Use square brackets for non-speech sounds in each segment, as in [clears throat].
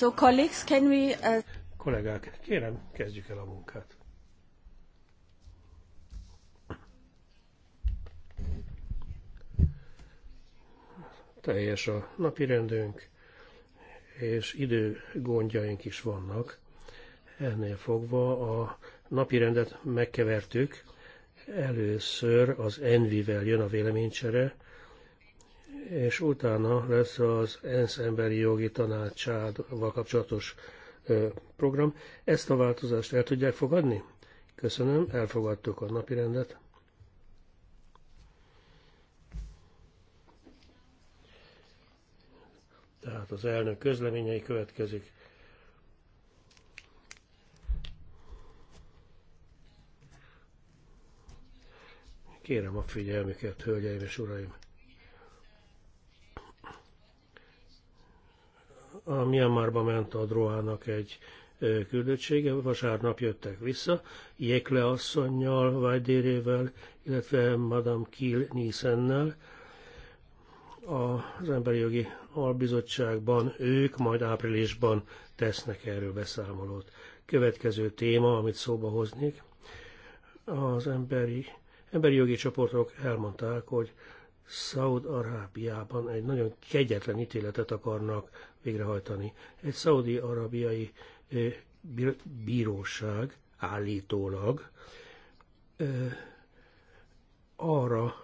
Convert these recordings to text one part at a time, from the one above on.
So colleagues, can we, uh... Kollégák, kérem, kezdjük el a munkát. Teljes a napi rendünk, és időgondjaink is vannak. Ennél fogva a napi rendet megkevertük. Először az Envivel jön a véleménycsere, és utána lesz az ENSZ emberi jogi tanácsával kapcsolatos program. Ezt a változást el tudják fogadni? Köszönöm, elfogadtuk a napi rendet. Tehát az elnök közleményei következik. Kérem a figyelmüket, hölgyeim és uraim! a Myanmarba ment a Droának egy küldöttsége, vasárnap jöttek vissza, Jekle asszonynal, Vajdérével, illetve Madame Kill Nissennel. Az Emberi Jogi Albizottságban ők majd áprilisban tesznek erről beszámolót. Következő téma, amit szóba hoznék, az emberi, emberi jogi csoportok elmondták, hogy Szaud-Arábiában egy nagyon kegyetlen ítéletet akarnak végrehajtani. Egy szaudi-arabiai bíróság állítólag arra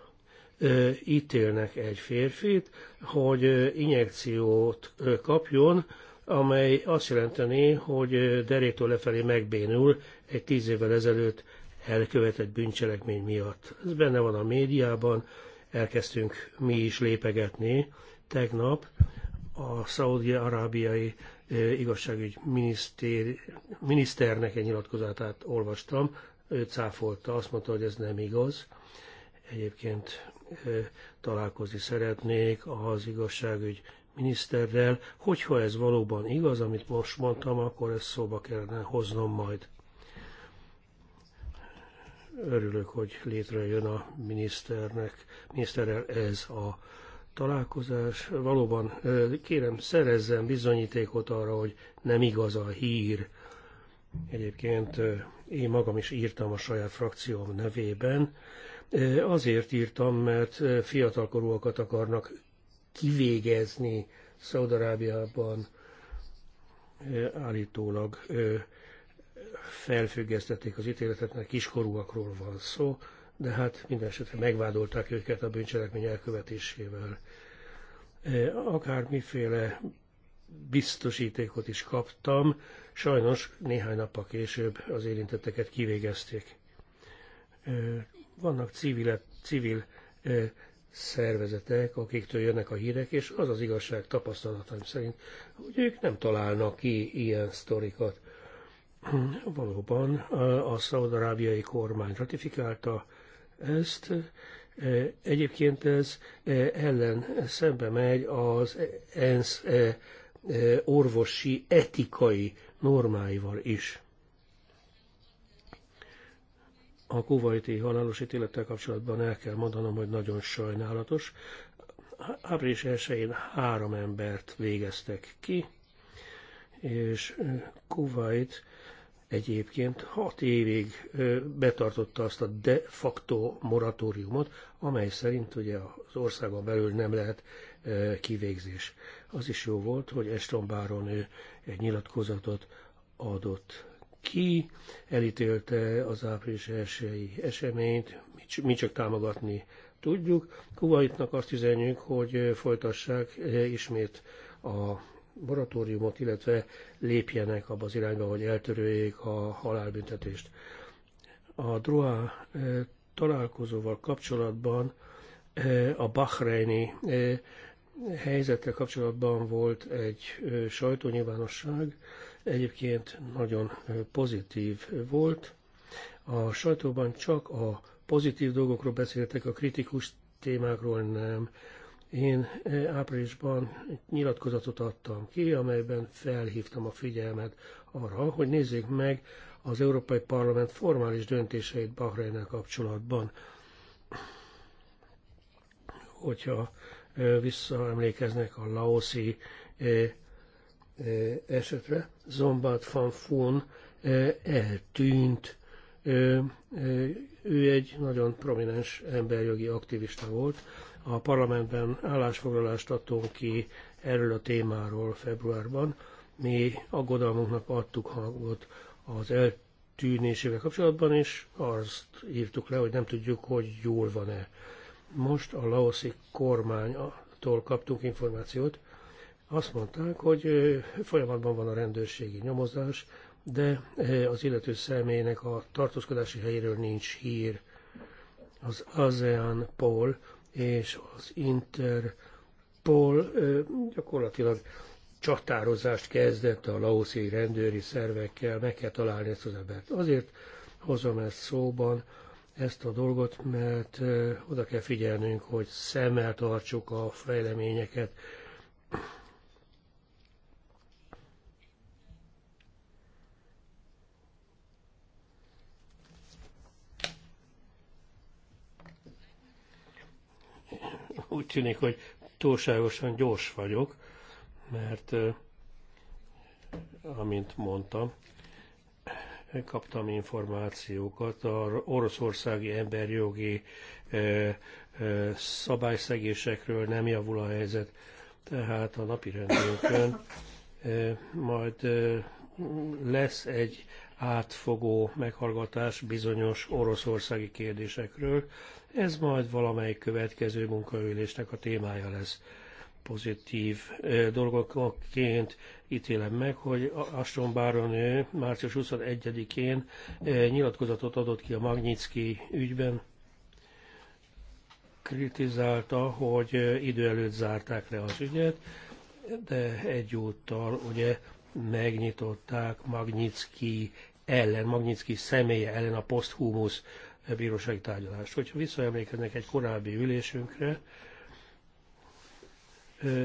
ítélnek egy férfit, hogy injekciót kapjon, amely azt jelenteni, hogy derétől lefelé megbénul egy tíz évvel ezelőtt elkövetett bűncselekmény miatt. Ez benne van a médiában, elkezdtünk mi is lépegetni. Tegnap a szaudi-arábiai eh, igazságügy miniszter, miniszternek egy nyilatkozatát olvastam, ő cáfolta, azt mondta, hogy ez nem igaz. Egyébként eh, találkozni szeretnék az igazságügy miniszterrel, hogyha ez valóban igaz, amit most mondtam, akkor ezt szóba kellene hoznom majd. Örülök, hogy létrejön a miniszternek, miniszterrel ez a találkozás. Valóban kérem, szerezzen bizonyítékot arra, hogy nem igaz a hír. Egyébként én magam is írtam a saját frakcióm nevében. Azért írtam, mert fiatalkorúakat akarnak kivégezni Szaudarábiában állítólag felfüggesztették az ítéletet, mert kiskorúakról van szó, de hát minden esetre megvádolták őket a bűncselekmény elkövetésével. E, akármiféle biztosítékot is kaptam, sajnos néhány nappal később az érintetteket kivégezték. E, vannak civil, civil e, szervezetek, akiktől jönnek a hírek, és az az igazság tapasztalataim szerint, hogy ők nem találnak ki ilyen sztorikat. Valóban eh, a szaudarábiai kormány ratifikálta ezt. Eh, egyébként ez eh, ellen szembe megy az ENSZ orvosi etikai normáival is. A kuvaiti halálos ítélettel kapcsolatban el kell mondanom, hogy nagyon sajnálatos. Április 1-én három embert végeztek ki, és Kuwait egyébként hat évig betartotta azt a de facto moratóriumot, amely szerint ugye az országon belül nem lehet kivégzés. Az is jó volt, hogy Eston Báron ő egy nyilatkozatot adott ki, elítélte az április elsői eseményt, mi csak támogatni tudjuk. Kuwaitnak azt üzenjük, hogy folytassák ismét a moratóriumot, illetve lépjenek abba az irányba, hogy eltörőjék a halálbüntetést. A Droa e, találkozóval kapcsolatban e, a Bahreini e, helyzettel kapcsolatban volt egy sajtónyilvánosság, egyébként nagyon pozitív volt. A sajtóban csak a pozitív dolgokról beszéltek, a kritikus témákról nem. Én e, áprilisban egy nyilatkozatot adtam ki, amelyben felhívtam a figyelmet arra, hogy nézzék meg az Európai Parlament formális döntéseit Bahreinnel kapcsolatban. Hogyha e, visszaemlékeznek a laoszi e, esetre, Zombat van Fun eltűnt. Ő egy nagyon prominens emberjogi aktivista volt, a parlamentben állásfoglalást adtunk ki erről a témáról februárban. Mi aggodalmunknak adtuk hangot az eltűnésével kapcsolatban, és azt írtuk le, hogy nem tudjuk, hogy jól van-e. Most a laoszi kormánytól kaptunk információt. Azt mondták, hogy folyamatban van a rendőrségi nyomozás, de az illető személynek a tartózkodási helyéről nincs hír. Az ASEAN Pol és az Interpol gyakorlatilag csatározást kezdett a laoszi rendőri szervekkel, meg kell találni ezt az embert. Azért hozom ezt szóban, ezt a dolgot, mert oda kell figyelnünk, hogy szemmel tartsuk a fejleményeket, úgy tűnik, hogy túlságosan gyors vagyok, mert amint mondtam, kaptam információkat az oroszországi emberjogi szabályszegésekről, nem javul a helyzet, tehát a napi rendőrkön majd lesz egy átfogó meghallgatás bizonyos oroszországi kérdésekről. Ez majd valamelyik következő munkaülésnek a témája lesz. Pozitív dolgokként ítélem meg, hogy Aston Baronő március 21-én nyilatkozatot adott ki a Magnitsky ügyben, kritizálta, hogy idő előtt zárták le az ügyet, de egyúttal ugye megnyitották Magnitsky ellen, Magnitsky személye ellen a posthumusz bírósági tárgyalást. Hogyha visszaemlékeznek egy korábbi ülésünkre,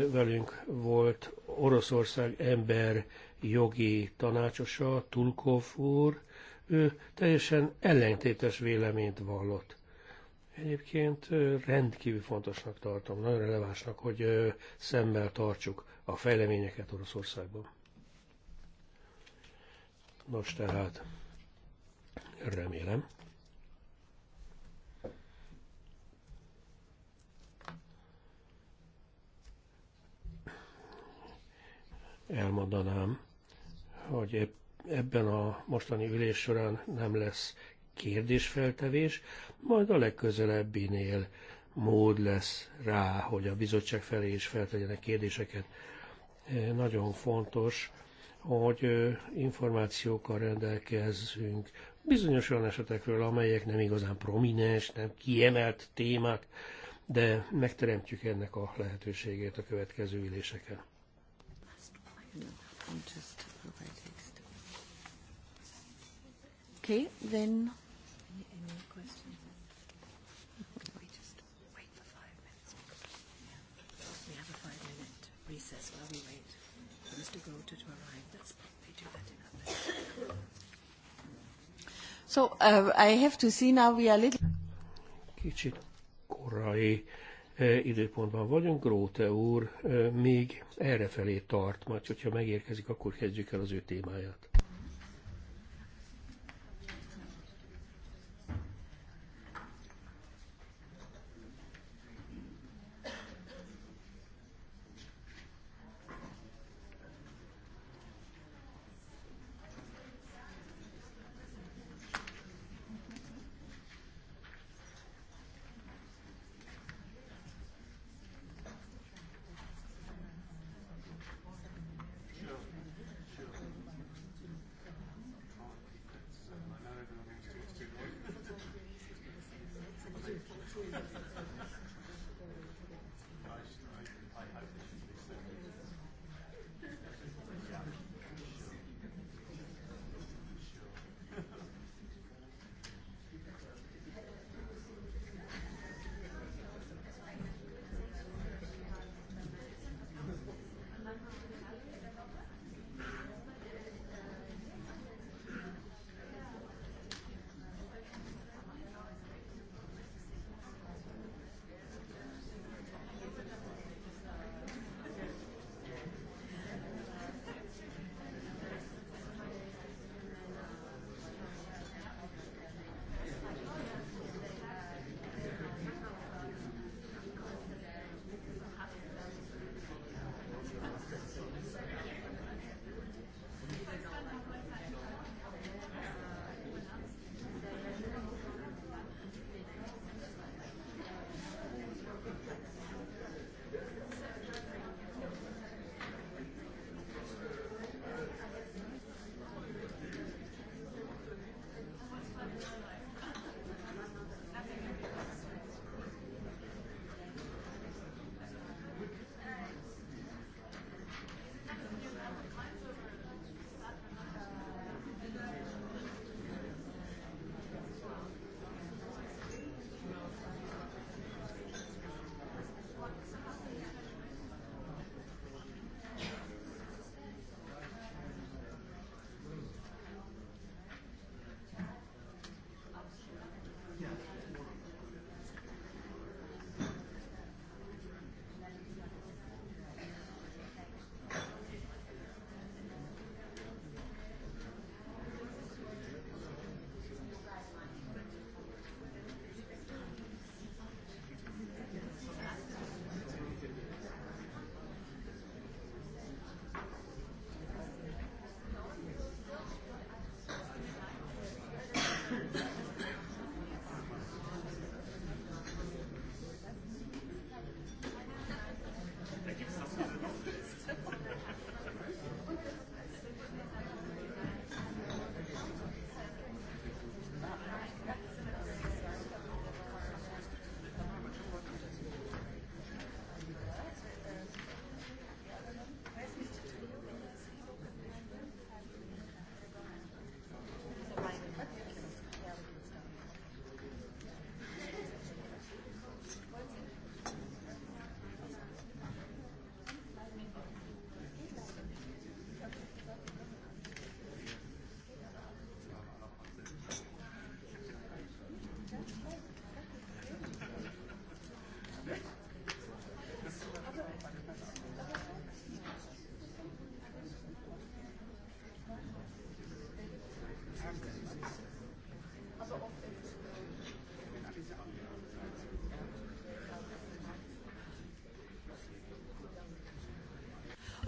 velünk volt Oroszország ember jogi tanácsosa, Tulkov úr, ő teljesen ellentétes véleményt vallott. Egyébként rendkívül fontosnak tartom, nagyon relevánsnak, hogy szemmel tartsuk a fejleményeket Oroszországban. Nos tehát, remélem. Elmondanám, hogy ebben a mostani ülés során nem lesz kérdésfeltevés, majd a legközelebbinél mód lesz rá, hogy a bizottság felé is feltegyenek kérdéseket. Nagyon fontos, hogy információkkal rendelkezzünk bizonyos olyan esetekről, amelyek nem igazán prominens, nem kiemelt témák, de megteremtjük ennek a lehetőségét a következő üléseken. Okay, then So uh, I have to see now we are little... Kicsit korai eh, időpontban vagyunk, Gróte úr eh, még errefelé tart, majd hogyha megérkezik, akkor kezdjük el az ő témáját.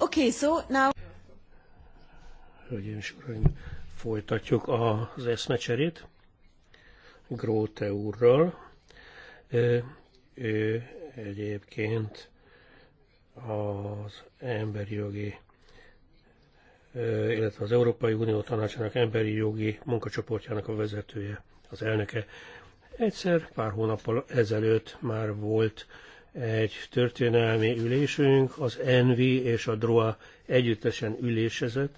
Okay, so now... Hölgyeim és uraim, folytatjuk az eszmecserét Gróte úrral. Ő, ő egyébként az emberi jogi illetve az Európai Unió Tanácsának emberi jogi munkacsoportjának a vezetője, az elnöke. Egyszer, pár hónappal ezelőtt már volt egy történelmi ülésünk, az Envi és a DROA együttesen ülésezett.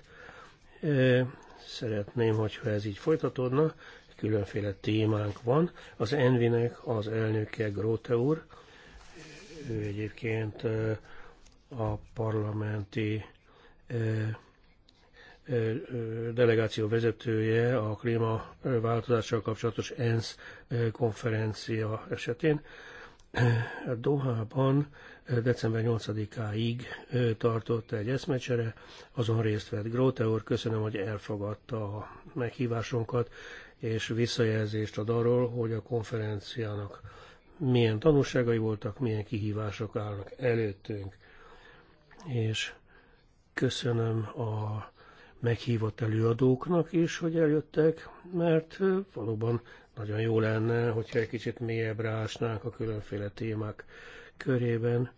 Szeretném, hogyha ez így folytatódna, különféle témánk van. Az Envinek az elnöke Gróte úr, ő egyébként a parlamenti delegáció vezetője a klímaváltozással kapcsolatos ENSZ konferencia esetén. Dohában eh, december 8-áig eh, tartott egy eszmecsere, azon részt vett Gróte úr, köszönöm, hogy elfogadta a meghívásunkat, és visszajelzést ad arról, hogy a konferenciának milyen tanulságai voltak, milyen kihívások állnak előttünk. És köszönöm a meghívott előadóknak is, hogy eljöttek, mert eh, valóban nagyon jó lenne, hogyha egy kicsit mélyebbre ásnánk a különféle témák körében,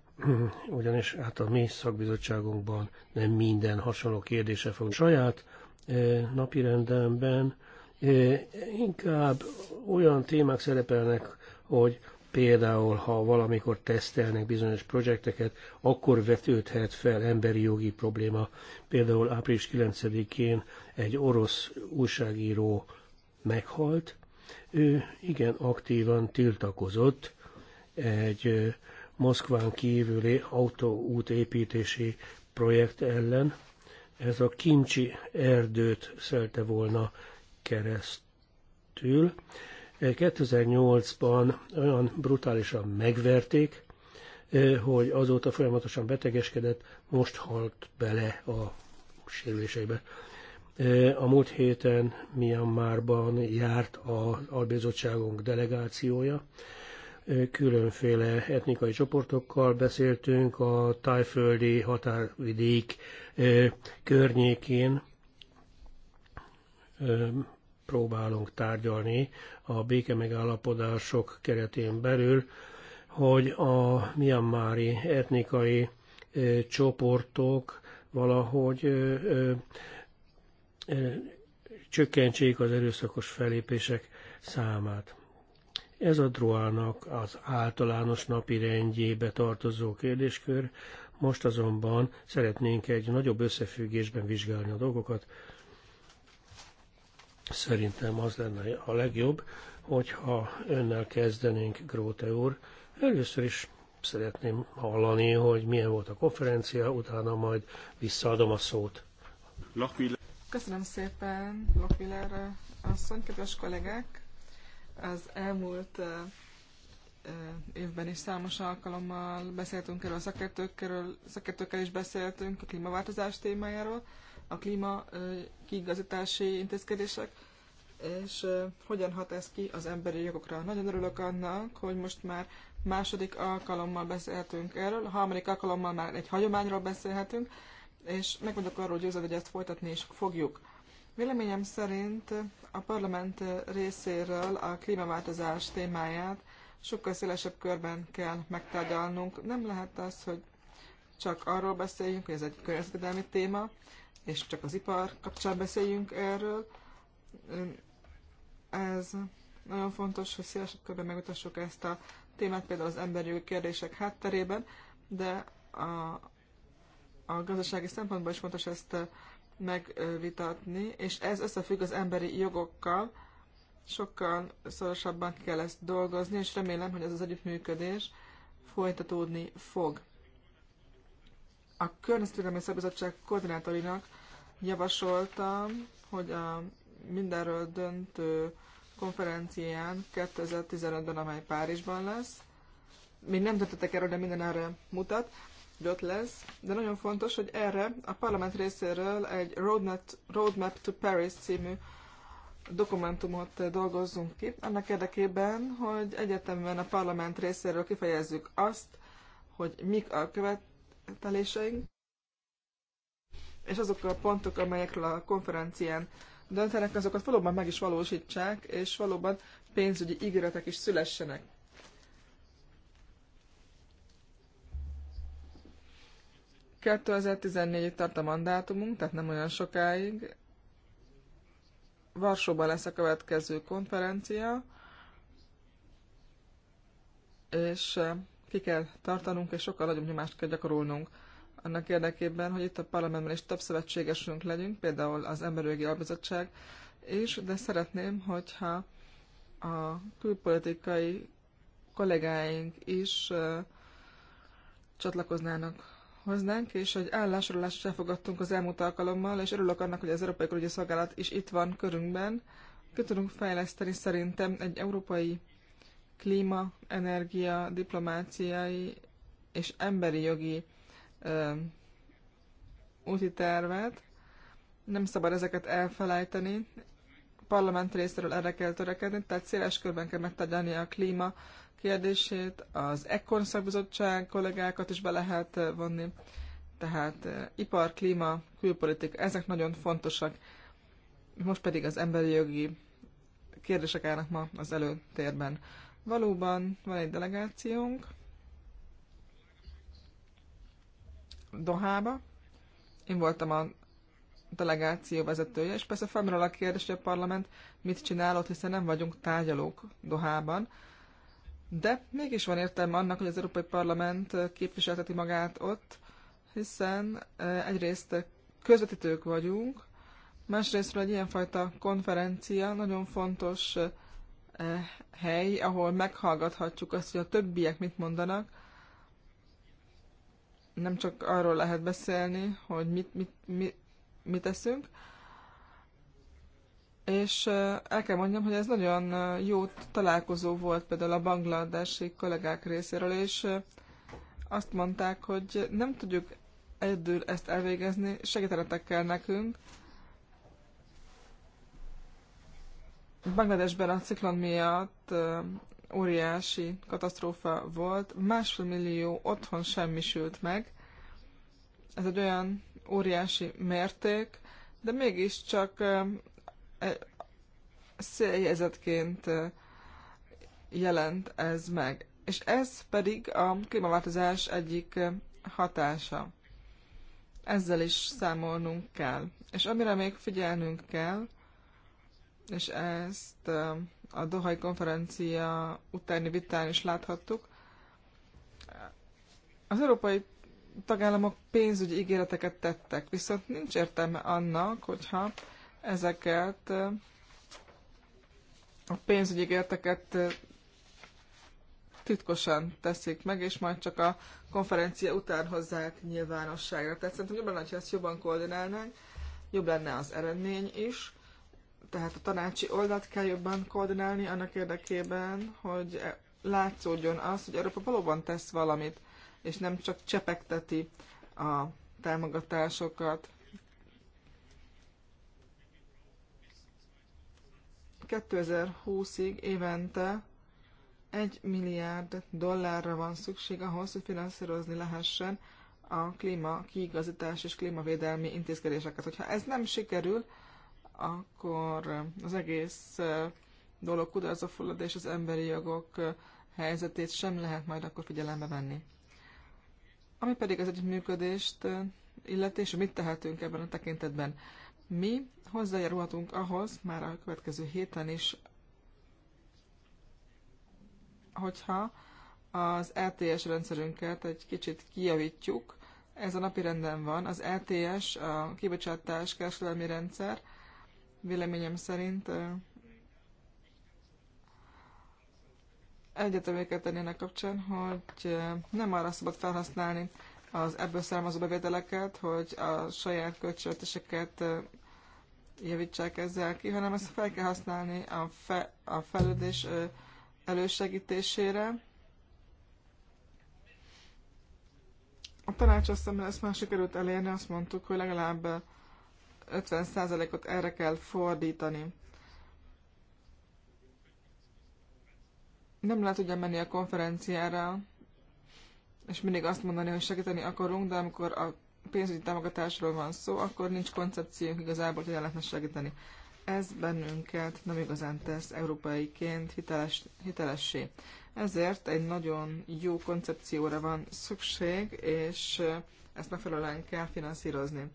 [clears throat] ugyanis hát a mi szakbizottságunkban nem minden hasonló kérdése fog. Saját e, napirendemben e, inkább olyan témák szerepelnek, hogy például, ha valamikor tesztelnek bizonyos projekteket, akkor vetődhet fel emberi jogi probléma. Például április 9-én egy orosz újságíró meghalt, ő igen aktívan tiltakozott egy Moszkván kívüli autóút építési projekt ellen. Ez a Kimcsi erdőt szelte volna keresztül. 2008-ban olyan brutálisan megverték, hogy azóta folyamatosan betegeskedett, most halt bele a sérüléseibe. A múlt héten Myanmarban járt az albizottságunk delegációja, különféle etnikai csoportokkal beszéltünk a tájföldi határvidék környékén. Próbálunk tárgyalni a béke megállapodások keretén belül, hogy a miammári etnikai csoportok valahogy csökkentsék az erőszakos felépések számát. Ez a droának az általános napi rendjébe tartozó kérdéskör, most azonban szeretnénk egy nagyobb összefüggésben vizsgálni a dolgokat. Szerintem az lenne a legjobb, hogyha önnel kezdenénk, Gróte úr. Először is szeretném hallani, hogy milyen volt a konferencia, utána majd visszaadom a szót. Köszönöm szépen, Lokviller asszony, kedves kollégák! Az elmúlt évben is számos alkalommal beszéltünk erről a szakértőkkel, szakértőkkel is beszéltünk a klímaváltozás témájáról, a klíma kiigazítási intézkedések, és hogyan hat ez ki az emberi jogokra. Nagyon örülök annak, hogy most már második alkalommal beszéltünk erről, a harmadik alkalommal már egy hagyományról beszélhetünk, és meg vagyok arról győződve, hogy ezt folytatni is fogjuk. Véleményem szerint a parlament részéről a klímaváltozás témáját sokkal szélesebb körben kell megtárgyalnunk. Nem lehet az, hogy csak arról beszéljünk, hogy ez egy környezetvédelmi téma, és csak az ipar kapcsán beszéljünk erről. Ez nagyon fontos, hogy szélesebb körben megmutassuk ezt a témát, például az emberi kérdések hátterében, de a, a gazdasági szempontból is fontos ezt megvitatni, és ez összefügg az emberi jogokkal, sokkal szorosabban kell ezt dolgozni, és remélem, hogy ez az együttműködés folytatódni fog. A Környezetvédelmi Szabizottság koordinátorinak javasoltam, hogy a mindenről döntő konferencián 2015-ben, amely Párizsban lesz, még nem döntöttek erről, de minden erre mutat, lesz, de nagyon fontos, hogy erre a parlament részéről egy Roadmap, Roadmap to Paris című dokumentumot dolgozzunk ki, annak érdekében, hogy egyetemben a parlament részéről kifejezzük azt, hogy mik a követeléseink, és azok a pontok, amelyekről a konferencián döntenek, azokat valóban meg is valósítsák, és valóban pénzügyi ígéretek is szülessenek. 2014-ig tart a mandátumunk, tehát nem olyan sokáig. Varsóban lesz a következő konferencia, és ki kell tartanunk, és sokkal nagyobb nyomást kell gyakorolnunk annak érdekében, hogy itt a parlamentben is több szövetségesünk legyünk, például az Emberőgi Albizottság és de szeretném, hogyha a külpolitikai kollégáink is csatlakoznának hoznánk, és egy állásolást elfogadtunk az elmúlt alkalommal, és örülök annak, hogy az Európai Körügyi Szolgálat is itt van körünkben. Ki tudunk fejleszteni szerintem egy európai klíma, energia, diplomáciai és emberi jogi ö, úti tervet. Nem szabad ezeket elfelejteni. Parlament részéről erre kell törekedni, tehát széles körben kell megtárgyalni a klíma kérdését, az Ekkor szakbizottság kollégákat is be lehet eh, vonni, tehát eh, ipar, klíma, külpolitika, ezek nagyon fontosak. Most pedig az emberi jogi kérdések állnak ma az előtérben. Valóban van egy delegációnk Dohába. Én voltam a delegáció vezetője, és persze felmerül a kérdés, hogy a parlament mit csinál ott, hiszen nem vagyunk tárgyalók Dohában. De mégis van értelme annak, hogy az Európai Parlament eh, képviselteti magát ott, hiszen eh, egyrészt eh, közvetítők vagyunk, másrészt egy ilyenfajta konferencia nagyon fontos hely, ahol meghallgathatjuk azt, hogy a többiek mit mondanak. Nem csak arról lehet beszélni, hogy mit, mit, mit, mit teszünk, és el kell mondjam, hogy ez nagyon jó találkozó volt például a bangladesi kollégák részéről, és azt mondták, hogy nem tudjuk egyedül ezt elvégezni, segítenetek kell nekünk. Bangladesben a ciklon miatt óriási katasztrófa volt, másfél millió otthon semmisült meg. Ez egy olyan óriási mérték, de mégiscsak széljezetként jelent ez meg. És ez pedig a klímaváltozás egyik hatása. Ezzel is számolnunk kell. És amire még figyelnünk kell, és ezt a Dohai konferencia utáni vitán is láthattuk, az európai tagállamok pénzügyi ígéreteket tettek, viszont nincs értelme annak, hogyha ezeket a pénzügyi érteket titkosan teszik meg, és majd csak a konferencia után hozzák nyilvánosságra. Tehát szerintem jobban lenne, ha ezt jobban koordinálnánk, jobb lenne az eredmény is. Tehát a tanácsi oldalt kell jobban koordinálni annak érdekében, hogy e- látszódjon az, hogy Európa valóban tesz valamit, és nem csak csepegteti a támogatásokat. 2020-ig évente 1 milliárd dollárra van szükség ahhoz, hogy finanszírozni lehessen a klíma kiigazítás és klímavédelmi intézkedéseket. Hogyha ez nem sikerül, akkor az egész dolog kudarca fullad, és az emberi jogok helyzetét sem lehet majd akkor figyelembe venni. Ami pedig az együttműködést illeti, és mit tehetünk ebben a tekintetben? Mi hozzájárulhatunk ahhoz, már a következő héten is, hogyha az LTS e rendszerünket egy kicsit kijavítjuk, ez a napi renden van. Az LTS, e a kibocsátás kereskedelmi rendszer, véleményem szerint egyeteméket kell tenni ennek kapcsán, hogy nem arra szabad felhasználni az ebből származó bevételeket, hogy a saját költségvetéseket javítsák ezzel ki, hanem ezt fel kell használni a, fe, a fejlődés elősegítésére. A tanács azt hiszem, ezt már sikerült elérni, azt mondtuk, hogy legalább 50%-ot erre kell fordítani. Nem lehet ugye menni a konferenciára, és mindig azt mondani, hogy segíteni akarunk, de amikor a pénzügyi támogatásról van szó, akkor nincs koncepciónk igazából, hogy el lehetne segíteni. Ez bennünket nem igazán tesz európaiként hiteles, hitelessé. Ezért egy nagyon jó koncepcióra van szükség, és eh, ezt megfelelően kell finanszírozni.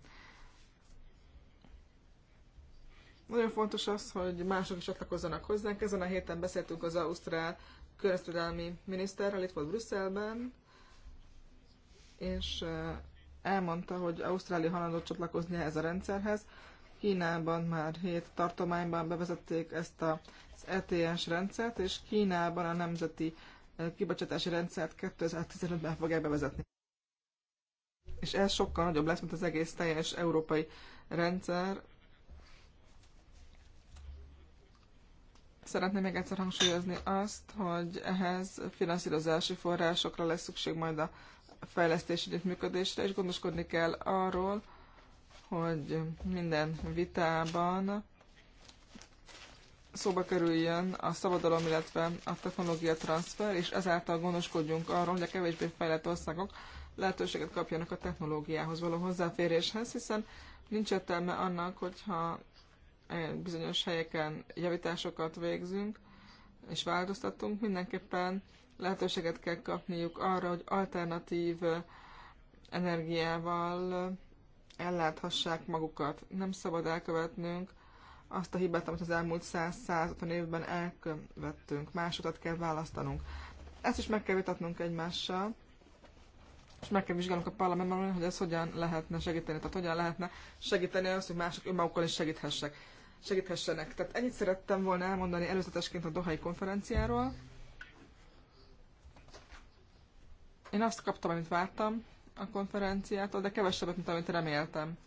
Nagyon fontos az, hogy mások is csatlakozzanak hozzánk. Ezen a héten beszéltünk az Ausztrál környezetvédelmi miniszterrel, itt volt Brüsszelben, és eh, elmondta, hogy Ausztrália halandó csatlakozni ehhez a rendszerhez. Kínában már hét tartományban bevezették ezt az ETS rendszert, és Kínában a nemzeti kibocsátási rendszert 2015-ben fogják bevezetni. És ez sokkal nagyobb lesz, mint az egész teljes európai rendszer. Szeretném még egyszer hangsúlyozni azt, hogy ehhez finanszírozási forrásokra lesz szükség majd a fejlesztés együttműködésre, és gondoskodni kell arról, hogy minden vitában szóba kerüljön a szabadalom, illetve a technológia transfer, és ezáltal gondoskodjunk arról, hogy a kevésbé fejlett országok lehetőséget kapjanak a technológiához való hozzáféréshez, hiszen nincs értelme annak, hogyha bizonyos helyeken javításokat végzünk és változtatunk, mindenképpen lehetőséget kell kapniuk arra, hogy alternatív energiával elláthassák magukat. Nem szabad elkövetnünk azt a hibát, amit az elmúlt 100-150 évben elkövettünk. Más utat kell választanunk. Ezt is meg kell vitatnunk egymással, és meg kell vizsgálnunk a parlamentben, hogy ez hogyan lehetne segíteni. Tehát hogyan lehetne segíteni azt, hogy mások önmagukkal is segíthessek, segíthessenek. Tehát ennyit szerettem volna elmondani előzetesként a Dohai konferenciáról. Én azt kaptam, amit vártam a konferenciától, de kevesebbet, mint amit reméltem.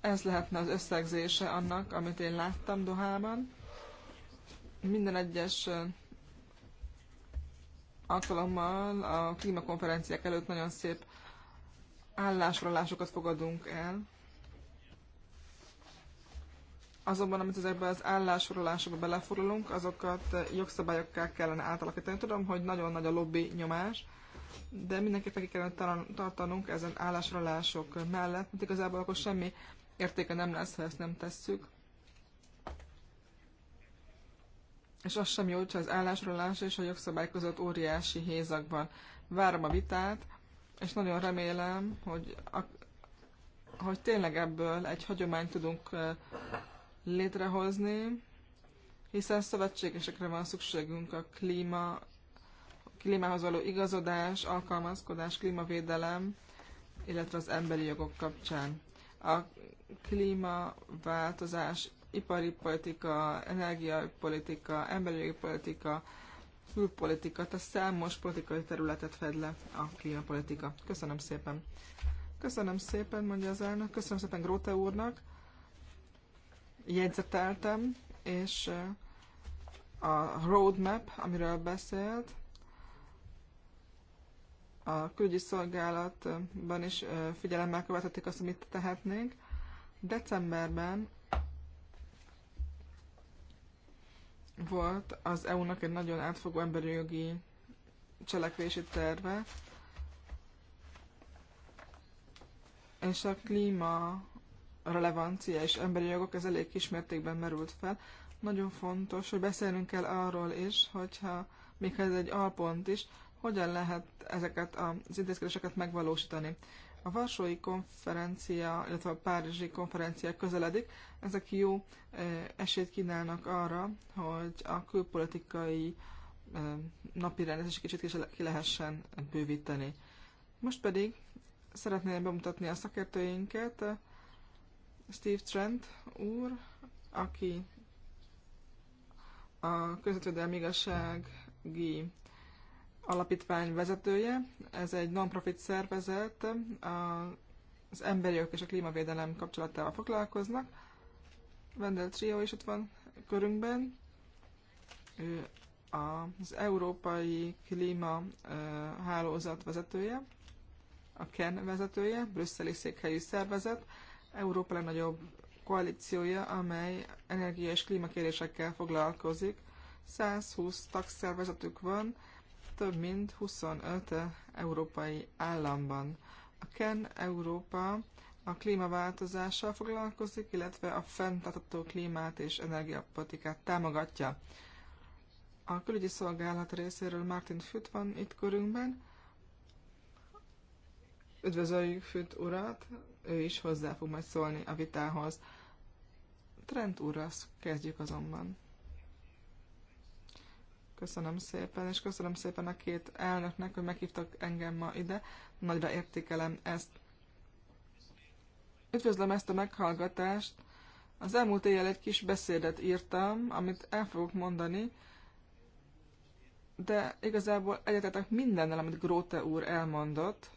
Ez lehetne az összegzése annak, amit én láttam Dohában. Minden egyes alkalommal a klímakonferenciák előtt nagyon szép állásfoglalásokat fogadunk el. Azonban, amit ezekben az állásfoglalásokba belefoglalunk, azokat jogszabályokká kellene átalakítani. Tudom, hogy nagyon nagy a lobby nyomás, de mindenképpen ki kellene tartanunk ezen állásralások mellett, mert igazából akkor semmi értéke nem lesz, ha ezt nem tesszük. És az sem jó, hogyha az állásralás és a jogszabály között óriási hézak van. Várom a vitát, és nagyon remélem, hogy, a, hogy tényleg ebből egy hagyományt tudunk létrehozni, hiszen szövetségesekre van szükségünk a klíma klímához való igazodás, alkalmazkodás, klímavédelem, illetve az emberi jogok kapcsán. A klímaváltozás, ipari politika, energiapolitika, emberi jogi politika, külpolitika, tehát számos politikai területet fed le a klímapolitika. Köszönöm szépen. Köszönöm szépen, mondja az elnök. Köszönöm szépen Gróte úrnak. Jegyzeteltem, és a roadmap, amiről beszélt, a külügyi szolgálatban is figyelemmel követhetik azt, amit tehetnénk. Decemberben volt az EU-nak egy nagyon átfogó emberi jogi cselekvési terve, és a klíma relevancia és emberi jogok ez elég kismértékben merült fel. Nagyon fontos, hogy beszélnünk kell arról is, hogyha még ez egy alpont is, hogyan lehet ezeket az intézkedéseket megvalósítani. A Varsói konferencia, illetve a Párizsi konferencia közeledik, ezek jó esélyt kínálnak arra, hogy a külpolitikai napi rendezés kicsit ki lehessen bővíteni. Most pedig szeretném bemutatni a szakértőinket, Steve Trent úr, aki a közvetődelmi igazsági alapítvány vezetője. Ez egy non-profit szervezet, az emberi jogok és a klímavédelem kapcsolatával foglalkoznak. Vendel Trio is ott van körünkben. Ő az Európai Klíma Hálózat vezetője, a KEN vezetője, brüsszeli székhelyű szervezet, Európa legnagyobb koalíciója, amely energia és klímakérésekkel foglalkozik. 120 tagszervezetük van, több mint 25 európai államban. A KEN Európa a klímaváltozással foglalkozik, illetve a fenntartható klímát és energiapolitikát támogatja. A külügyi szolgálat részéről Martin Füt van itt körünkben. Üdvözöljük Füt urat, ő is hozzá fog majd szólni a vitához. Trent úrral kezdjük azonban. Köszönöm szépen, és köszönöm szépen a két elnöknek, hogy meghívtak engem ma ide. Nagyra értékelem ezt. Üdvözlöm ezt a meghallgatást. Az elmúlt éjjel egy kis beszédet írtam, amit el fogok mondani, de igazából egyetetek mindennel, amit Gróte úr elmondott.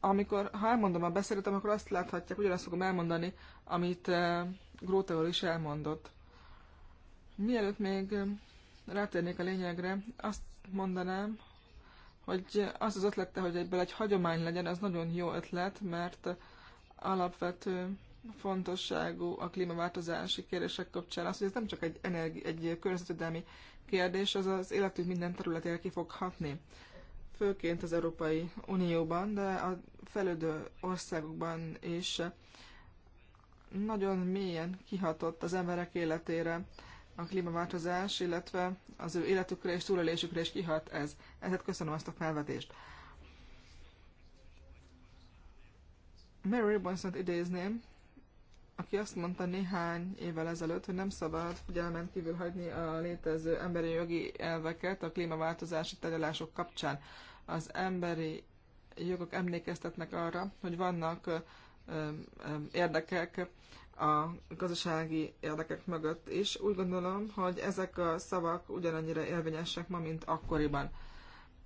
Amikor, ha elmondom a beszédet, akkor azt láthatják, ugyanazt fogom elmondani, amit eh, Gróte úr is elmondott. Mielőtt még rátérnék a lényegre, azt mondanám, hogy az az ötlete, hogy egyből egy hagyomány legyen, az nagyon jó ötlet, mert alapvető fontosságú a klímaváltozási kérdések kapcsán az, hogy ez nem csak egy, energi, egy környezetvédelmi kérdés, az az életünk minden területére ki fog hatni. Főként az Európai Unióban, de a felődő országokban is nagyon mélyen kihatott az emberek életére a klímaváltozás, illetve az ő életükre és túlélésükre is kihat ez. Ezért köszönöm azt a felvetést. Mary Bonson-t idézném, aki azt mondta néhány évvel ezelőtt, hogy nem szabad figyelmen kívül hagyni a létező emberi jogi elveket a klímaváltozási tárgyalások kapcsán. Az emberi jogok emlékeztetnek arra, hogy vannak érdekek, a gazdasági érdekek mögött is. Úgy gondolom, hogy ezek a szavak ugyanannyira élvényesek ma, mint akkoriban.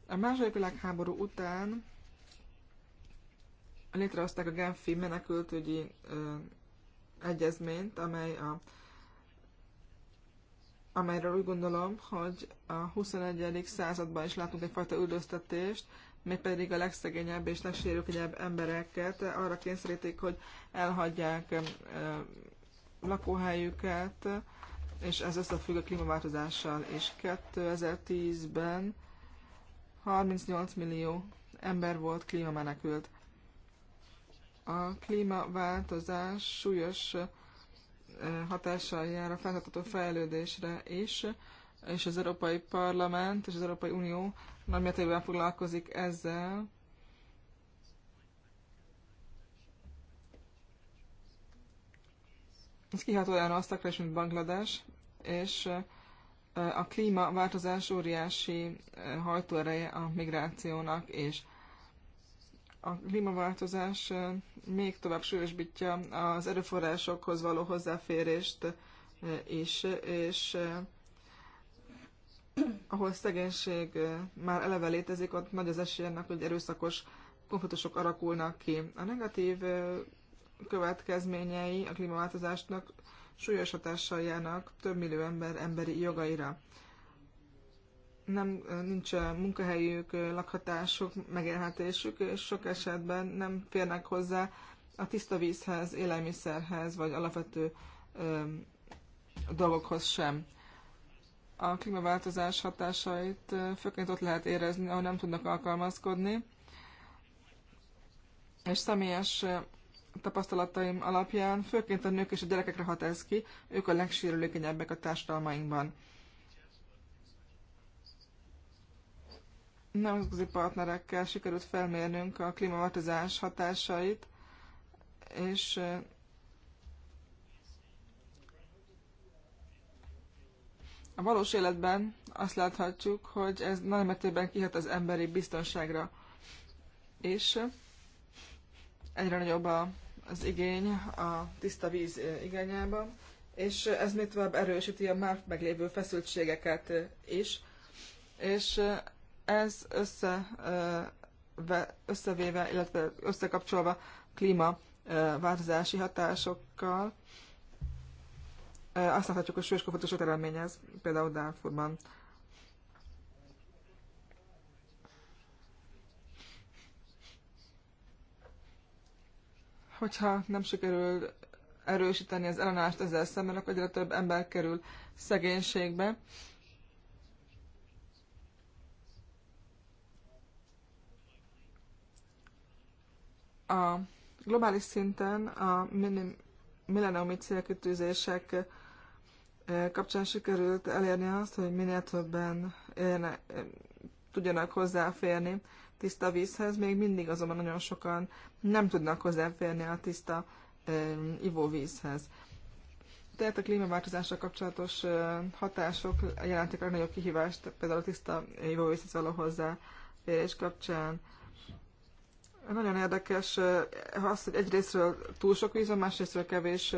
A második világháború után létrehozták a Genfi menekültügyi ö, egyezményt, amely a, amelyről úgy gondolom, hogy a 21. században is látunk egyfajta üldöztetést, mégpedig a legszegényebb és legsérülékenyebb embereket arra kényszerítik, hogy elhagyják lakóhelyüket, és ez összefügg a klímaváltozással. És 2010-ben 38 millió ember volt klímamenekült. A klímaváltozás súlyos hatással jár a fenntartható fejlődésre is, és az Európai Parlament és az Európai Unió nagymértékben foglalkozik ezzel. Ez kihat olyan osztakra is, mint Banglades, és a klímaváltozás óriási hajtóereje a migrációnak, és a klímaváltozás még tovább súlyosbítja az erőforrásokhoz való hozzáférést is, és ahol szegénység már eleve létezik, ott nagy az esély ennek, hogy erőszakos konfliktusok alakulnak ki. A negatív következményei a klímaváltozásnak súlyos hatással járnak több millió ember emberi jogaira. Nem, nincs munkahelyük, lakhatásuk, megélhetésük, és sok esetben nem férnek hozzá a tiszta vízhez, élelmiszerhez, vagy alapvető ö, dolgokhoz sem a klímaváltozás hatásait főként ott lehet érezni, ahol nem tudnak alkalmazkodni. És személyes tapasztalataim alapján főként a nők és a gyerekekre hat ez ki, ők a legsérülékenyebbek a társadalmainkban. Nemzetközi partnerekkel sikerült felmérnünk a klímaváltozás hatásait, és A valós életben azt láthatjuk, hogy ez nagyon mértékben kihat az emberi biztonságra. És egyre nagyobb a, az igény a tiszta víz igényába, és ez még tovább erősíti a már meglévő feszültségeket is, és ez össze, összevéve, illetve összekapcsolva klímaváltozási hatásokkal, azt láthatjuk, hogy súlyos konfliktusot eredményez, például Darfurban. Hogyha nem sikerül erősíteni az ellenállást ezzel szemben, akkor egyre több ember kerül szegénységbe. A globális szinten a millenniumi célkitűzések kapcsán sikerült elérni azt, hogy minél többen élne, tudjanak hozzáférni tiszta vízhez, még mindig azonban nagyon sokan nem tudnak hozzáférni a tiszta ivóvízhez. Tehát a klímaváltozásra kapcsolatos hatások jelentik a nagyobb kihívást, például a tiszta ivóvízhez való hozzáférés kapcsán. Nagyon érdekes az, hogy egyrésztről túl sok víz van, másrésztről kevés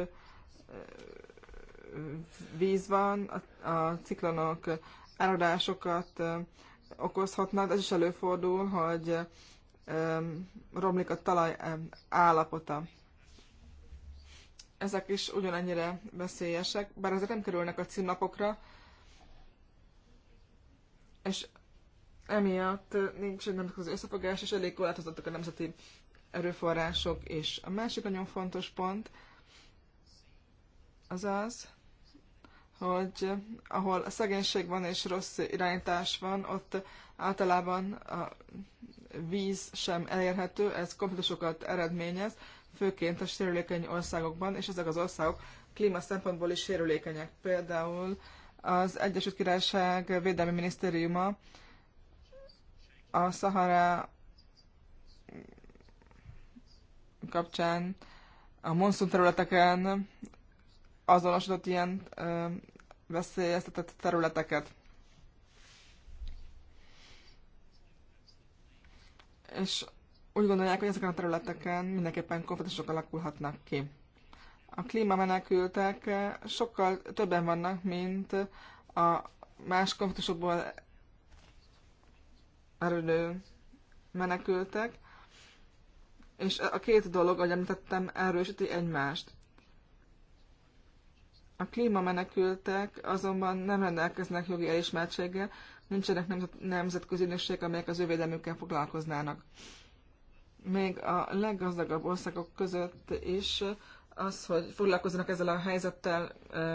víz van, a, a ciklonok áradásokat okozhatnak, ez is előfordul, hogy romlik a talaj állapota. Ezek is ugyanennyire veszélyesek, bár ezek nem kerülnek a címlapokra, és emiatt nincs egy nemzetközi összefogás, és elég korlátozottak a nemzeti erőforrások, és a másik nagyon fontos pont az az, hogy ahol a szegénység van és rossz irányítás van, ott általában a víz sem elérhető, ez konfliktusokat eredményez, főként a sérülékeny országokban, és ezek az országok klíma szempontból is sérülékenyek. Például az Egyesült Királyság Védelmi Minisztériuma a Szahara kapcsán a monszun területeken azonosított ilyen ö, veszélyeztetett területeket. És úgy gondolják, hogy ezeken a területeken mindenképpen konfliktusok alakulhatnak ki. A klímamenekültek sokkal többen vannak, mint a más konfliktusokból erődő menekültek, és a két dolog, ahogy említettem, erősíti egymást. A klímamenekültek azonban nem rendelkeznek jogi elismertséggel, nincsenek nemzet, nemzetközi ügynökségek, amelyek az ő védelmükkel foglalkoznának. Még a leggazdagabb országok között is az, hogy foglalkoznak ezzel a helyzettel,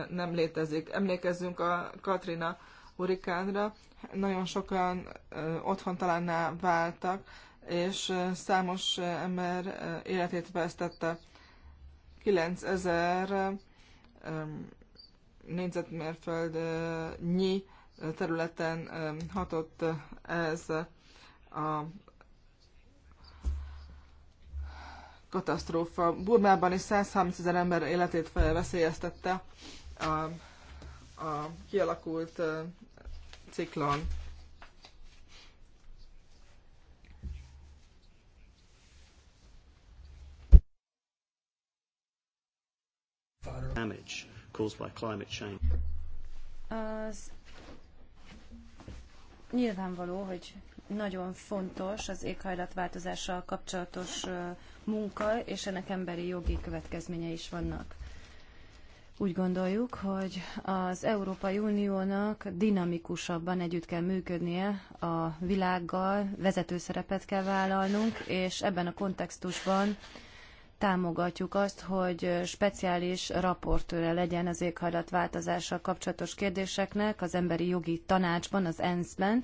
nem létezik. Emlékezzünk a Katrina hurikánra, nagyon sokan otthon talánná váltak, és számos ember életét vesztette. 9000 négyzetmérföldnyi területen hatott ez a katasztrófa. Burmában is 130 ezer ember életét veszélyeztette a, a kialakult ciklon. Damage caused by climate change. Az nyilvánvaló, hogy nagyon fontos az éghajlatváltozással kapcsolatos munka, és ennek emberi jogi következménye is vannak. Úgy gondoljuk, hogy az Európai Uniónak dinamikusabban együtt kell működnie a világgal, vezető szerepet kell vállalnunk, és ebben a kontextusban támogatjuk azt, hogy speciális raportőre legyen az éghajlatváltozással kapcsolatos kérdéseknek az emberi jogi tanácsban, az ENSZ-ben.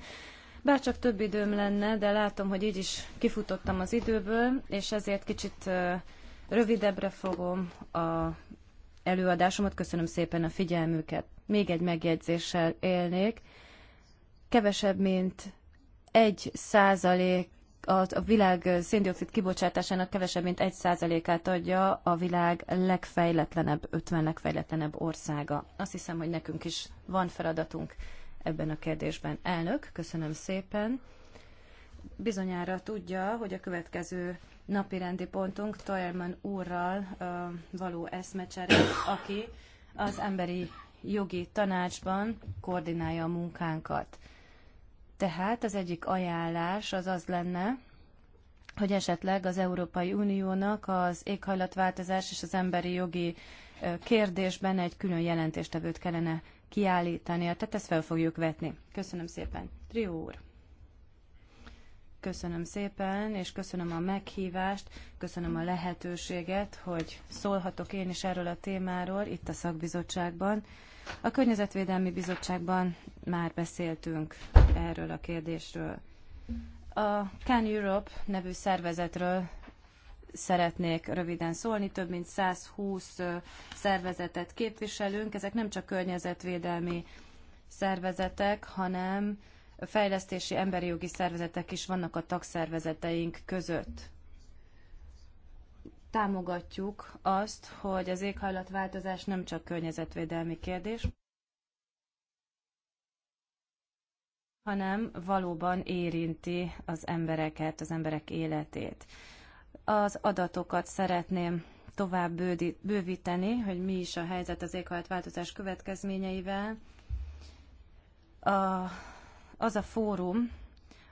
Bárcsak több időm lenne, de látom, hogy így is kifutottam az időből, és ezért kicsit rövidebbre fogom a előadásomat. Köszönöm szépen a figyelmüket. Még egy megjegyzéssel élnék. Kevesebb, mint egy százalék a világ széndiokszid kibocsátásának kevesebb, mint 1%-át adja a világ legfejletlenebb, 50 legfejletlenebb országa. Azt hiszem, hogy nekünk is van feladatunk ebben a kérdésben. Elnök, köszönöm szépen. Bizonyára tudja, hogy a következő napi rendi pontunk Toyerman úrral ö, való eszmecsere, aki az emberi jogi tanácsban koordinálja a munkánkat. Tehát az egyik ajánlás az az lenne, hogy esetleg az Európai Uniónak az éghajlatváltozás és az emberi jogi kérdésben egy külön jelentéstevőt kellene kiállítania. Tehát ezt fel fogjuk vetni. Köszönöm szépen. Trió úr. Köszönöm szépen, és köszönöm a meghívást, köszönöm a lehetőséget, hogy szólhatok én is erről a témáról itt a szakbizottságban. A Környezetvédelmi Bizottságban már beszéltünk erről a kérdésről. A Can Europe nevű szervezetről szeretnék röviden szólni. Több mint 120 szervezetet képviselünk. Ezek nem csak környezetvédelmi szervezetek, hanem fejlesztési emberi jogi szervezetek is vannak a tagszervezeteink között támogatjuk azt, hogy az éghajlatváltozás nem csak környezetvédelmi kérdés, hanem valóban érinti az embereket, az emberek életét. Az adatokat szeretném tovább bővíteni, hogy mi is a helyzet az éghajlatváltozás következményeivel. A, az a fórum,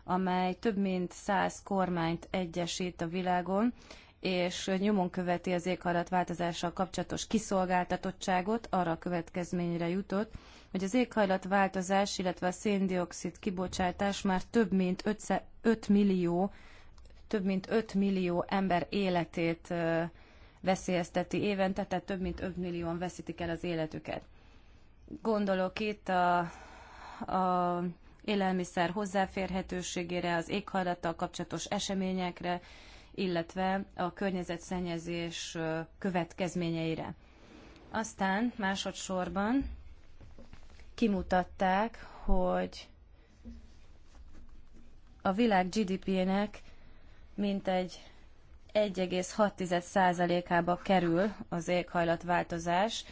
amely több mint száz kormányt egyesít a világon, és nyomon követi az éghajlatváltozással kapcsolatos kiszolgáltatottságot, arra a következményre jutott, hogy az éghajlatváltozás, illetve a széndiokszid kibocsátás már több mint 5, 5 millió több mint 5 millió ember életét veszélyezteti évente, tehát több mint 5 millióan veszítik el az életüket. Gondolok itt a, a élelmiszer hozzáférhetőségére, az éghajlattal kapcsolatos eseményekre, illetve a környezetszennyezés következményeire. Aztán másodszorban kimutatták, hogy a világ GDP-nek mintegy 1,6%-ába kerül az éghajlatváltozás,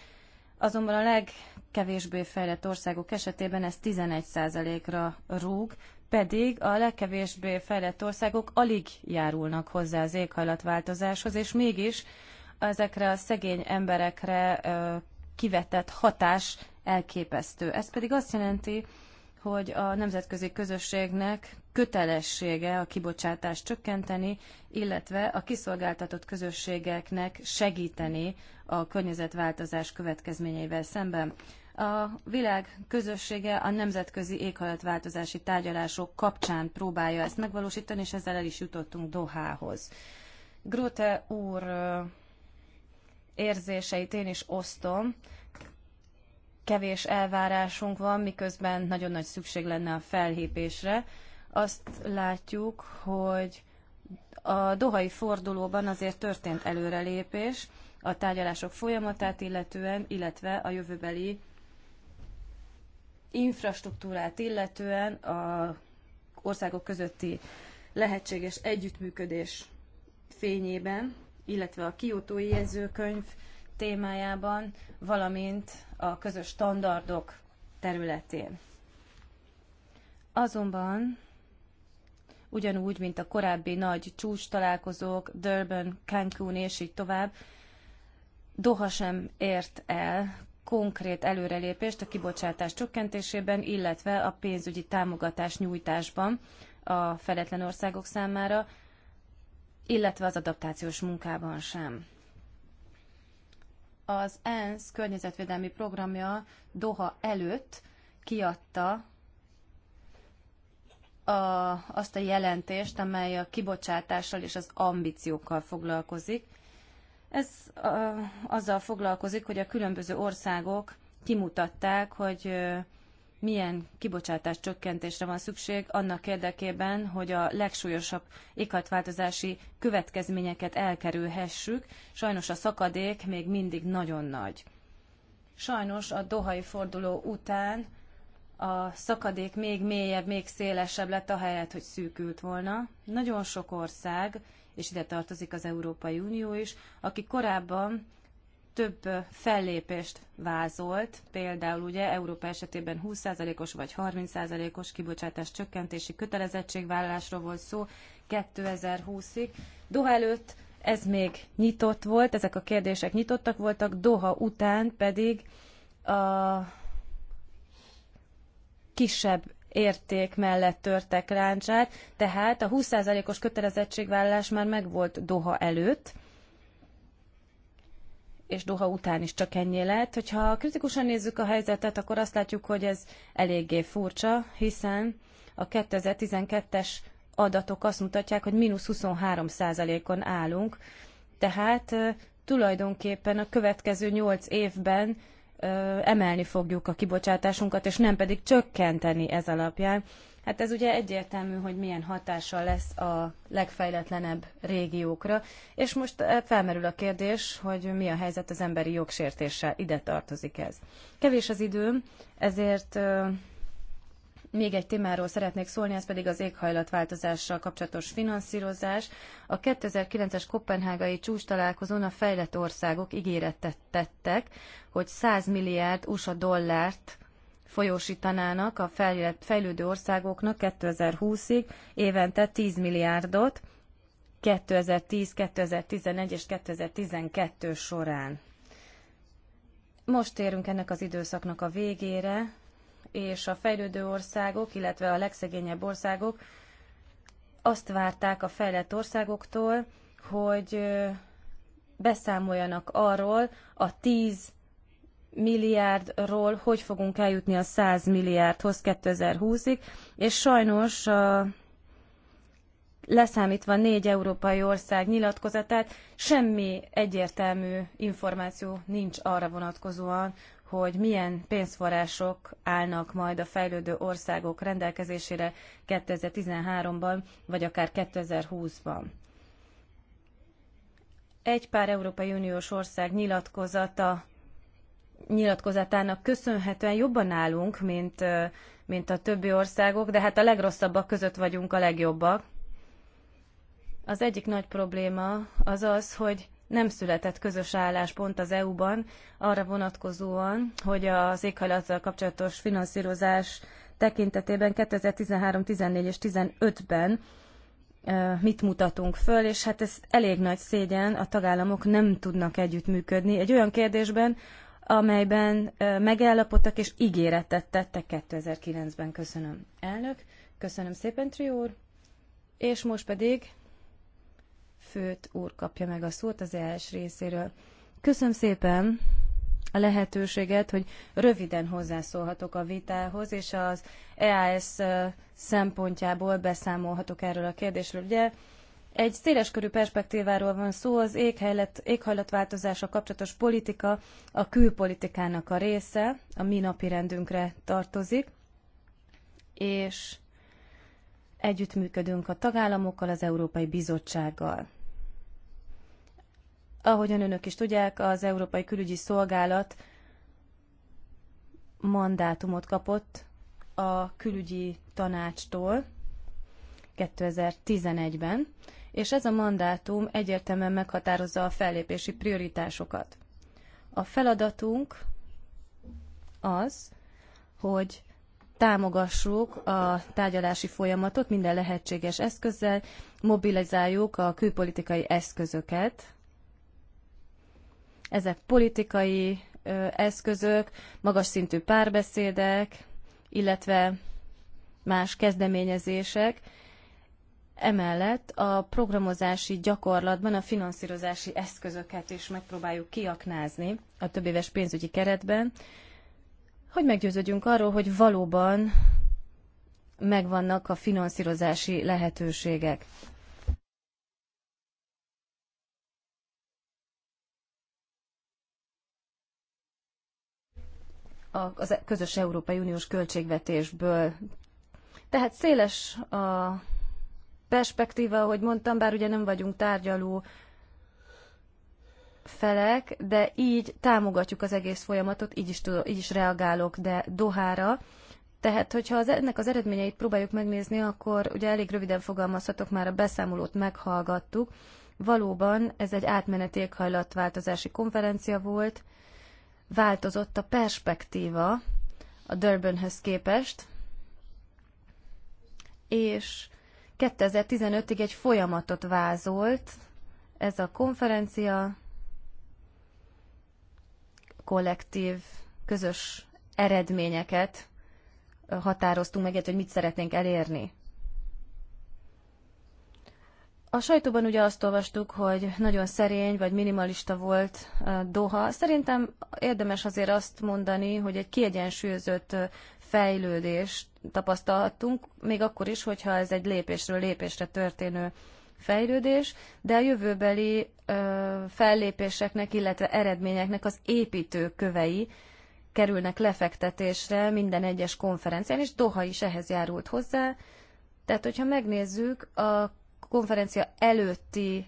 azonban a legkevésbé fejlett országok esetében ez 11%-ra rúg, pedig a legkevésbé fejlett országok alig járulnak hozzá az éghajlatváltozáshoz, és mégis ezekre a szegény emberekre kivetett hatás elképesztő. Ez pedig azt jelenti, hogy a nemzetközi közösségnek kötelessége a kibocsátást csökkenteni, illetve a kiszolgáltatott közösségeknek segíteni a környezetváltozás következményeivel szemben a világ közössége a nemzetközi éghajlatváltozási tárgyalások kapcsán próbálja ezt megvalósítani, és ezzel el is jutottunk Dohához. Grote úr érzéseit én is osztom. Kevés elvárásunk van, miközben nagyon nagy szükség lenne a felhépésre. Azt látjuk, hogy a dohai fordulóban azért történt előrelépés a tárgyalások folyamatát illetően, illetve a jövőbeli infrastruktúrát illetően a országok közötti lehetséges együttműködés fényében, illetve a kiutói jegyzőkönyv témájában, valamint a közös standardok területén. Azonban ugyanúgy, mint a korábbi nagy csúcs találkozók, Durban, Cancún és így tovább, Doha sem ért el konkrét előrelépést a kibocsátás csökkentésében, illetve a pénzügyi támogatás nyújtásban a fedetlen országok számára, illetve az adaptációs munkában sem. Az ENSZ környezetvédelmi programja Doha előtt kiadta a, azt a jelentést, amely a kibocsátással és az ambíciókkal foglalkozik. Ez a, azzal foglalkozik, hogy a különböző országok kimutatták, hogy milyen kibocsátás csökkentésre van szükség annak érdekében, hogy a legsúlyosabb éghajlatváltozási következményeket elkerülhessük. Sajnos a szakadék még mindig nagyon nagy. Sajnos a dohai forduló után a szakadék még mélyebb, még szélesebb lett, ahelyett, hogy szűkült volna. Nagyon sok ország és ide tartozik az Európai Unió is, aki korábban több fellépést vázolt, például ugye Európa esetében 20%-os vagy 30%-os kibocsátás csökkentési kötelezettségvállalásról volt szó 2020-ig. Doha előtt ez még nyitott volt, ezek a kérdések nyitottak voltak, Doha után pedig a kisebb érték mellett törtek ráncsát, tehát a 20%-os kötelezettségvállalás már megvolt Doha előtt, és Doha után is csak ennyi lett. Hogyha kritikusan nézzük a helyzetet, akkor azt látjuk, hogy ez eléggé furcsa, hiszen a 2012-es adatok azt mutatják, hogy mínusz 23 százalékon állunk, tehát tulajdonképpen a következő 8 évben emelni fogjuk a kibocsátásunkat, és nem pedig csökkenteni ez alapján. Hát ez ugye egyértelmű, hogy milyen hatással lesz a legfejletlenebb régiókra, és most felmerül a kérdés, hogy mi a helyzet az emberi jogsértéssel, ide tartozik ez. Kevés az időm, ezért még egy témáról szeretnék szólni, ez pedig az éghajlatváltozással kapcsolatos finanszírozás. A 2009-es kopenhágai csúcs találkozón a fejlett országok ígéretet tettek, hogy 100 milliárd USA dollárt folyósítanának a fejlődő országoknak 2020-ig évente 10 milliárdot 2010, 2011 és 2012 során. Most érünk ennek az időszaknak a végére, és a fejlődő országok, illetve a legszegényebb országok azt várták a fejlett országoktól, hogy beszámoljanak arról a 10 milliárdról, hogy fogunk eljutni a 100 milliárdhoz 2020-ig, és sajnos leszámítva négy európai ország nyilatkozatát, semmi egyértelmű információ nincs arra vonatkozóan, hogy milyen pénzforrások állnak majd a fejlődő országok rendelkezésére 2013-ban, vagy akár 2020-ban. Egy pár Európai Uniós ország nyilatkozata nyilatkozatának köszönhetően jobban állunk, mint, mint a többi országok, de hát a legrosszabbak között vagyunk a legjobbak. Az egyik nagy probléma az az, hogy nem született közös álláspont az EU-ban arra vonatkozóan, hogy az éghajlattal kapcsolatos finanszírozás tekintetében 2013, 14 és 15-ben mit mutatunk föl, és hát ez elég nagy szégyen, a tagállamok nem tudnak együttműködni egy olyan kérdésben, amelyben megállapodtak és ígéretet tettek 2009-ben. Köszönöm, elnök. Köszönöm szépen, Triór. És most pedig Főt úr kapja meg a szót az ELS részéről. Köszönöm szépen a lehetőséget, hogy röviden hozzászólhatok a vitához, és az EAS szempontjából beszámolhatok erről a kérdésről. Ugye egy széleskörű perspektíváról van szó, az éghajlatváltozása kapcsolatos politika a külpolitikának a része, a mi napi rendünkre tartozik, és együttműködünk a tagállamokkal, az Európai Bizottsággal. Ahogyan önök is tudják, az Európai Külügyi Szolgálat mandátumot kapott a külügyi tanácstól 2011-ben, és ez a mandátum egyértelműen meghatározza a fellépési prioritásokat. A feladatunk az, hogy támogassuk a tárgyalási folyamatot minden lehetséges eszközzel, mobilizáljuk a külpolitikai eszközöket, ezek politikai eszközök, magas szintű párbeszédek, illetve más kezdeményezések. Emellett a programozási gyakorlatban a finanszírozási eszközöket is megpróbáljuk kiaknázni a éves pénzügyi keretben, hogy meggyőződjünk arról, hogy valóban megvannak a finanszírozási lehetőségek. a közös Európai Uniós költségvetésből. Tehát széles a perspektíva, ahogy mondtam, bár ugye nem vagyunk tárgyaló felek, de így támogatjuk az egész folyamatot, így is, tudok, így is reagálok, de Dohára. Tehát, hogyha az, ennek az eredményeit próbáljuk megnézni, akkor ugye elég röviden fogalmazhatok, már a beszámolót meghallgattuk. Valóban ez egy átmeneti éghajlatváltozási konferencia volt, változott a perspektíva a Durbanhöz képest, és 2015-ig egy folyamatot vázolt ez a konferencia, kollektív, közös eredményeket határoztunk meg, hogy mit szeretnénk elérni. A sajtóban ugye azt olvastuk, hogy nagyon szerény vagy minimalista volt Doha. Szerintem érdemes azért azt mondani, hogy egy kiegyensúlyozott fejlődést tapasztalhattunk, még akkor is, hogyha ez egy lépésről lépésre történő fejlődés, de a jövőbeli ö, fellépéseknek, illetve eredményeknek az építőkövei kerülnek lefektetésre minden egyes konferencián, és Doha is ehhez járult hozzá. Tehát, hogyha megnézzük a konferencia előtti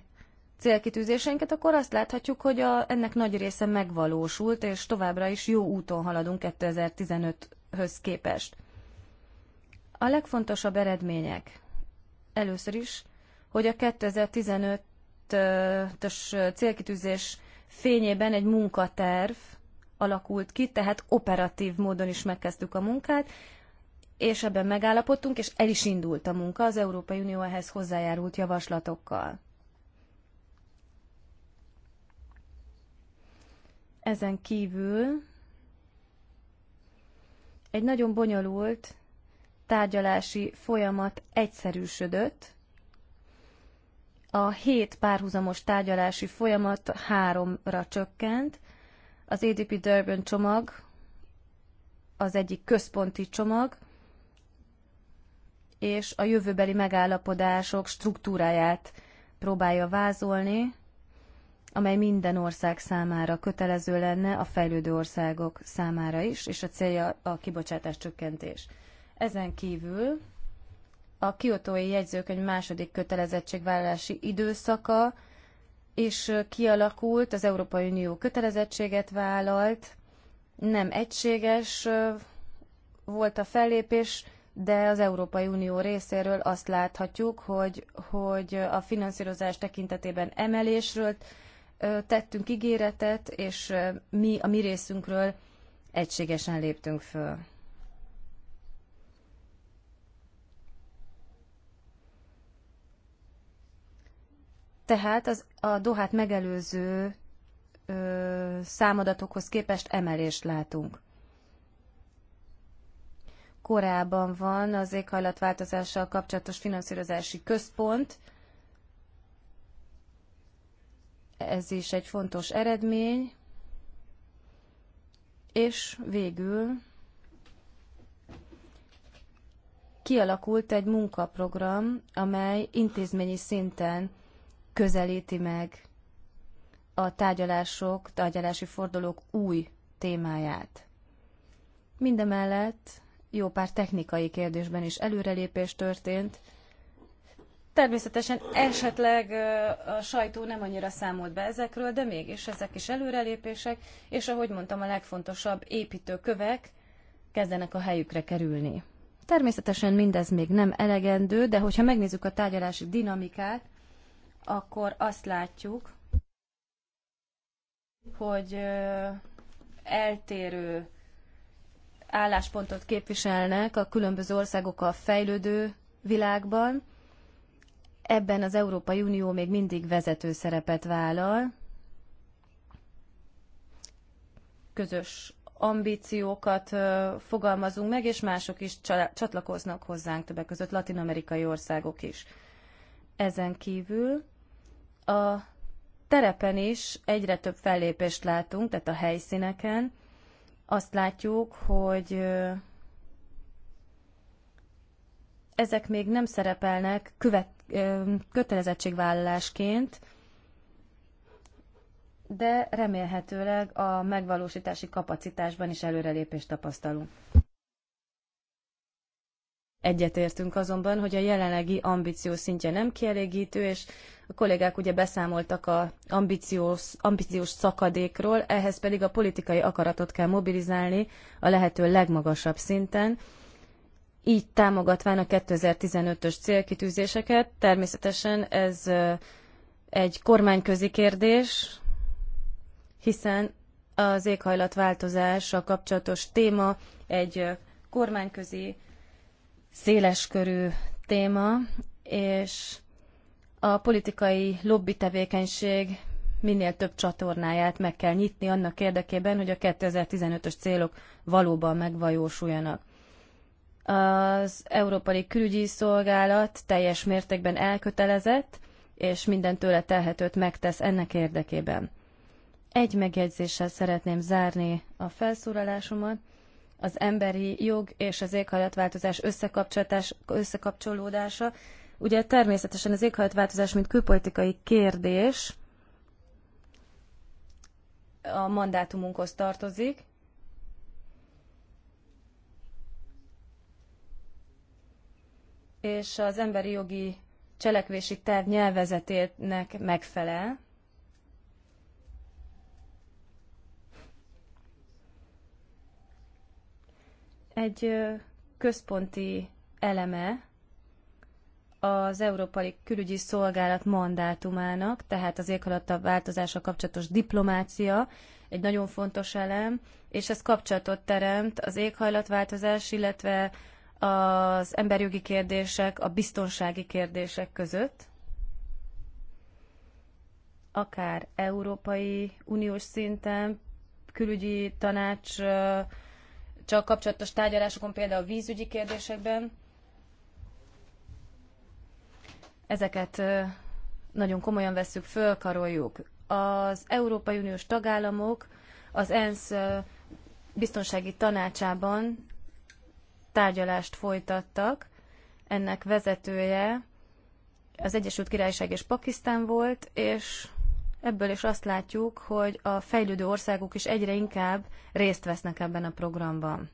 célkitűzéseinket, akkor azt láthatjuk, hogy a, ennek nagy része megvalósult, és továbbra is jó úton haladunk 2015-höz képest. A legfontosabb eredmények először is, hogy a 2015-ös célkitűzés fényében egy munkaterv alakult ki, tehát operatív módon is megkezdtük a munkát, és ebben megállapodtunk, és el is indult a munka, az Európai Unió ehhez hozzájárult javaslatokkal. Ezen kívül egy nagyon bonyolult tárgyalási folyamat egyszerűsödött. A hét párhuzamos tárgyalási folyamat háromra csökkent. Az EDP Durban csomag az egyik központi csomag, és a jövőbeli megállapodások struktúráját próbálja vázolni, amely minden ország számára kötelező lenne, a fejlődő országok számára is, és a célja a kibocsátás csökkentés. Ezen kívül a kiotói jegyzőkönyv második kötelezettségvállalási időszaka és kialakult, az Európai Unió kötelezettséget vállalt, nem egységes volt a fellépés, de az Európai Unió részéről azt láthatjuk, hogy, hogy a finanszírozás tekintetében emelésről tettünk ígéretet, és mi a mi részünkről egységesen léptünk föl. Tehát az, a Dohát megelőző ö, számadatokhoz képest emelést látunk korában van az éghajlatváltozással kapcsolatos finanszírozási központ. Ez is egy fontos eredmény. És végül kialakult egy munkaprogram, amely intézményi szinten közelíti meg a tárgyalások, tárgyalási fordulók új témáját. Mindemellett jó pár technikai kérdésben is előrelépés történt. Természetesen esetleg a sajtó nem annyira számolt be ezekről, de mégis ezek is előrelépések, és ahogy mondtam, a legfontosabb építőkövek kezdenek a helyükre kerülni. Természetesen mindez még nem elegendő, de hogyha megnézzük a tárgyalási dinamikát, akkor azt látjuk, hogy eltérő álláspontot képviselnek a különböző országok a fejlődő világban. Ebben az Európai Unió még mindig vezető szerepet vállal. Közös ambíciókat fogalmazunk meg, és mások is csatlakoznak hozzánk, többek között latin-amerikai országok is. Ezen kívül a terepen is egyre több fellépést látunk, tehát a helyszíneken, azt látjuk, hogy ezek még nem szerepelnek követ, kötelezettségvállalásként, de remélhetőleg a megvalósítási kapacitásban is előrelépést tapasztalunk. Egyetértünk azonban, hogy a jelenlegi ambíció szintje nem kielégítő, és a kollégák ugye beszámoltak a ambíciós, ambíciós szakadékról, ehhez pedig a politikai akaratot kell mobilizálni a lehető legmagasabb szinten, így támogatván a 2015-ös célkitűzéseket. Természetesen ez egy kormányközi kérdés, hiszen az éghajlatváltozással kapcsolatos téma egy kormányközi széleskörű téma, és a politikai lobby tevékenység minél több csatornáját meg kell nyitni annak érdekében, hogy a 2015-ös célok valóban megvalósuljanak. Az Európai Külügyi Szolgálat teljes mértékben elkötelezett, és minden tőle telhetőt megtesz ennek érdekében. Egy megjegyzéssel szeretném zárni a felszólalásomat az emberi jog és az éghajlatváltozás összekapcsolódás, összekapcsolódása. Ugye természetesen az éghajlatváltozás, mint külpolitikai kérdés, a mandátumunkhoz tartozik, és az emberi jogi cselekvési terv nyelvezetének megfelel. egy központi eleme az Európai Külügyi Szolgálat mandátumának, tehát az éghalatta változása kapcsolatos diplomácia egy nagyon fontos elem, és ez kapcsolatot teremt az éghajlatváltozás, illetve az emberjogi kérdések, a biztonsági kérdések között, akár Európai Uniós szinten, külügyi tanács csak kapcsolatos tárgyalásokon, például a vízügyi kérdésekben. Ezeket nagyon komolyan vesszük, fölkaroljuk. Az Európai Uniós tagállamok az ENSZ biztonsági tanácsában tárgyalást folytattak. Ennek vezetője az Egyesült Királyság és Pakisztán volt, és Ebből is azt látjuk, hogy a fejlődő országok is egyre inkább részt vesznek ebben a programban.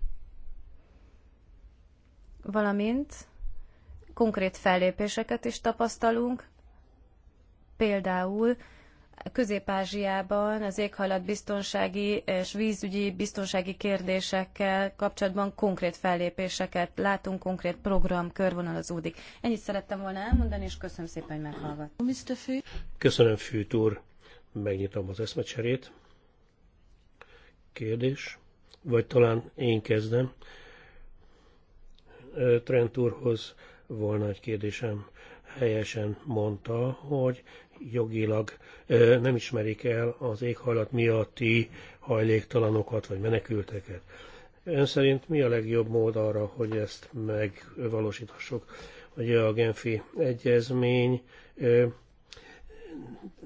Valamint konkrét fellépéseket is tapasztalunk, például Közép-Ázsiában az éghajlatbiztonsági és vízügyi biztonsági kérdésekkel kapcsolatban konkrét fellépéseket látunk, konkrét program körvonalazódik. Ennyit szerettem volna elmondani, és köszönöm szépen, hogy meghallgattam. Köszönöm, Fűt úr megnyitom az eszmecserét. Kérdés? Vagy talán én kezdem. Trent úrhoz volna egy kérdésem. Helyesen mondta, hogy jogilag nem ismerik el az éghajlat miatti hajléktalanokat vagy menekülteket. Ön szerint mi a legjobb mód arra, hogy ezt megvalósíthassuk? Ugye a Genfi egyezmény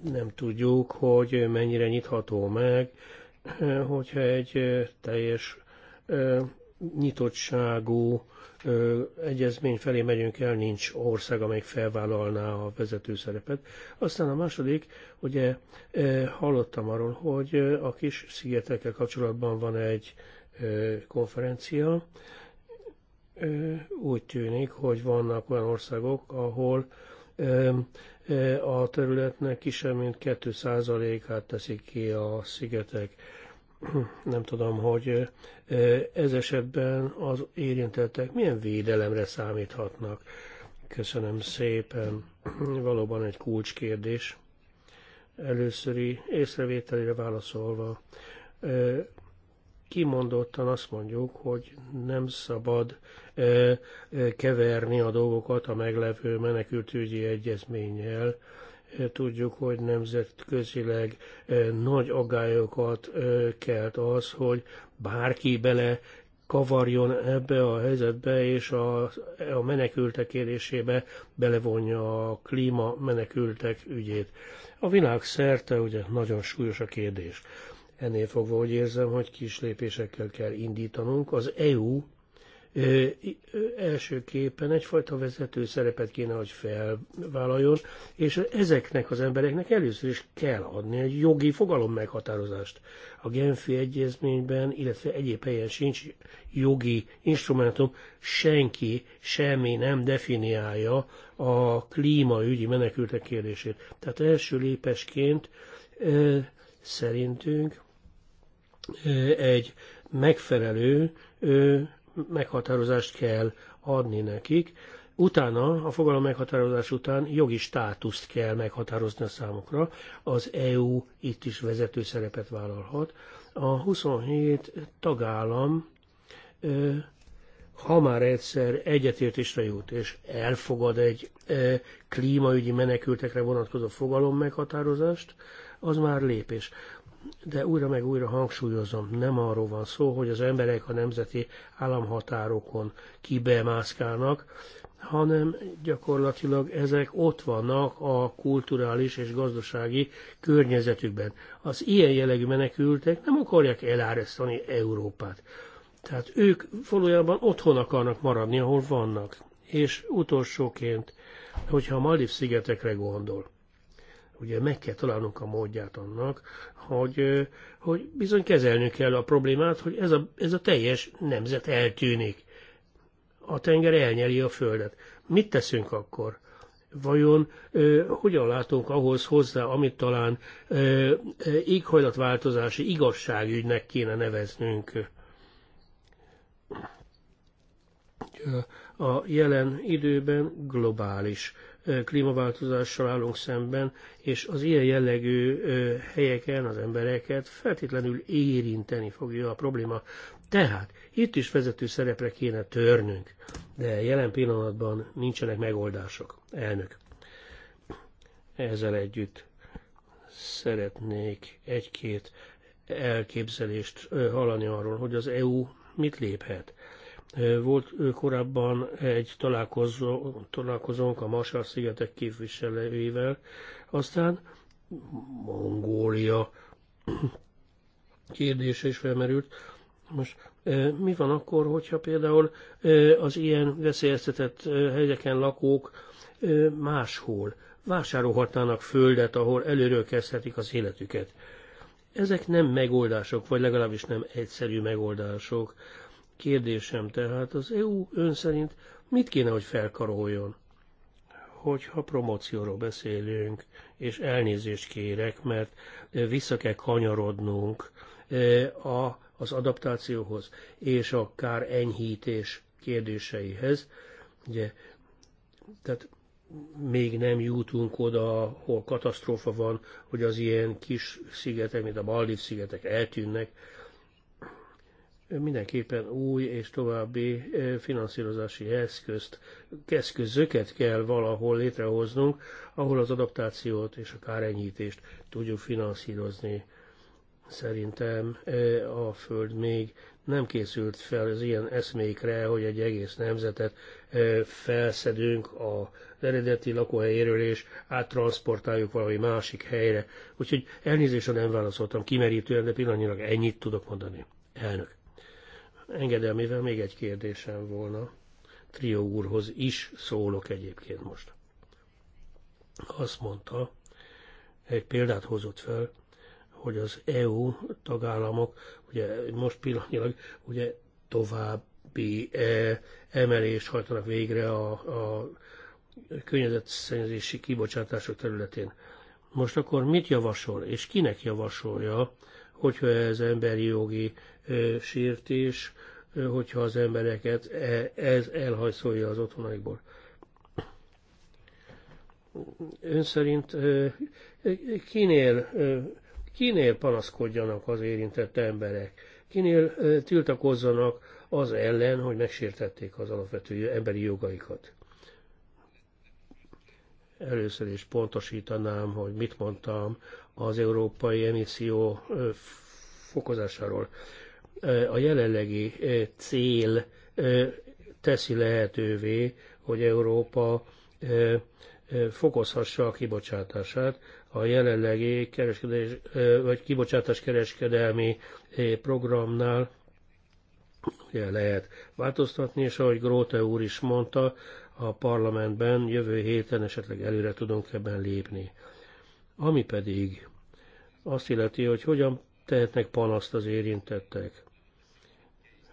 nem tudjuk, hogy mennyire nyitható meg, hogyha egy teljes nyitottságú egyezmény felé megyünk el, nincs ország, amelyik felvállalná a vezető szerepet. Aztán a második, ugye hallottam arról, hogy a kis szigetekkel kapcsolatban van egy konferencia. Úgy tűnik, hogy vannak olyan országok, ahol a területnek kisebb, mint 2%-át teszik ki a szigetek. Nem tudom, hogy ez esetben az érintettek milyen védelemre számíthatnak. Köszönöm szépen. Valóban egy kulcskérdés. Előszöri észrevételére válaszolva, kimondottan azt mondjuk, hogy nem szabad keverni a dolgokat a meglevő menekültügyi egyezménnyel. Tudjuk, hogy nemzetközileg ö, nagy agályokat kelt az, hogy bárki bele kavarjon ebbe a helyzetbe, és a, a menekültek kérdésébe belevonja a klíma menekültek ügyét. A világ szerte ugye nagyon súlyos a kérdés. Ennél fogva úgy érzem, hogy kis lépésekkel kell indítanunk. Az EU elsőképpen egyfajta vezető szerepet kéne, hogy felvállaljon, és ezeknek az embereknek először is kell adni egy jogi fogalom meghatározást. A Genfi Egyezményben, illetve egyéb helyen sincs jogi instrumentum, senki semmi nem definiálja a klímaügyi menekültek kérdését. Tehát első lépesként szerintünk egy megfelelő meghatározást kell adni nekik. Utána, a fogalom meghatározás után jogi státuszt kell meghatározni a számokra. Az EU itt is vezető szerepet vállalhat. A 27 tagállam, ha már egyszer egyetértésre jut és elfogad egy klímaügyi menekültekre vonatkozó fogalom meghatározást, az már lépés de újra meg újra hangsúlyozom, nem arról van szó, hogy az emberek a nemzeti államhatárokon kibemászkálnak, hanem gyakorlatilag ezek ott vannak a kulturális és gazdasági környezetükben. Az ilyen jellegű menekültek nem akarják elárasztani Európát. Tehát ők valójában otthon akarnak maradni, ahol vannak. És utolsóként, hogyha a Maldiv szigetekre gondol, ugye meg kell találnunk a módját annak, hogy, hogy bizony kezelnünk kell a problémát, hogy ez a, ez a teljes nemzet eltűnik. A tenger elnyeli a földet. Mit teszünk akkor? Vajon ö, hogyan látunk ahhoz hozzá, amit talán ö, éghajlatváltozási igazságügynek kéne neveznünk? A jelen időben globális klímaváltozással állunk szemben, és az ilyen jellegű helyeken az embereket feltétlenül érinteni fogja a probléma. Tehát itt is vezető szerepre kéne törnünk, de jelen pillanatban nincsenek megoldások. Elnök. Ezzel együtt szeretnék egy-két elképzelést hallani arról, hogy az EU mit léphet. Volt korábban egy találkozó, találkozónk a Marshall-szigetek képviselőivel, aztán Mongólia kérdése is felmerült. Most mi van akkor, hogyha például az ilyen veszélyeztetett helyeken lakók máshol vásárolhatnának földet, ahol előről kezdhetik az életüket? Ezek nem megoldások, vagy legalábbis nem egyszerű megoldások. Kérdésem tehát az EU ön szerint mit kéne, hogy felkaroljon? Hogyha promócióról beszélünk, és elnézést kérek, mert vissza kell kanyarodnunk a, az adaptációhoz és a kár enyhítés kérdéseihez. Ugye, tehát még nem jutunk oda, hol katasztrófa van, hogy az ilyen kis szigetek, mint a Maldív szigetek eltűnnek, mindenképpen új és további finanszírozási eszközt, eszközöket kell valahol létrehoznunk, ahol az adaptációt és a kárenyítést tudjuk finanszírozni. Szerintem a Föld még nem készült fel az ilyen eszmékre, hogy egy egész nemzetet felszedünk a eredeti lakóhelyéről, és áttransportáljuk valami másik helyre. Úgyhogy elnézést, ha nem válaszoltam kimerítően, de pillanatnyilag ennyit tudok mondani. Elnök. Engedelmével még egy kérdésem volna. Trió úrhoz is szólok egyébként most. Azt mondta, egy példát hozott fel, hogy az EU tagállamok, ugye most pillanatnyilag ugye további e, emelést hajtanak végre a, a környezetszennyezési kibocsátások területén. Most akkor mit javasol, és kinek javasolja, hogyha ez emberi jogi sértés, hogyha az embereket e, ez elhajszolja az otthonaikból. Ön szerint kinél, kinél panaszkodjanak az érintett emberek? Kinél tiltakozzanak az ellen, hogy megsértették az alapvető emberi jogaikat? Először is pontosítanám, hogy mit mondtam az európai emisszió fokozásáról a jelenlegi cél teszi lehetővé, hogy Európa fokozhassa a kibocsátását. A jelenlegi kereskedés, vagy kibocsátás kereskedelmi programnál ugye lehet változtatni, és ahogy Gróte úr is mondta, a parlamentben jövő héten esetleg előre tudunk ebben lépni. Ami pedig azt illeti, hogy hogyan tehetnek panaszt az érintettek.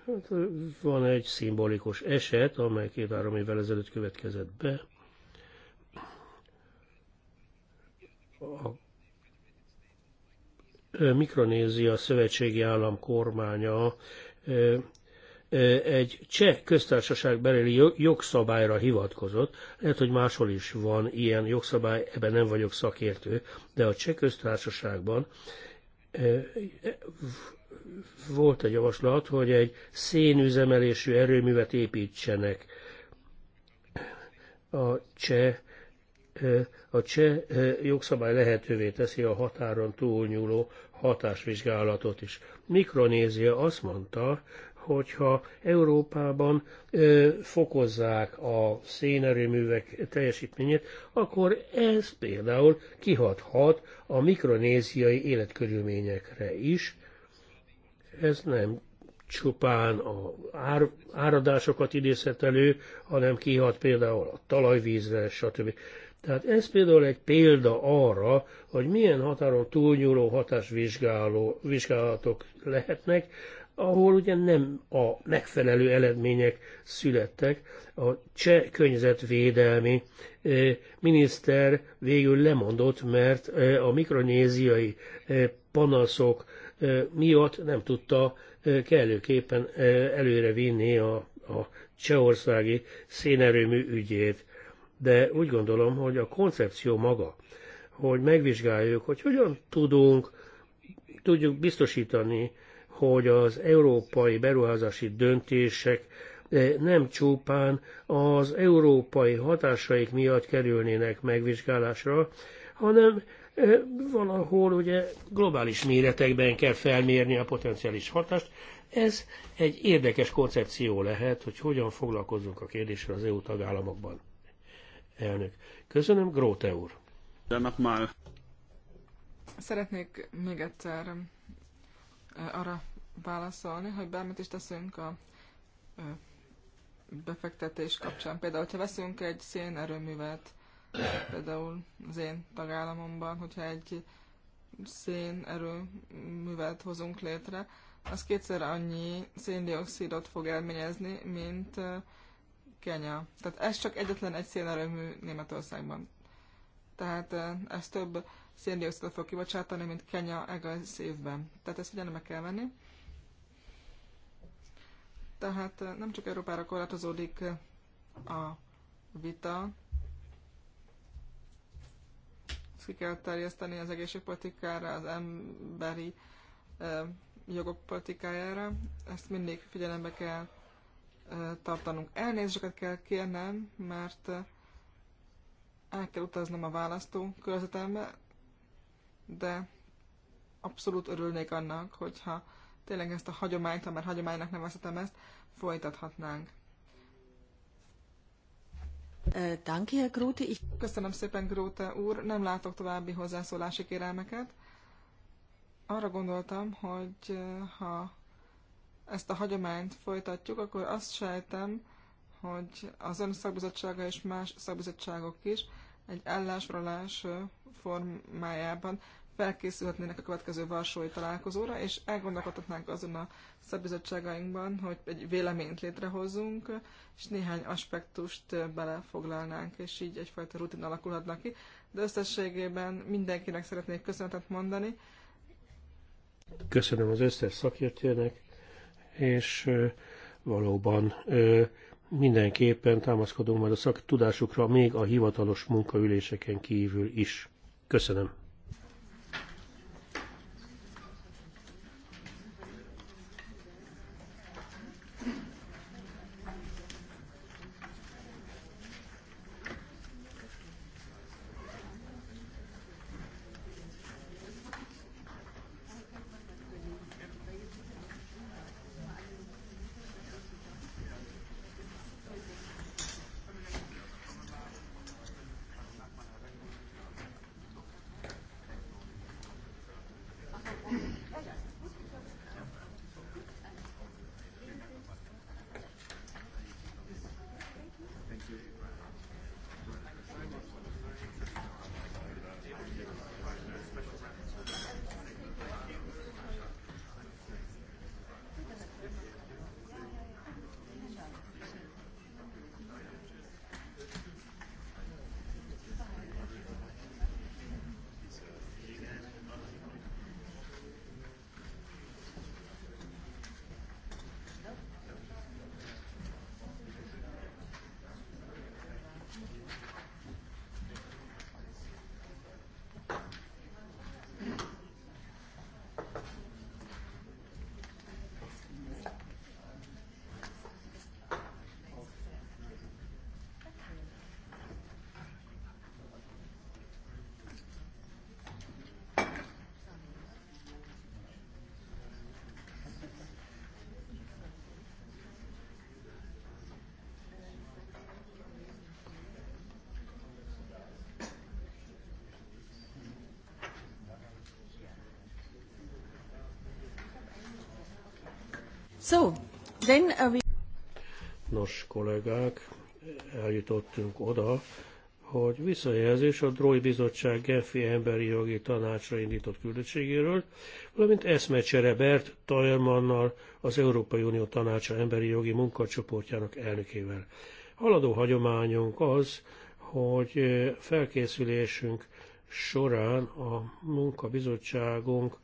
Hát van egy szimbolikus eset, amely két-három évvel ezelőtt következett be. A Mikronézia szövetségi állam kormánya egy cseh köztársaság beléli jogszabályra hivatkozott. Lehet, hogy máshol is van ilyen jogszabály, ebben nem vagyok szakértő, de a cseh köztársaságban volt egy javaslat, hogy egy szénüzemelésű erőművet építsenek. A cseh a cseh jogszabály lehetővé teszi a határon túlnyúló hatásvizsgálatot is. Mikronézia azt mondta, hogyha Európában ö, fokozzák a szénerőművek teljesítményét, akkor ez például kihathat a mikronéziai életkörülményekre is, ez nem csupán a ár, áradásokat idézhet elő, hanem kihat például a talajvízre, stb. Tehát ez például egy példa arra, hogy milyen határon túlnyúló hatásvizsgáló, vizsgálatok lehetnek, ahol ugye nem a megfelelő eredmények születtek. A cseh környezetvédelmi miniszter végül lemondott, mert a mikronéziai panaszok miatt nem tudta kellőképpen előre vinni a, a csehországi szénerőmű ügyét. De úgy gondolom, hogy a koncepció maga, hogy megvizsgáljuk, hogy hogyan tudunk, tudjuk biztosítani, hogy az európai beruházási döntések nem csupán az európai hatásaik miatt kerülnének megvizsgálásra, hanem valahol ugye globális méretekben kell felmérni a potenciális hatást. Ez egy érdekes koncepció lehet, hogy hogyan foglalkozunk a kérdésre az EU tagállamokban. Elnök. Köszönöm, Gróte úr. már. Szeretnék még egyszer arra válaszolni, hogy bármit is teszünk a befektetés kapcsán. Például, ha veszünk egy szénerőművet, például az én tagállamomban, hogyha egy erőművet hozunk létre, az kétszer annyi széndiokszidot fog elményezni, mint Kenya. Tehát ez csak egyetlen egy szénerőmű Németországban. Tehát ez több széndiokszidot fog kibocsátani, mint Kenya egész évben. Tehát ezt figyelembe kell venni. Tehát nem csak Európára korlátozódik a vita, ki kell terjeszteni az egészségpolitikára, az emberi jogok politikájára. Ezt mindig figyelembe kell tartanunk. Elnézéseket kell kérnem, mert el kell utaznom a választó körzetembe, de abszolút örülnék annak, hogyha tényleg ezt a hagyományt, ha már hagyománynak nevezhetem ezt, folytathatnánk. Danke, Herr Grote. Köszönöm szépen, Grote úr. Nem látok további hozzászólási kérelmeket. Arra gondoltam, hogy ha ezt a hagyományt folytatjuk, akkor azt sejtem, hogy az ön szakbizottsága és más szakbizottságok is egy állásrolás formájában felkészülhetnének a következő Varsói találkozóra, és elgondolkodhatnánk azon a szabizottságainkban, hogy egy véleményt létrehozzunk, és néhány aspektust belefoglalnánk, és így egyfajta rutin alakulhatnak ki. De összességében mindenkinek szeretnék köszönetet mondani. Köszönöm az összes szakértőnek, és valóban mindenképpen támaszkodunk majd a szaktudásukra még a hivatalos munkaüléseken kívül is. Köszönöm. So, then uh, we... Nos, kollégák, eljutottunk oda, hogy visszajelzés a Droid Bizottság Genfi Emberi Jogi Tanácsra indított küldöttségéről, valamint eszmecsere Bert Tajermannal, az Európai Unió Tanácsa Emberi Jogi Munkacsoportjának elnökével. Haladó hagyományunk az, hogy eh, felkészülésünk során a munkabizottságunk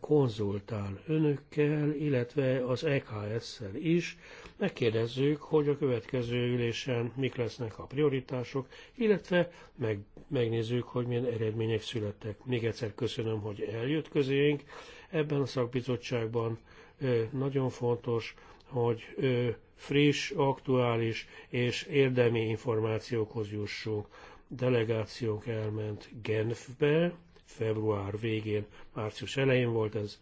konzultál önökkel, illetve az EKS-szel is. Megkérdezzük, hogy a következő ülésen mik lesznek a prioritások, illetve meg, megnézzük, hogy milyen eredmények születtek. Még egyszer köszönöm, hogy eljött közénk. Ebben a szakbizottságban nagyon fontos, hogy friss, aktuális és érdemi információkhoz jussunk. Delegációnk elment Genfbe, február végén, március elején volt ez.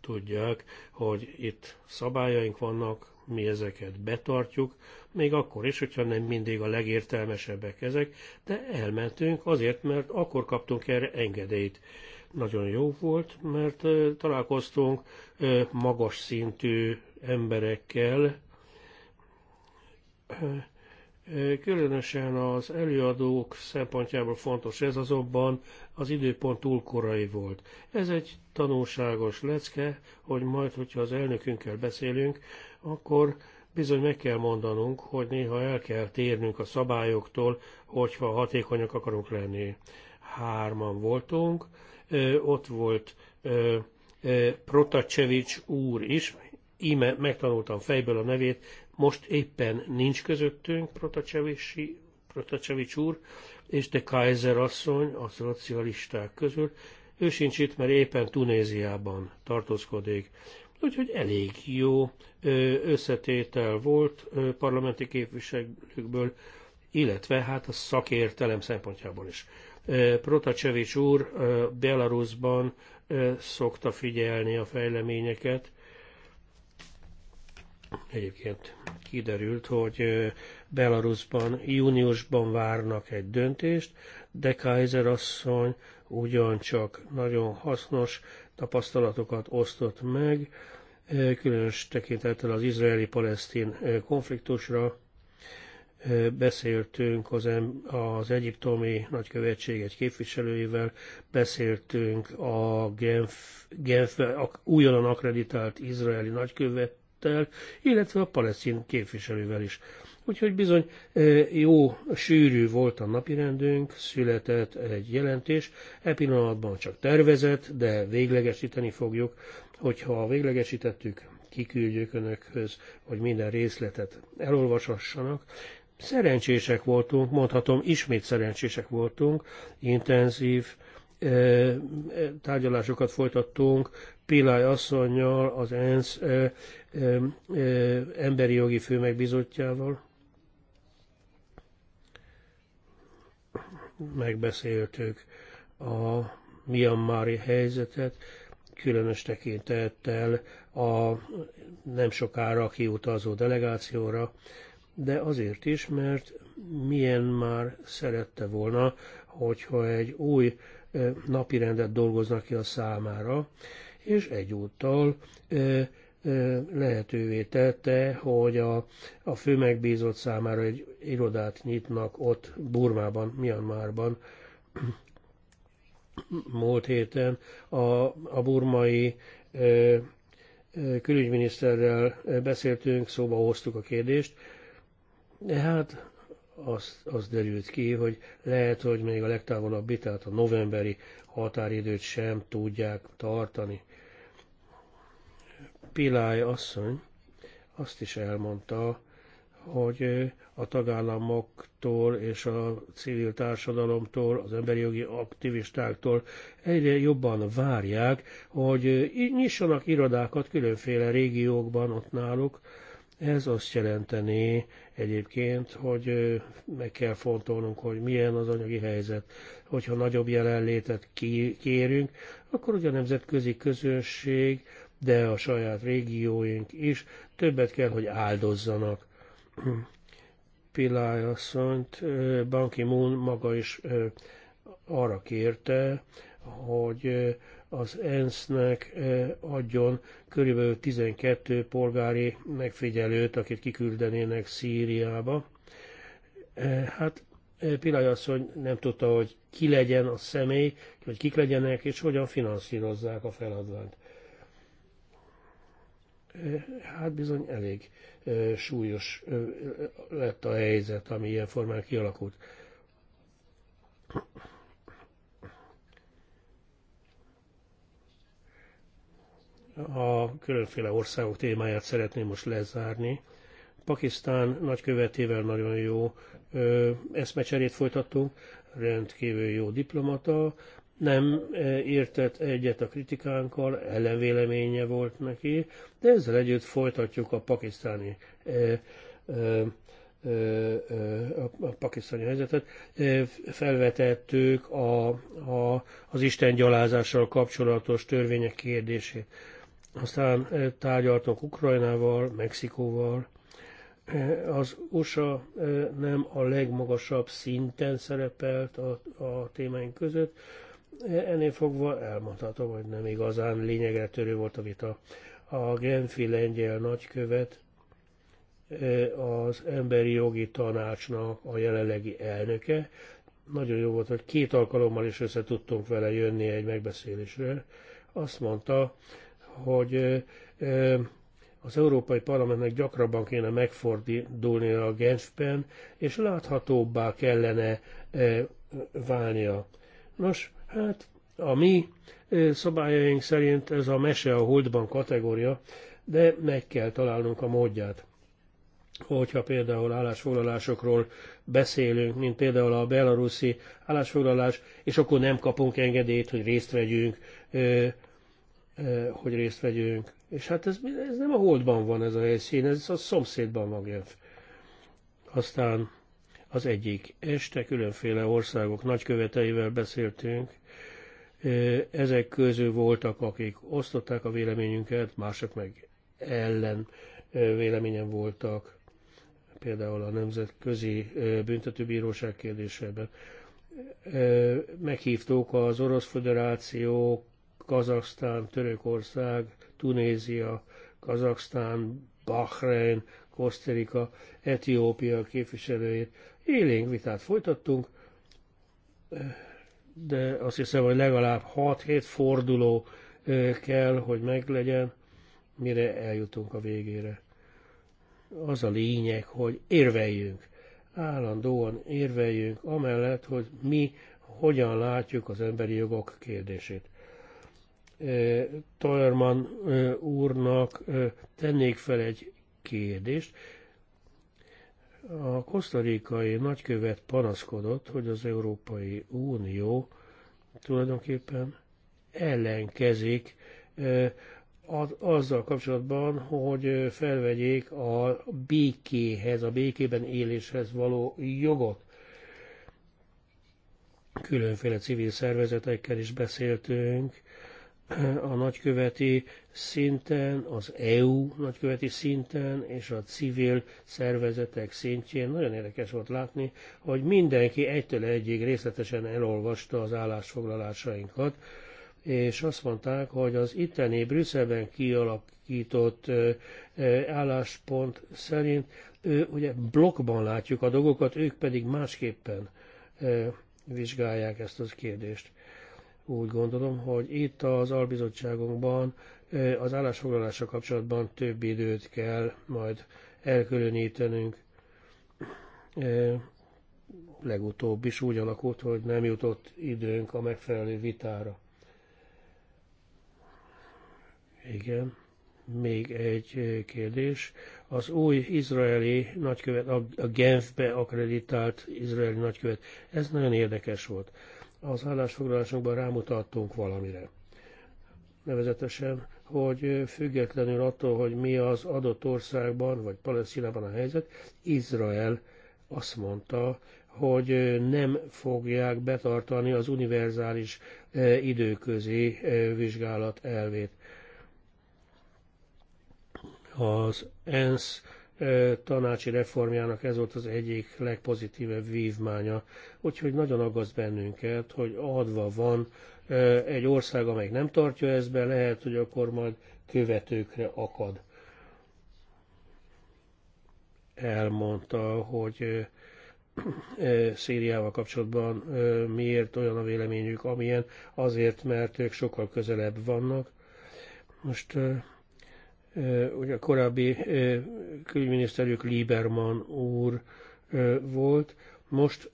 Tudják, hogy itt szabályaink vannak, mi ezeket betartjuk, még akkor is, hogyha nem mindig a legértelmesebbek ezek, de elmentünk azért, mert akkor kaptunk erre engedélyt. Nagyon jó volt, mert találkoztunk magas szintű emberekkel, Különösen az előadók szempontjából fontos ez, azonban az időpont túl korai volt. Ez egy tanulságos lecke, hogy majd, hogyha az elnökünkkel beszélünk, akkor bizony meg kell mondanunk, hogy néha el kell térnünk a szabályoktól, hogyha hatékonyak akarunk lenni. Hárman voltunk, ott volt Protacevics úr is, íme megtanultam fejből a nevét, most éppen nincs közöttünk Protacevicsi, Protacevics úr és de Kaiser asszony a szocialisták közül. Ő sincs itt, mert éppen Tunéziában tartózkodik. Úgyhogy elég jó összetétel volt parlamenti képviselőkből, illetve hát a szakértelem szempontjából is. Protacevics úr Belarusban szokta figyelni a fejleményeket, Egyébként kiderült, hogy Belarusban júniusban várnak egy döntést, de Kaiser asszony ugyancsak nagyon hasznos tapasztalatokat osztott meg, különös tekintettel az izraeli-palesztin konfliktusra. Beszéltünk az, az egyiptomi nagykövetség egy képviselőivel, beszéltünk a Genf, Genf a újonnan akreditált izraeli nagykövet, el, illetve a palesztin képviselővel is. Úgyhogy bizony jó, sűrű volt a napirendünk, született egy jelentés, e pillanatban csak tervezett, de véglegesíteni fogjuk, hogyha véglegesítettük, kiküldjük önökhöz, hogy minden részletet elolvasassanak. Szerencsések voltunk, mondhatom, ismét szerencsések voltunk, intenzív tárgyalásokat folytattunk Pilály asszonynal, az ENSZ ö, ö, emberi jogi főmegbizottjával Megbeszéltük a Myanmari helyzetet, különös tekintettel a nem sokára kiutazó delegációra, de azért is, mert milyen már szerette volna, hogyha egy új napirendet dolgoznak ki a számára, és egyúttal lehetővé tette, hogy a, a fő megbízott számára egy irodát nyitnak ott Burmában, Myanmarban. Múlt héten a, a burmai ö, ö, külügyminiszterrel beszéltünk, szóba hoztuk a kérdést. De hát az, az derült ki, hogy lehet, hogy még a legtávolabb tehát a novemberi határidőt sem tudják tartani Pilály asszony azt is elmondta, hogy a tagállamoktól és a civil társadalomtól, az emberi jogi aktivistáktól egyre jobban várják, hogy nyissanak irodákat különféle régiókban ott náluk. Ez azt jelenteni egyébként, hogy meg kell fontolnunk, hogy milyen az anyagi helyzet. Hogyha nagyobb jelenlétet kérünk, akkor ugye a nemzetközi közönség de a saját régióink is többet kell, hogy áldozzanak. Pilály asszonyt Ban ki maga is arra kérte, hogy az ENSZ-nek adjon körülbelül 12 polgári megfigyelőt, akit kiküldenének Szíriába. Hát Pilály asszony nem tudta, hogy ki legyen a személy, hogy kik legyenek, és hogyan finanszírozzák a feladványt hát bizony elég súlyos lett a helyzet, ami ilyen formán kialakult. A különféle országok témáját szeretném most lezárni. Pakisztán nagykövetével nagyon jó eszmecserét folytattunk, rendkívül jó diplomata, nem e, értett egyet a kritikánkkal, ellenvéleménye volt neki, de ezzel együtt folytatjuk a pakisztáni e, e, a pakisztáni helyzetet, felvetettük a, a, az Isten gyalázással kapcsolatos törvények kérdését. Aztán tárgyaltunk Ukrajnával, Mexikóval. Az USA nem a legmagasabb szinten szerepelt a, a témáink között, Ennél fogva elmondhatom, hogy nem igazán lényegre törő volt a vita. A Genfi lengyel nagykövet az emberi jogi tanácsnak a jelenlegi elnöke. Nagyon jó volt, hogy két alkalommal is össze tudtunk vele jönni egy megbeszélésre. Azt mondta, hogy az Európai Parlamentnek gyakrabban kéne megfordulni a Genfben, és láthatóbbá kellene válnia. Nos, Hát a mi szabályaink szerint ez a mese a holdban kategória, de meg kell találnunk a módját. Hogyha például állásfoglalásokról beszélünk, mint például a belaruszi állásfoglalás, és akkor nem kapunk engedélyt, hogy részt vegyünk, hogy részt vegyünk. És hát ez, ez nem a holdban van ez a helyszín, ez a szomszédban van. Jön. Aztán az egyik este különféle országok nagyköveteivel beszéltünk, ezek közül voltak, akik osztották a véleményünket, mások meg ellen véleményen voltak, például a Nemzetközi Büntetőbíróság kérdésében. Meghívtuk az Orosz Föderáció, Kazaksztán, Törökország, Tunézia, Kazaksztán, Bahrein, Koszterika, Etiópia képviselőjét. Élénk vitát folytattunk, de azt hiszem, hogy legalább 6-7 forduló kell, hogy meglegyen, mire eljutunk a végére. Az a lényeg, hogy érveljünk, állandóan érveljünk, amellett, hogy mi hogyan látjuk az emberi jogok kérdését. Tolerman úrnak tennék fel egy kérdést, a kosztarikai nagykövet panaszkodott, hogy az Európai Unió tulajdonképpen ellenkezik azzal kapcsolatban, hogy felvegyék a békéhez, a békében éléshez való jogot. Különféle civil szervezetekkel is beszéltünk, a nagyköveti szinten, az EU nagyköveti szinten és a civil szervezetek szintjén. Nagyon érdekes volt látni, hogy mindenki egytől egyig részletesen elolvasta az állásfoglalásainkat, és azt mondták, hogy az itteni Brüsszelben kialakított álláspont szerint ő, ugye blokkban látjuk a dolgokat, ők pedig másképpen vizsgálják ezt az kérdést úgy gondolom, hogy itt az albizottságunkban az állásfoglalása kapcsolatban több időt kell majd elkülönítenünk. Legutóbb is úgy alakult, hogy nem jutott időnk a megfelelő vitára. Igen, még egy kérdés. Az új izraeli nagykövet, a Genfbe akreditált izraeli nagykövet, ez nagyon érdekes volt az állásfoglalásokban rámutattunk valamire. Nevezetesen, hogy függetlenül attól, hogy mi az adott országban, vagy Palesztinában a helyzet, Izrael azt mondta, hogy nem fogják betartani az univerzális eh, időközi eh, vizsgálat elvét. Az ENSZ tanácsi reformjának ez volt az egyik legpozitívebb vívmánya. Úgyhogy nagyon aggaszt bennünket, hogy adva van egy ország, amely nem tartja ezt be, lehet, hogy akkor majd követőkre akad. Elmondta, hogy Szíriával kapcsolatban miért olyan a véleményük, amilyen, azért, mert ők sokkal közelebb vannak. Most ugye a korábbi külügyminiszterük Lieberman úr volt, most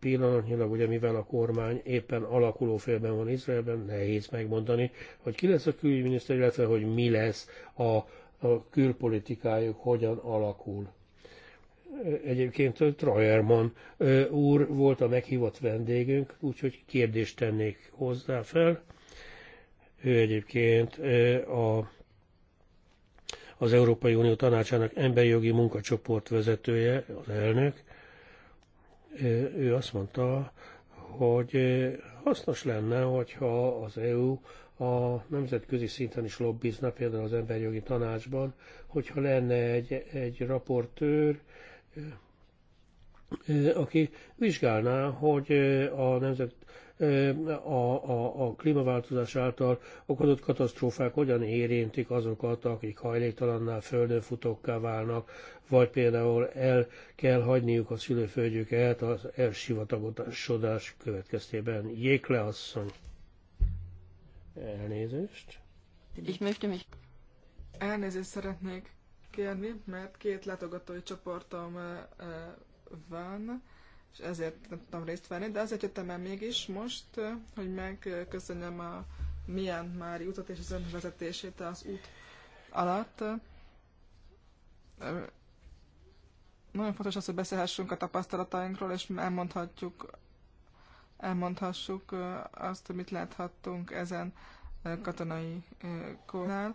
pillanatnyilag, ugye mivel a kormány éppen alakuló félben van Izraelben, nehéz megmondani, hogy ki lesz a külügyminiszter, illetve hogy mi lesz a, a külpolitikájuk, hogyan alakul. Egyébként Trajerman úr volt a meghívott vendégünk, úgyhogy kérdést tennék hozzá fel. Ő egyébként a az Európai Unió Tanácsának emberi jogi munkacsoport vezetője, az elnök, ő azt mondta, hogy hasznos lenne, hogyha az EU a nemzetközi szinten is lobbizna, például az emberi jogi tanácsban, hogyha lenne egy, egy raportőr, aki vizsgálná, hogy a nemzet, a, a, a klímaváltozás által okozott katasztrófák hogyan érintik azokat, akik hajléktalannál földön futokká válnak, vagy például el kell hagyniuk a szülőföldjüket az elsivatagosodás következtében. Jékle asszony. Elnézést. Ich möchte mich. Elnézést szeretnék kérni, mert két látogatói csoportom van és ezért nem tudtam részt venni, de azért jöttem el mégis most, hogy megköszönjem a milyen Mári utat és az önvezetését az út alatt. Nagyon fontos az, hogy beszélhessünk a tapasztalatainkról, és elmondhatjuk, elmondhassuk azt, hogy mit láthattunk ezen katonai kornál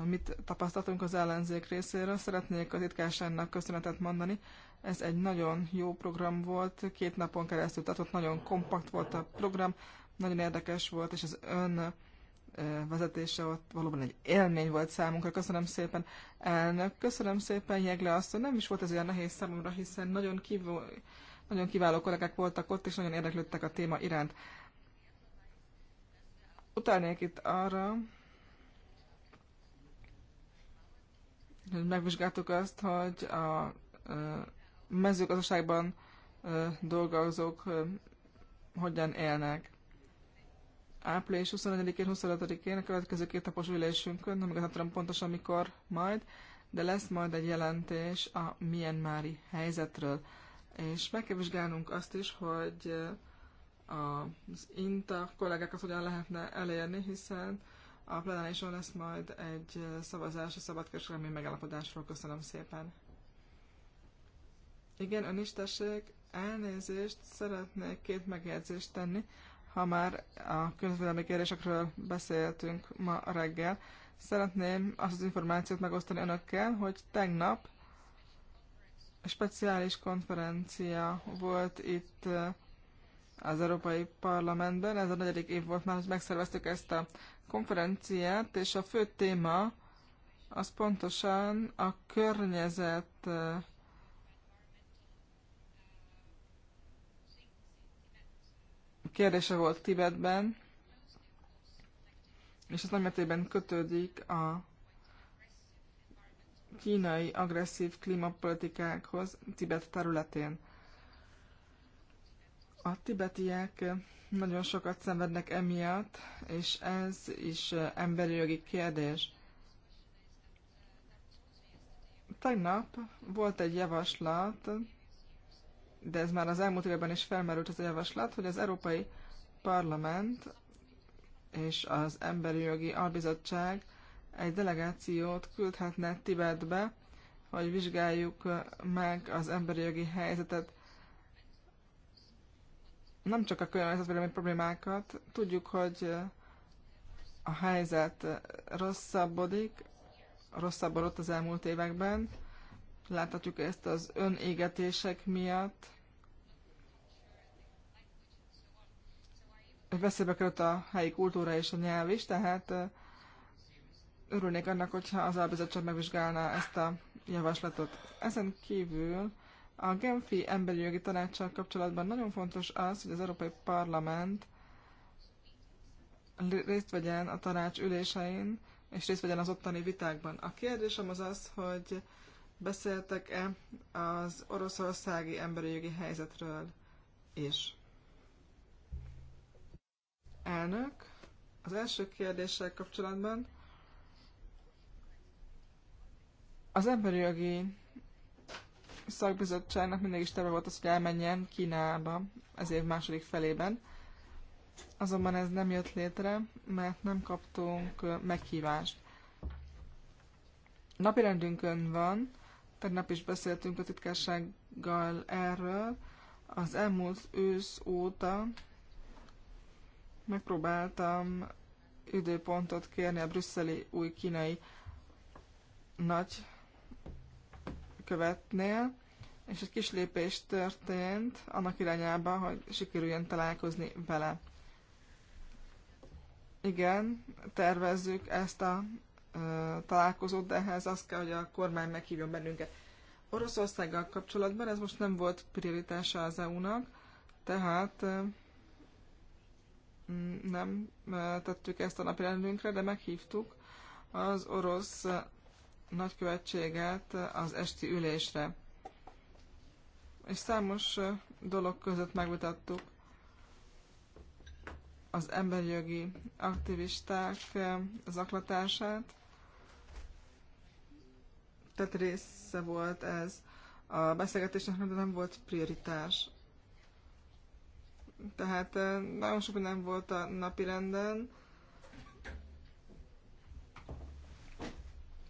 amit tapasztaltunk az ellenzék részéről. Szeretnék a titkásának köszönetet mondani, ez egy nagyon jó program volt, két napon keresztül tartott, nagyon kompakt volt a program, nagyon érdekes volt, és az ön eh, vezetése ott valóban egy élmény volt számunkra. Köszönöm szépen, elnök. Köszönöm szépen, Jegle asszony. Nem is volt ez olyan nehéz számomra, hiszen nagyon, kivó, nagyon kiváló kollégák voltak ott, és nagyon érdeklődtek a téma iránt. Utálnék itt arra, hogy megvizsgáltuk azt, hogy a eh, mezőgazdaságban dolgozók hogyan élnek. Április 24-én, 25-én a következő két napos ülésünkön, nem igazán pontosan mikor majd, de lesz majd egy jelentés a Myanmari helyzetről. És meg kell vizsgálnunk azt is, hogy az INTA kollégákat hogyan lehetne elérni, hiszen a plenárison lesz majd egy szavazás a szabadkereskedelmi megállapodásról. Köszönöm szépen! Igen, ön is tessék, elnézést, szeretnék két megjegyzést tenni, ha már a közvélemény kérésekről beszéltünk ma reggel. Szeretném azt az információt megosztani önökkel, hogy tegnap speciális konferencia volt itt eh, az Európai Parlamentben, ez a negyedik év volt már, hogy megszerveztük ezt a konferenciát, és a fő téma az pontosan a környezet eh, kérdése volt Tibetben, és ez nagymetében kötődik a kínai agresszív klímapolitikákhoz Tibet területén. A tibetiek nagyon sokat szenvednek emiatt, és ez is emberi jogi kérdés. Tegnap volt egy javaslat, de ez már az elmúlt évben is felmerült az a javaslat, hogy az Európai Parlament és az Emberi Jogi Albizottság egy delegációt küldhetne Tibetbe, hogy vizsgáljuk meg az emberi jogi helyzetet, nem csak a környezetvédelmi problémákat, tudjuk, hogy a helyzet rosszabbodik, rosszabbodott az elmúlt években, láthatjuk ezt az önégetések miatt, veszélybe került a helyi kultúra és a nyelv is, tehát örülnék annak, hogyha az albizottság megvizsgálná ezt a javaslatot. Ezen kívül a Genfi Emberi Jogi Tanácssal kapcsolatban nagyon fontos az, hogy az Európai Parlament részt vegyen a tanács ülésein, és részt vegyen az ottani vitákban. A kérdésem az az, hogy beszéltek-e az oroszországi emberi jogi helyzetről is? Elnök, az első kérdéssel kapcsolatban az emberi jogi szakbizottságnak mindig is terve volt az, hogy elmenjen Kínába ez év második felében. Azonban ez nem jött létre, mert nem kaptunk meghívást. Napirendünkön van, tegnap is beszéltünk a titkársággal erről, az elmúlt ősz óta Megpróbáltam időpontot kérni a brüsszeli új kínai nagy követnél, és egy kis lépés történt annak irányába, hogy sikerüljön találkozni vele. Igen, tervezzük ezt a ö, találkozót, de ehhez az kell, hogy a kormány meghívjon bennünket. Oroszországgal kapcsolatban ez most nem volt prioritása az EU-nak, tehát nem eh, tettük ezt a napirendünkre, de meghívtuk az orosz nagykövetséget az esti ülésre. És számos eh, dolog között megmutattuk az emberi jogi aktivisták eh, zaklatását. Tehát része volt ez a beszélgetésnek, de nem volt prioritás. Tehát nagyon sok minden volt a napi renden,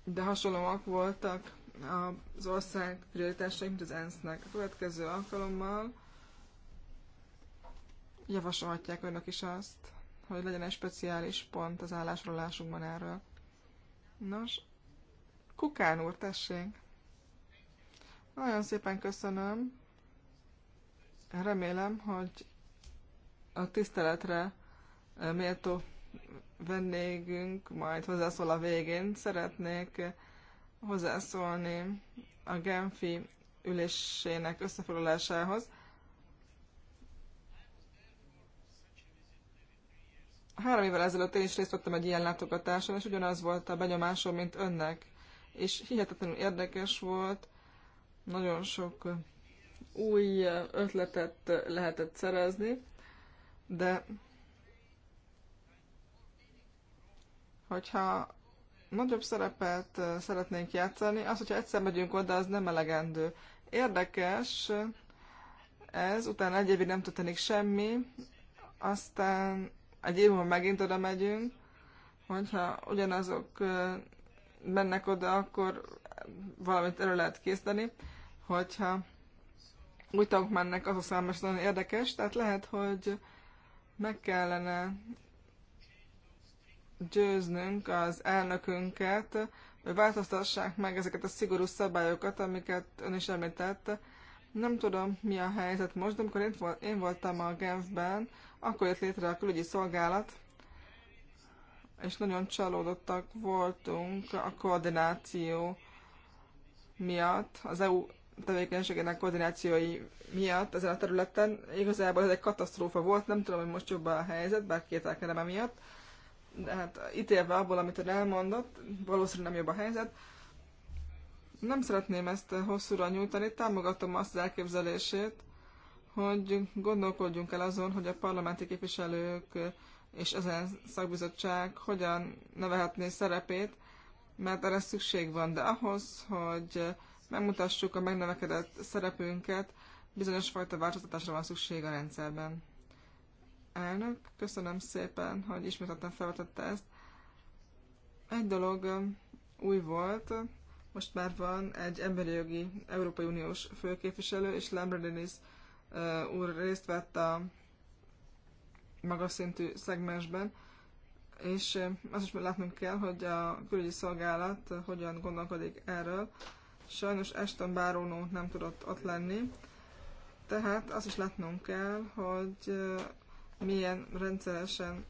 de hasonlóak voltak az ország prioritásai, mint az ENSZ-nek. A következő alkalommal javasolhatják önök is azt, hogy legyen egy speciális pont az állásrólásunkban erről. Nos, Kukán úr, tessék! Nagyon szépen köszönöm. Remélem, hogy a tiszteletre méltó vendégünk majd hozzászól a végén. Szeretnék hozzászólni a Genfi ülésének összefoglalásához. Három évvel ezelőtt én is részt vettem egy ilyen látogatáson, és ugyanaz volt a benyomásom, mint önnek. És hihetetlenül érdekes volt, nagyon sok új ötletet lehetett szerezni de hogyha nagyobb szerepet szeretnénk játszani, az, hogyha egyszer megyünk oda, az nem elegendő. Érdekes, ez, utána egy évig nem történik semmi, aztán egy év múlva megint oda megyünk, hogyha ugyanazok mennek oda, akkor valamit elő lehet készíteni, hogyha új tagok mennek, azok számos nagyon érdekes, tehát lehet, hogy meg kellene győznünk az elnökünket, hogy változtassák meg ezeket a szigorú szabályokat, amiket ön is említett. Nem tudom, mi a helyzet most, de amikor én voltam a Genfben, akkor jött létre a külügyi szolgálat, és nagyon csalódottak voltunk a koordináció miatt, az EU tevékenységének koordinációi miatt ezen a területen. Igazából ez egy katasztrófa volt, nem tudom, hogy most jobb a helyzet, bár kételkedem emiatt. De hát ítélve abból, amit ön elmondott, valószínűleg nem jobb a helyzet. Nem szeretném ezt hosszúra nyújtani, támogatom azt az elképzelését, hogy gondolkodjunk el azon, hogy a parlamenti képviselők és ezen szakbizottság hogyan nevehetné szerepét, mert erre szükség van, de ahhoz, hogy megmutassuk a megnevekedett szerepünket, bizonyos fajta változtatásra van szükség a rendszerben. Elnök, köszönöm szépen, hogy ismételten felvetette ezt. Egy dolog um, új volt, most már van egy emberi jogi Európai Uniós főképviselő, és Lambridinis uh, úr részt vett a magas szintű szegmensben, és um, azt is látnunk kell, hogy a külügyi szolgálat uh, hogyan gondolkodik erről, Sajnos Eston Bárónó nem tudott ott lenni, tehát azt is látnunk kell, hogy milyen rendszeresen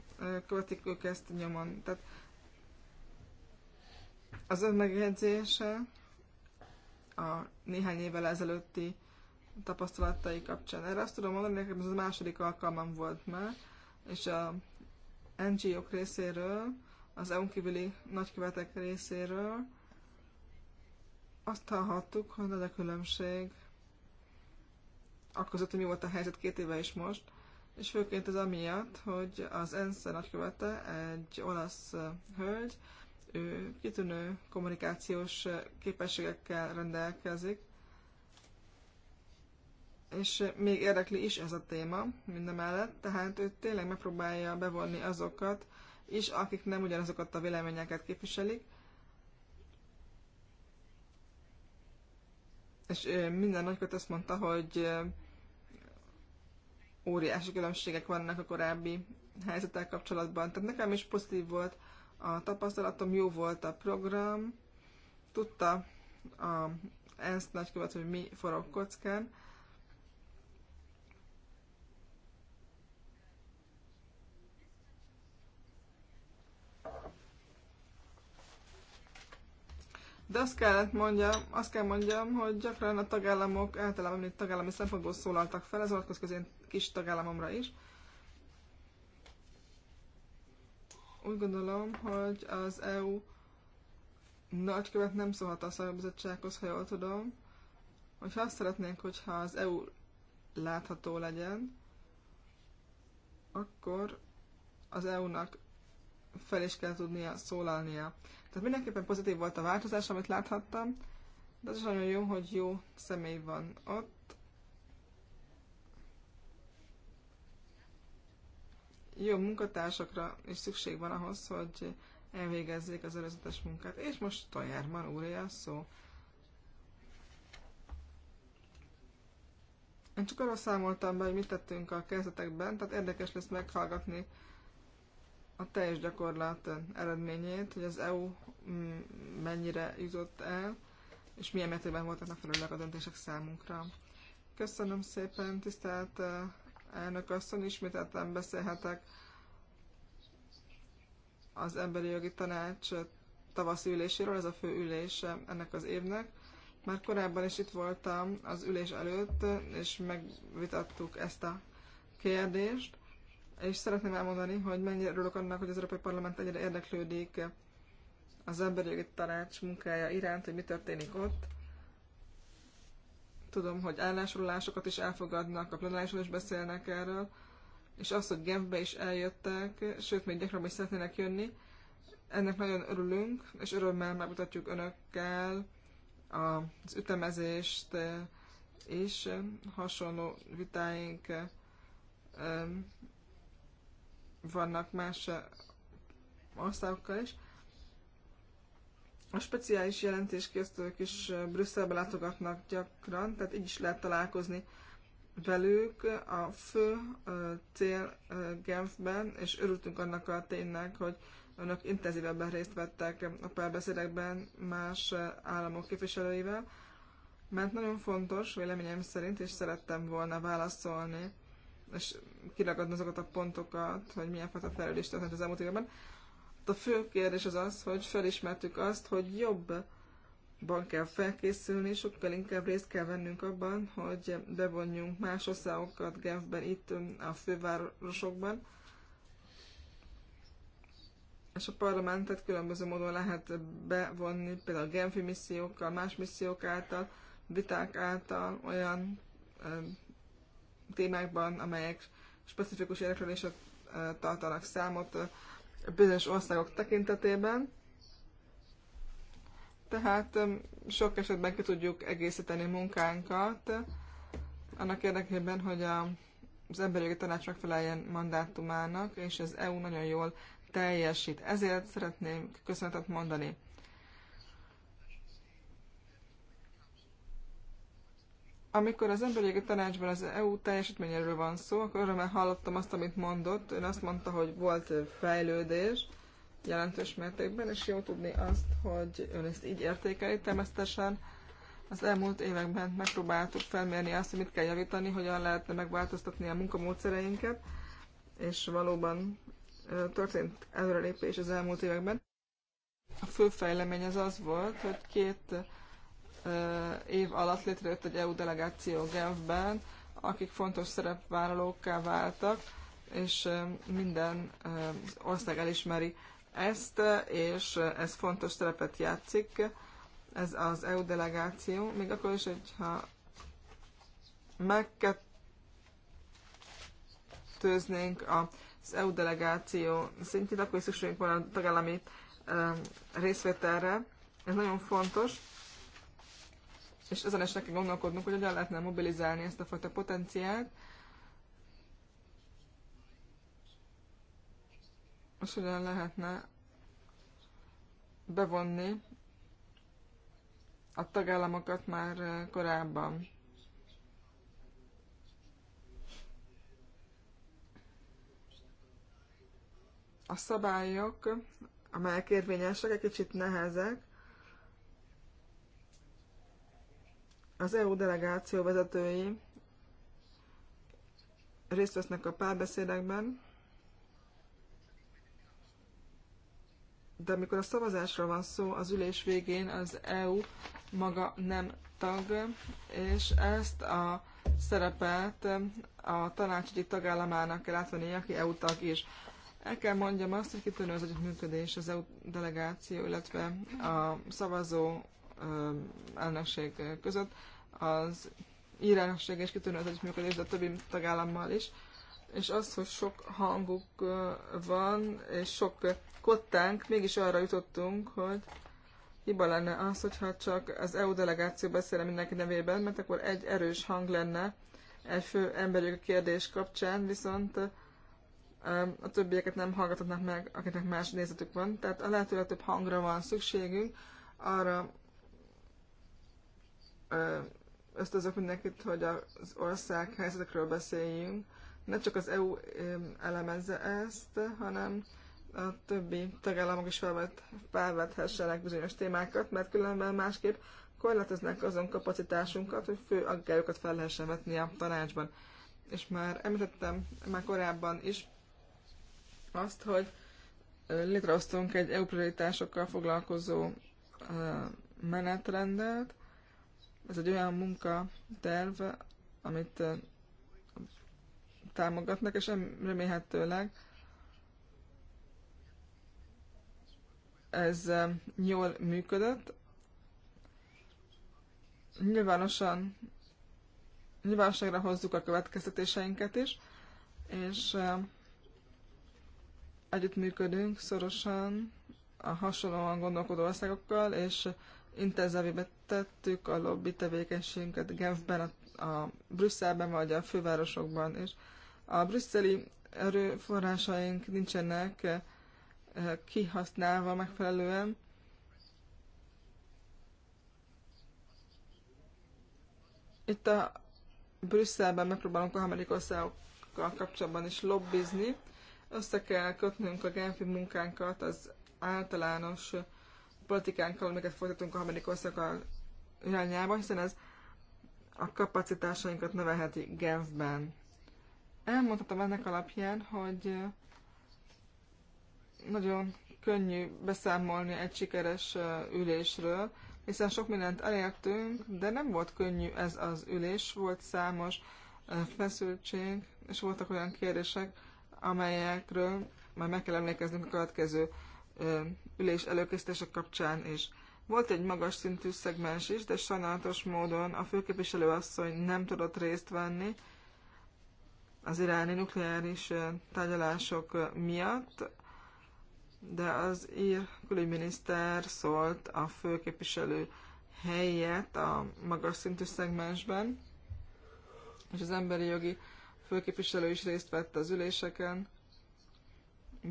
követik ők ezt nyomon. Tehát az önmegjegyzése a néhány évvel ezelőtti tapasztalatai kapcsán. Erre azt tudom mondani, nekem ez a második alkalmam volt már, és a NGO-k részéről, az EU-n kívüli nagykövetek részéről azt hallhattuk, hogy nagy a különbség között, hogy mi volt a helyzet két éve és most, és főként ez amiatt, hogy az ENSZ nagykövete egy olasz hölgy, ő kitűnő kommunikációs képességekkel rendelkezik, és még érdekli is ez a téma mindemellett, tehát ő tényleg megpróbálja bevonni azokat is, akik nem ugyanazokat a véleményeket képviselik, és minden nagykövet azt mondta, hogy óriási különbségek vannak a korábbi helyzetek kapcsolatban. Tehát nekem is pozitív volt a tapasztalatom, jó volt a program, tudta a ENSZ nagykövet, hogy mi forog kockán, De azt kellett mondjam, azt kell mondjam, hogy gyakran a tagállamok általában mint tagállami szempontból szólaltak fel, ez vonatkozik az én kis tagállamomra is. Úgy gondolom, hogy az EU nagykövet nem szólhat a szakbizottsághoz, ha jól tudom. hogy azt szeretnénk, hogyha az EU látható legyen, akkor az EU-nak fel is kell tudnia szólalnia. Tehát mindenképpen pozitív volt a változás, amit láthattam, de az is nagyon jó, hogy jó személy van ott. Jó munkatársakra is szükség van ahhoz, hogy elvégezzék az előzetes munkát. És most Tajárman úrja a szó. Én csak arról számoltam be, hogy mit tettünk a kezdetekben, tehát érdekes lesz meghallgatni a teljes gyakorlat eredményét, hogy az EU mm, mennyire jutott el, és milyen mértékben voltak megfelelőek a döntések számunkra. Köszönöm szépen, tisztelt eh, elnök asszony, ismételten beszélhetek az Emberi Jogi Tanács tavaszi üléséről, ez a fő ülése ennek az évnek. Már korábban is itt voltam az ülés előtt, és megvitattuk ezt a kérdést és szeretném elmondani, hogy mennyire örülök annak, hogy az Európai Parlament egyre érdeklődik az emberi jogi tanács munkája iránt, hogy mi történik ott. Tudom, hogy állásolásokat is elfogadnak, a plenárisról is beszélnek erről, és az, hogy Genfbe is eljöttek, sőt, még gyakran is szeretnének jönni, ennek nagyon örülünk, és örömmel megmutatjuk önökkel az ütemezést és hasonló vitáink vannak más eh, országokkal is. A speciális jelentéskészítők is eh, Brüsszelbe látogatnak gyakran, tehát így is lehet találkozni velük. A fő eh, cél Genfben, és örültünk annak a ténynek, hogy önök intenzívebben részt vettek a párbeszédekben más államok képviselőivel, mert nagyon fontos, véleményem szerint, és szerettem volna válaszolni és kiragadni azokat a pontokat, hogy milyen fajta felelést történt az elmúlt években. Hát a fő kérdés az az, hogy felismertük azt, hogy jobban kell felkészülni, sokkal inkább részt kell vennünk abban, hogy bevonjunk más országokat Genfben, itt a fővárosokban, és a parlamentet különböző módon lehet bevonni, például a Genfi missziókkal, más missziók által, viták által, olyan témákban, amelyek specifikus érdeklődések tartanak számot bizonyos országok tekintetében. Tehát sok esetben ki tudjuk egészíteni munkánkat annak érdekében, hogy a, az emberi tanács megfeleljen mandátumának, és az EU nagyon jól teljesít. Ezért szeretném köszönetet mondani Amikor az emberi jogi tanácsban az EU teljesítményéről van szó, akkor örömmel hallottam azt, amit mondott. Ön azt mondta, hogy volt fejlődés jelentős mértékben, és jó tudni azt, hogy ön ezt így értékeli természetesen. Az elmúlt években megpróbáltuk felmérni azt, hogy mit kell javítani, hogyan lehetne megváltoztatni a munkamódszereinket, és valóban történt előrelépés az elmúlt években. A fő fejlemény az az volt, hogy két év alatt létrejött egy EU delegáció Genfben, akik fontos szerepvállalókká váltak, és minden ország elismeri ezt, és ez fontos szerepet játszik, ez az EU delegáció, még akkor is, hogyha megkettőznénk az EU delegáció szintjét, akkor is szükségünk van a tagállami részvételre. Ez nagyon fontos és ezen is neki gondolkodnunk, hogy hogyan lehetne mobilizálni ezt a fajta potenciált, és hogyan lehetne bevonni a tagállamokat már eh, korábban. A szabályok, amelyek érvényesek, egy kicsit nehezek, Az EU delegáció vezetői részt vesznek a párbeszédekben, de amikor a szavazásra van szó, az ülés végén az EU maga nem tag, és ezt a szerepet a tanács egyik tagállamának kell átvenni, aki EU tag is. El kell mondjam azt, hogy kitűnő az együttműködés az EU delegáció, illetve a szavazó elnökség között. Az írelnökség és kitűnő az együttműködés, de a többi tagállammal is. És az, hogy sok hanguk van, és sok kottánk, mégis arra jutottunk, hogy hiba lenne az, hogyha csak az EU delegáció beszélne mindenki nevében, mert akkor egy erős hang lenne egy fő emberi kérdés kapcsán, viszont a többieket nem hallgatnak meg, akiknek más nézetük van. Tehát a lehető legtöbb hangra van szükségünk, arra ösztözök mindenkit, hogy az ország helyzetekről beszéljünk. Ne csak az EU elemezze ezt, hanem a többi tagállamok is felvet, felvethessenek bizonyos témákat, mert különben másképp korlátoznak azon kapacitásunkat, hogy fő aggályokat fel lehessen vetni a tanácsban. És már említettem már korábban is azt, hogy létrehoztunk egy EU prioritásokkal foglalkozó menetrendet, ez egy olyan munkaterv, amit eh, támogatnak, és remélhetőleg ez eh, jól működött. Nyilvánosan nyilvánosságra hozzuk a következtetéseinket is, és eh, együttműködünk szorosan a hasonlóan gondolkodó országokkal, és intenzívebbé tettük a lobby tevékenységünket Genfben, a, a Brüsszelben vagy a fővárosokban, és a brüsszeli erőforrásaink nincsenek eh, kihasználva megfelelően. Itt a Brüsszelben megpróbálunk a harmadik országokkal kapcsolatban is lobbizni. Össze kell kötnünk a Genfi munkánkat az általános politikánkkal, amiket folytatunk a harmadik országokkal irányába, hiszen ez a kapacitásainkat növelheti Genfben. Elmondhatom ennek alapján, hogy nagyon könnyű beszámolni egy sikeres ülésről, hiszen sok mindent elértünk, de nem volt könnyű ez az ülés, volt számos feszültség, és voltak olyan kérdések, amelyekről majd meg kell emlékeznünk a következő ülés előkészítése kapcsán is. Volt egy magas szintű szegmens is, de sajnálatos módon a főképviselő asszony nem tudott részt venni az iráni nukleáris tárgyalások miatt, de az ír külügyminiszter szólt a főképviselő helyet a magas szintű szegmensben, és az emberi jogi főképviselő is részt vett az üléseken,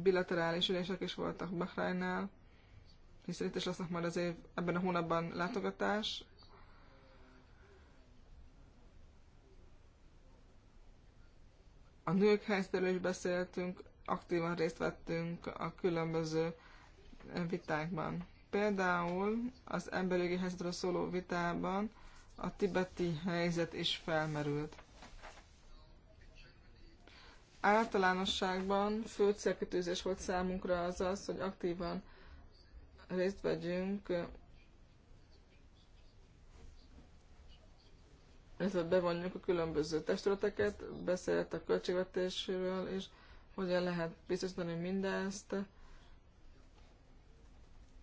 bilaterális ülések is voltak Bahreinnál, hiszen itt is lesznek majd az év, ebben a hónapban látogatás. A nők helyzetéről is beszéltünk, aktívan részt vettünk a különböző vitákban. Például az emberi helyzetről szóló vitában a tibeti helyzet is felmerült általánosságban fő célkitűzés volt számunkra az az, hogy aktívan részt vegyünk, illetve bevonjuk a különböző testületeket, beszélt a költségvetésről és hogyan lehet biztosítani mindezt.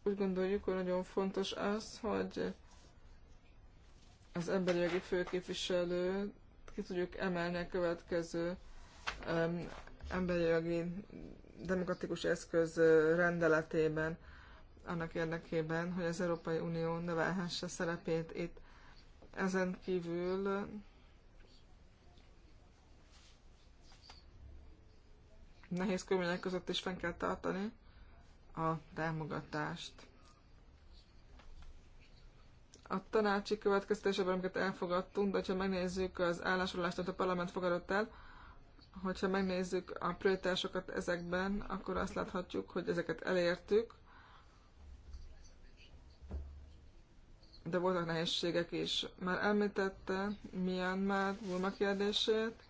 Úgy gondoljuk, hogy nagyon fontos az, hogy az emberi jogi főképviselő ki tudjuk emelni a következő emberi jogi demokratikus eszköz rendeletében annak érdekében, hogy az Európai Unió növelhesse szerepét itt. Ezen kívül nehéz körülmények között is fenn kell tartani a támogatást. A tanácsi következtésében, amiket elfogadtunk, de ha megnézzük az állásolást, amit a parlament fogadott el, hogyha megnézzük a prioritásokat ezekben, akkor azt láthatjuk, hogy ezeket elértük, de voltak nehézségek is. Már említette már Bulma kérdését.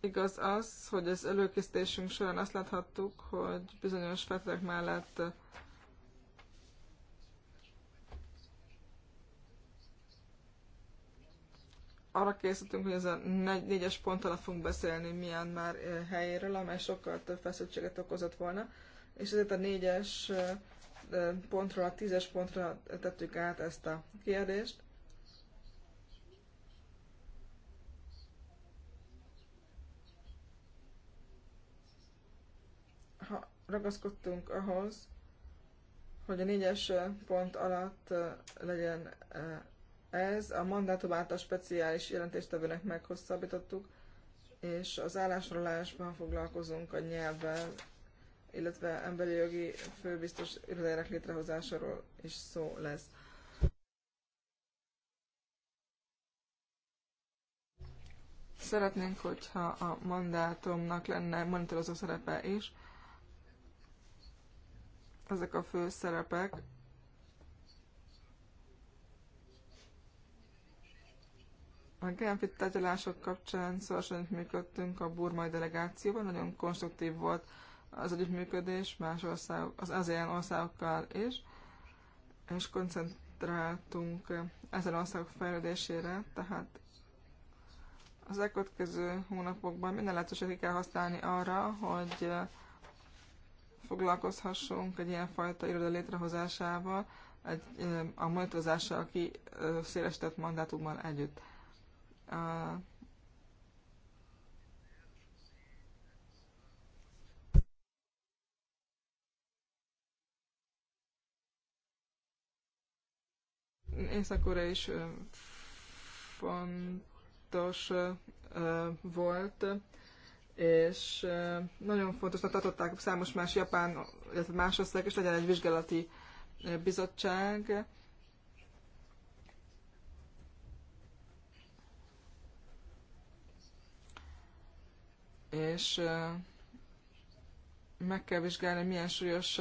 Igaz az, hogy az előkészítésünk során azt láthattuk, hogy bizonyos feltételek mellett arra készítünk, hogy ez a négyes pont alatt fogunk beszélni milyen már eh, helyéről, amely sokkal több feszültséget okozott volna, és ezért a négyes eh, eh, pontról, a tízes pontra tettük át ezt a kérdést. ragaszkodtunk ahhoz, hogy a négyes pont alatt legyen ez a mandátum által speciális jelentéstevőnek meghosszabbítottuk, és az állásolásban foglalkozunk a nyelvvel, illetve emberi jogi főbiztos irodájának létrehozásáról is szó lesz. Szeretnénk, hogyha a mandátumnak lenne monitorozó szerepe is. Ezek a fő szerepek, A Genfi tárgyalások kapcsán szorosan működtünk a burmai delegációban, nagyon konstruktív volt az együttműködés más ország, az ASEAN országokkal is, és koncentráltunk ezen országok fejlődésére, tehát az elkövetkező hónapokban minden lehetőséget kell használni arra, hogy foglalkozhassunk egy ilyenfajta iroda létrehozásával, egy, a monitorozással ki szélesített mandátumban együtt a észak is fontos volt, és nagyon fontosnak tartották számos más japán, illetve más ország, és legyen egy vizsgálati bizottság, és meg kell vizsgálni, milyen súlyos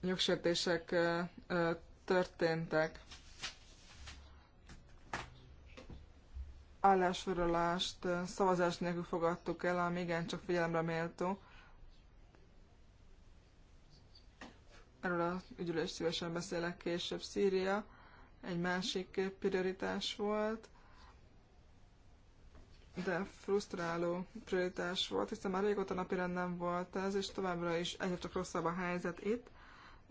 jogsértések történtek. Állásforralást, szavazás nélkül fogadtuk el, ami igencsak figyelemre méltó. Erről a ügyülést szívesen beszélek később. Szíria egy másik prioritás volt de frusztráló prioritás volt, hiszen már régóta nem volt ez, és továbbra is egyre csak rosszabb a helyzet itt.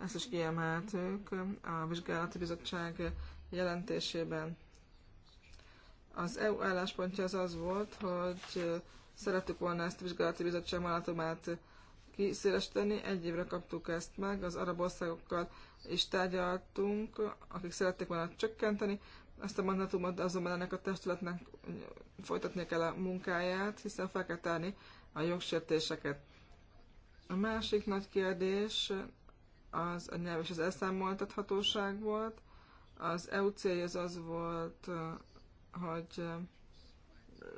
Ezt is kiemeltük a vizsgálati bizottság jelentésében. Az EU álláspontja az az volt, hogy szerettük volna ezt a vizsgálati bizottság mandátumát kiszélesíteni. Egy évre kaptuk ezt meg, az arab országokkal is tárgyaltunk, akik szerették volna csökkenteni. Ezt a mandátumot azonban ennek a testületnek folytatni kell a munkáját, hiszen fel kell tárni a jogsértéseket. A másik nagy kérdés az a nyelv és az elszámoltathatóság volt. Az EU célja az az volt, hogy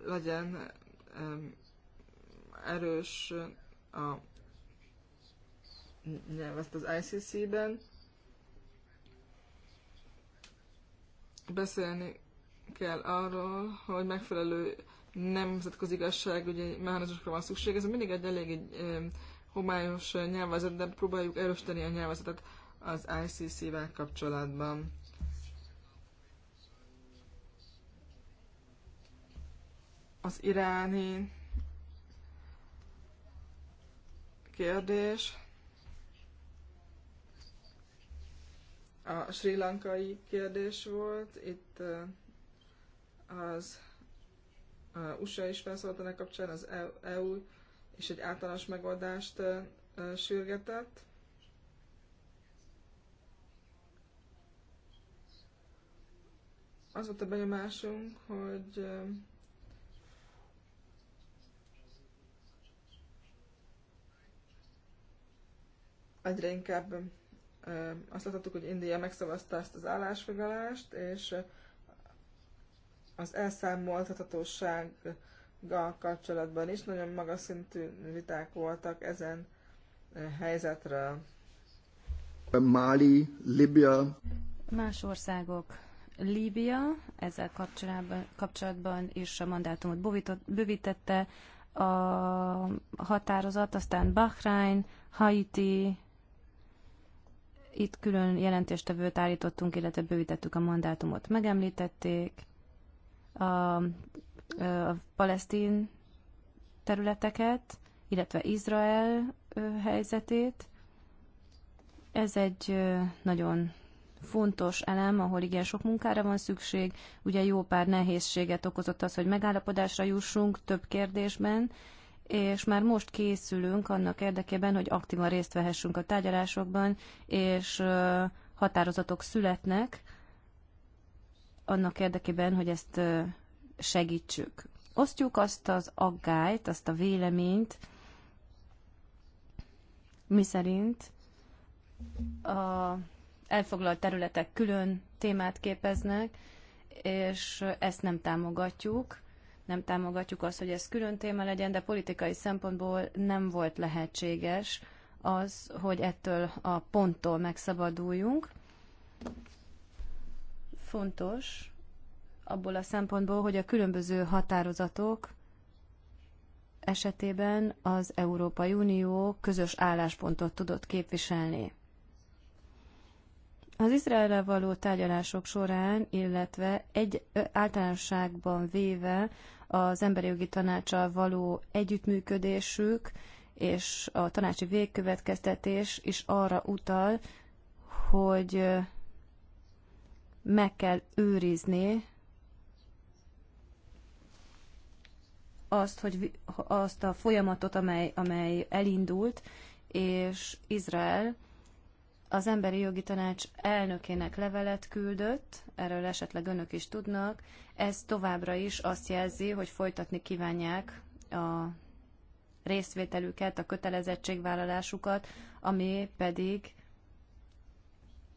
legyen erős a nyelv ezt az ICC-ben. beszélni kell arról, hogy megfelelő nemzetközi igazságügyi mechanizmusokra van szükség. Ez mindig egy elég egy, homályos nyelvezet, de próbáljuk erősíteni a nyelvezetet az ICC-vel kapcsolatban. Az iráni kérdés. a sri lankai kérdés volt, itt az USA is felszólalt ennek kapcsán, az EU e is egy általános megoldást sürgetett. Az volt a benyomásunk, hogy egyre inkább azt láthattuk, hogy India megszavazta ezt az állásfoglalást, és az elszámoltathatósággal kapcsolatban is nagyon magas szintű viták voltak ezen helyzetről. Mali, Libya. Más országok. Líbia ezzel kapcsolatban, kapcsolatban is a mandátumot bővítette a határozat, aztán Bahrain, Haiti, itt külön jelentéstevőt állítottunk, illetve bővítettük a mandátumot. Megemlítették a, a palesztin területeket, illetve Izrael helyzetét. Ez egy nagyon fontos elem, ahol igen sok munkára van szükség. Ugye jó pár nehézséget okozott az, hogy megállapodásra jussunk több kérdésben, és már most készülünk annak érdekében, hogy aktívan részt vehessünk a tárgyalásokban, és határozatok születnek annak érdekében, hogy ezt segítsük. Osztjuk azt az aggályt, azt a véleményt, szerint a elfoglalt területek külön témát képeznek, és ezt nem támogatjuk nem támogatjuk azt, hogy ez külön téma legyen, de politikai szempontból nem volt lehetséges az, hogy ettől a ponttól megszabaduljunk. Fontos abból a szempontból, hogy a különböző határozatok esetében az Európai Unió közös álláspontot tudott képviselni. Az Izraellel való tárgyalások során, illetve egy általánosságban véve az emberi jogi tanácsal való együttműködésük és a tanácsi végkövetkeztetés is arra utal, hogy meg kell őrizni azt, hogy azt a folyamatot, amely, amely elindult, és Izrael az Emberi Jogi Tanács elnökének levelet küldött, erről esetleg önök is tudnak. Ez továbbra is azt jelzi, hogy folytatni kívánják a részvételüket, a kötelezettségvállalásukat, ami pedig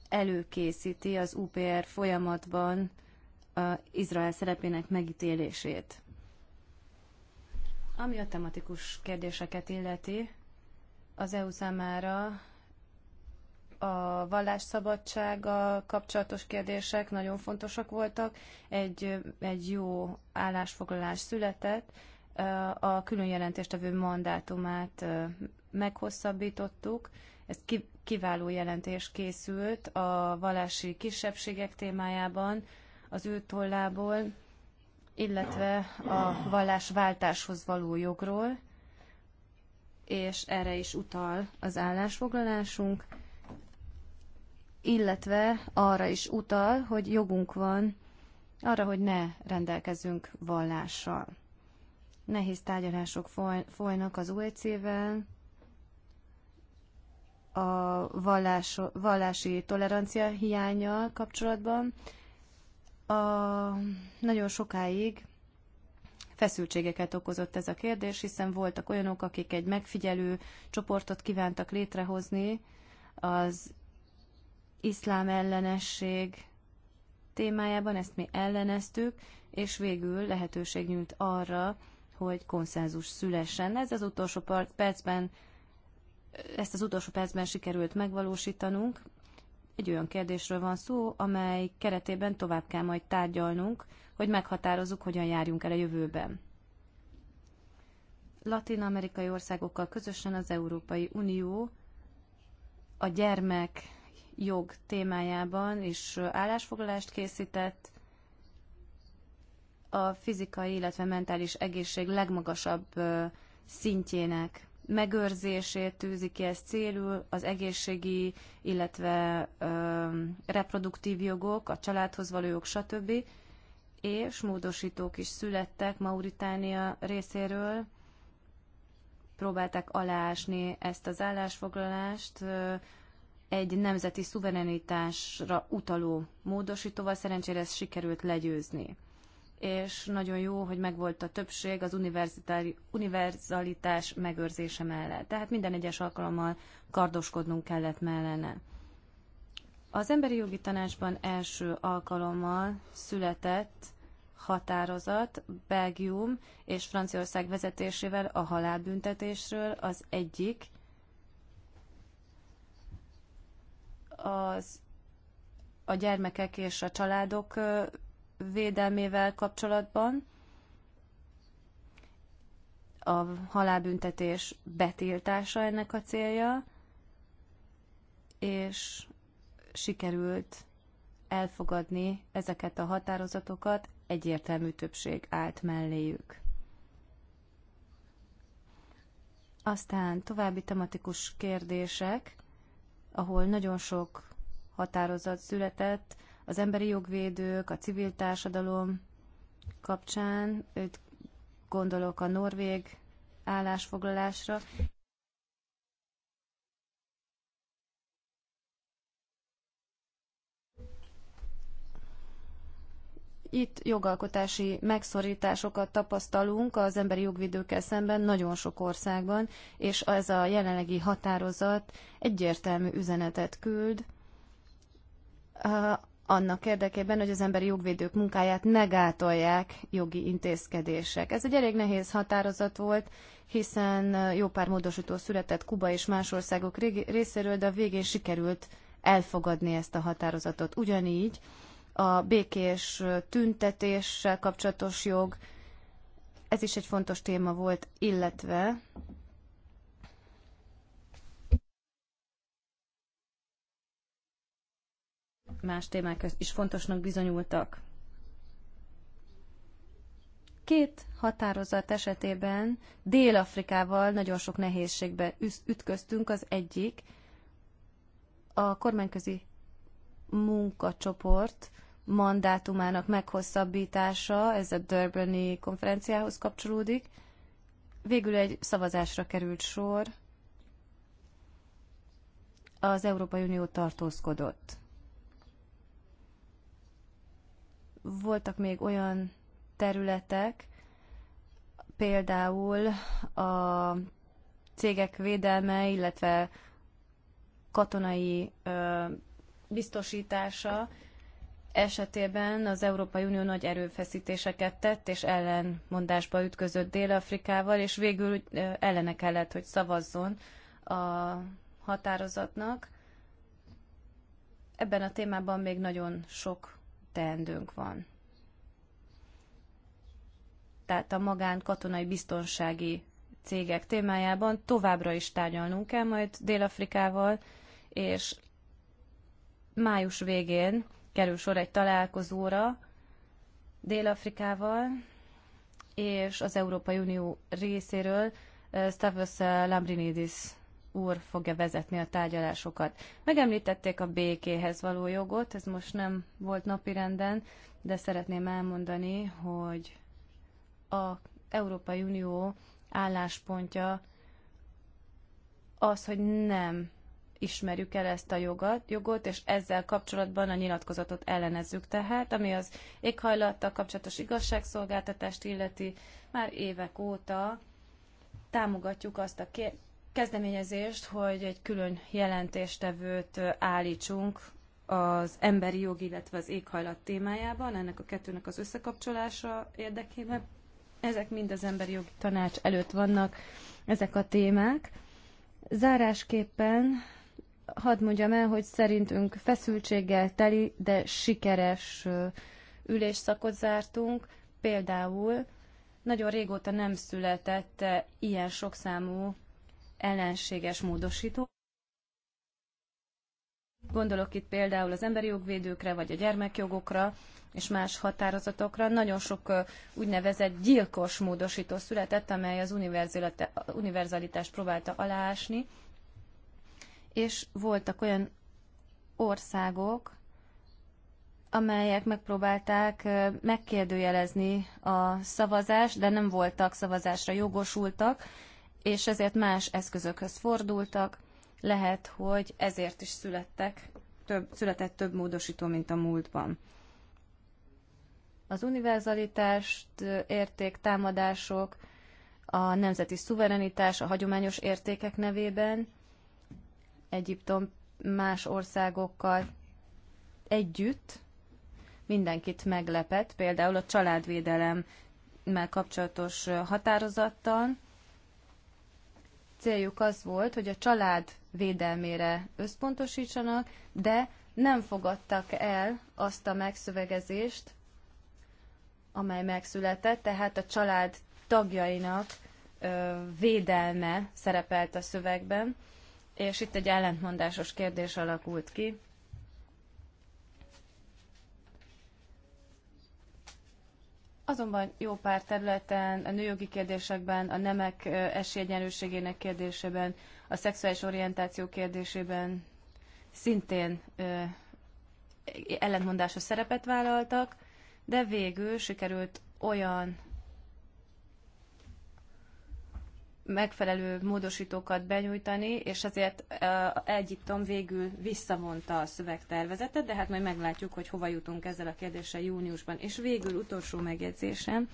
előkészíti az UPR folyamatban a Izrael szerepének megítélését. Ami a tematikus kérdéseket illeti, az EU számára a vallásszabadsága kapcsolatos kérdések nagyon fontosak voltak. Egy, egy jó állásfoglalás született, a külön jelentéstevő mandátumát meghosszabbítottuk, ez kiváló jelentés készült a vallási kisebbségek témájában, az ő tollából, illetve a vallásváltáshoz való jogról, és erre is utal az állásfoglalásunk illetve arra is utal, hogy jogunk van arra, hogy ne rendelkezzünk vallással. Nehéz tárgyalások folynak az UEC-vel, a vallás, vallási tolerancia hiánya kapcsolatban. A, nagyon sokáig feszültségeket okozott ez a kérdés, hiszen voltak olyanok, akik egy megfigyelő csoportot kívántak létrehozni az iszlám ellenesség témájában, ezt mi elleneztük, és végül lehetőség nyújt arra, hogy konszenzus szülessen. Ez az utolsó percben, ezt az utolsó percben sikerült megvalósítanunk. Egy olyan kérdésről van szó, amely keretében tovább kell majd tárgyalnunk, hogy meghatározzuk, hogyan járjunk el a jövőben. Latin-amerikai országokkal közösen az Európai Unió a gyermek jog témájában is állásfoglalást készített. A fizikai, illetve mentális egészség legmagasabb szintjének megőrzését tűzi ki ez célul, az egészségi, illetve ö, reproduktív jogok, a családhoz való jog, stb. És módosítók is születtek Mauritánia részéről, próbálták aláásni ezt az állásfoglalást, egy nemzeti szuverenitásra utaló módosítóval szerencsére ezt sikerült legyőzni. És nagyon jó, hogy megvolt a többség az univerzalitás megőrzése mellett. Tehát minden egyes alkalommal kardoskodnunk kellett mellene. Az Emberi Jogi Tanácsban első alkalommal született határozat Belgium és Franciaország vezetésével a halálbüntetésről az egyik az a gyermekek és a családok védelmével kapcsolatban. A halálbüntetés betiltása ennek a célja, és sikerült elfogadni ezeket a határozatokat, egyértelmű többség állt melléjük. Aztán további tematikus kérdések – ahol nagyon sok határozat született az emberi jogvédők, a civil társadalom kapcsán, itt gondolok a norvég állásfoglalásra, Itt jogalkotási megszorításokat tapasztalunk az emberi jogvédőkkel szemben nagyon sok országban, és ez a jelenlegi határozat egyértelmű üzenetet küld annak érdekében, hogy az emberi jogvédők munkáját megátolják jogi intézkedések. Ez egy elég nehéz határozat volt, hiszen jó pár módosító született Kuba és más országok részéről, de a végén sikerült elfogadni ezt a határozatot. Ugyanígy a békés tüntetéssel kapcsolatos jog, ez is egy fontos téma volt, illetve más témák is fontosnak bizonyultak. Két határozat esetében Dél-Afrikával nagyon sok nehézségbe ütköztünk. Az egyik a kormányközi munkacsoport mandátumának meghosszabbítása, ez a Durbani konferenciához kapcsolódik. Végül egy szavazásra került sor. Az Európai Unió tartózkodott. Voltak még olyan területek, például a cégek védelme, illetve katonai ö, biztosítása, esetében az Európai Unió nagy erőfeszítéseket tett, és ellenmondásba ütközött Dél-Afrikával, és végül ellene kellett, hogy szavazzon a határozatnak. Ebben a témában még nagyon sok teendőnk van. Tehát a magán katonai biztonsági cégek témájában továbbra is tárgyalnunk kell majd Dél-Afrikával, és május végén kerül sor egy találkozóra Dél-Afrikával, és az Európai Unió részéről Stavros Lambrinidis úr fogja vezetni a tárgyalásokat. Megemlítették a békéhez való jogot, ez most nem volt napirenden, de szeretném elmondani, hogy a Európai Unió álláspontja az, hogy nem ismerjük el ezt a jogot, jogot, és ezzel kapcsolatban a nyilatkozatot ellenezzük. Tehát, ami az éghajlattal kapcsolatos igazságszolgáltatást illeti, már évek óta támogatjuk azt a kezdeményezést, hogy egy külön jelentéstevőt állítsunk az emberi jog, illetve az éghajlat témájában, ennek a kettőnek az összekapcsolása érdekében. Ezek mind az emberi jogi tanács előtt vannak, ezek a témák. Zárásképpen hadd mondjam el, hogy szerintünk feszültséggel teli, de sikeres ülésszakot zártunk. Például nagyon régóta nem született e, ilyen sokszámú ellenséges módosító. Gondolok itt például az emberi jogvédőkre, vagy a gyermekjogokra, és más határozatokra. Nagyon sok úgynevezett gyilkos módosító született, amely az univerzalitást próbálta aláásni és voltak olyan országok, amelyek megpróbálták megkérdőjelezni a szavazást, de nem voltak szavazásra jogosultak, és ezért más eszközökhöz fordultak. Lehet, hogy ezért is születtek, több, született több módosító, mint a múltban. Az univerzalitást, érték, támadások, a nemzeti szuverenitás a hagyományos értékek nevében – Egyiptom más országokkal együtt mindenkit meglepett, például a családvédelemmel kapcsolatos határozattal. Céljuk az volt, hogy a család védelmére összpontosítsanak, de nem fogadtak el azt a megszövegezést, amely megszületett, tehát a család tagjainak védelme szerepelt a szövegben és itt egy ellentmondásos kérdés alakult ki. Azonban jó pár területen, a nőjogi kérdésekben, a nemek esélyegyenlőségének kérdésében, a szexuális orientáció kérdésében szintén ellentmondásos szerepet vállaltak, de végül sikerült olyan megfelelő módosítókat benyújtani, és ezért Egyiptom végül visszavonta a szövegtervezetet, de hát majd meglátjuk, hogy hova jutunk ezzel a kérdéssel júniusban. És végül utolsó megjegyzésem,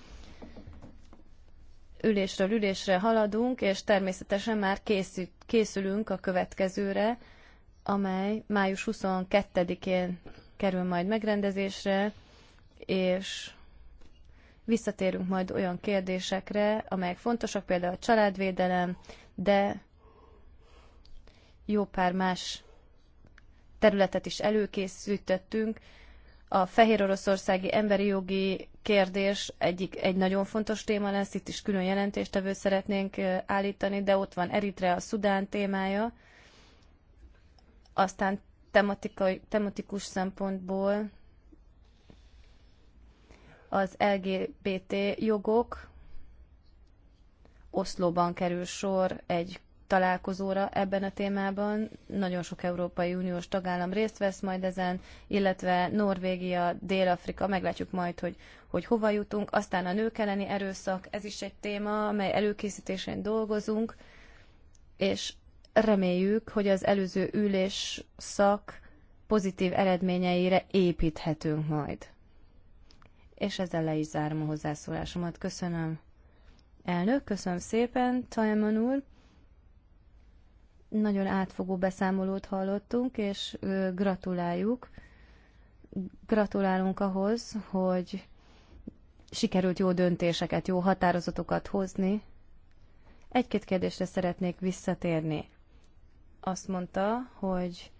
ülésről ülésre haladunk, és természetesen már készít, készülünk a következőre, amely május 22-én kerül majd megrendezésre, és Visszatérünk majd olyan kérdésekre, amelyek fontosak, például a családvédelem, de jó pár más területet is előkészítettünk. A fehér oroszországi emberi jogi kérdés egyik, egy nagyon fontos téma lesz, itt is külön jelentéstevő szeretnénk állítani, de ott van eritre a Szudán témája. Aztán tematikai, tematikus szempontból az LGBT jogok. Oszlóban kerül sor egy találkozóra ebben a témában. Nagyon sok Európai Uniós tagállam részt vesz majd ezen, illetve Norvégia, Dél-Afrika, meglátjuk majd, hogy, hogy hova jutunk. Aztán a nők elleni erőszak, ez is egy téma, amely előkészítésén dolgozunk, és reméljük, hogy az előző ülés szak pozitív eredményeire építhetünk majd és ezzel le is zárom a hozzászólásomat. Köszönöm. Elnök, köszönöm szépen, Tajman úr. Nagyon átfogó beszámolót hallottunk, és gratuláljuk. Gratulálunk ahhoz, hogy sikerült jó döntéseket, jó határozatokat hozni. Egy-két kérdésre szeretnék visszatérni. Azt mondta, hogy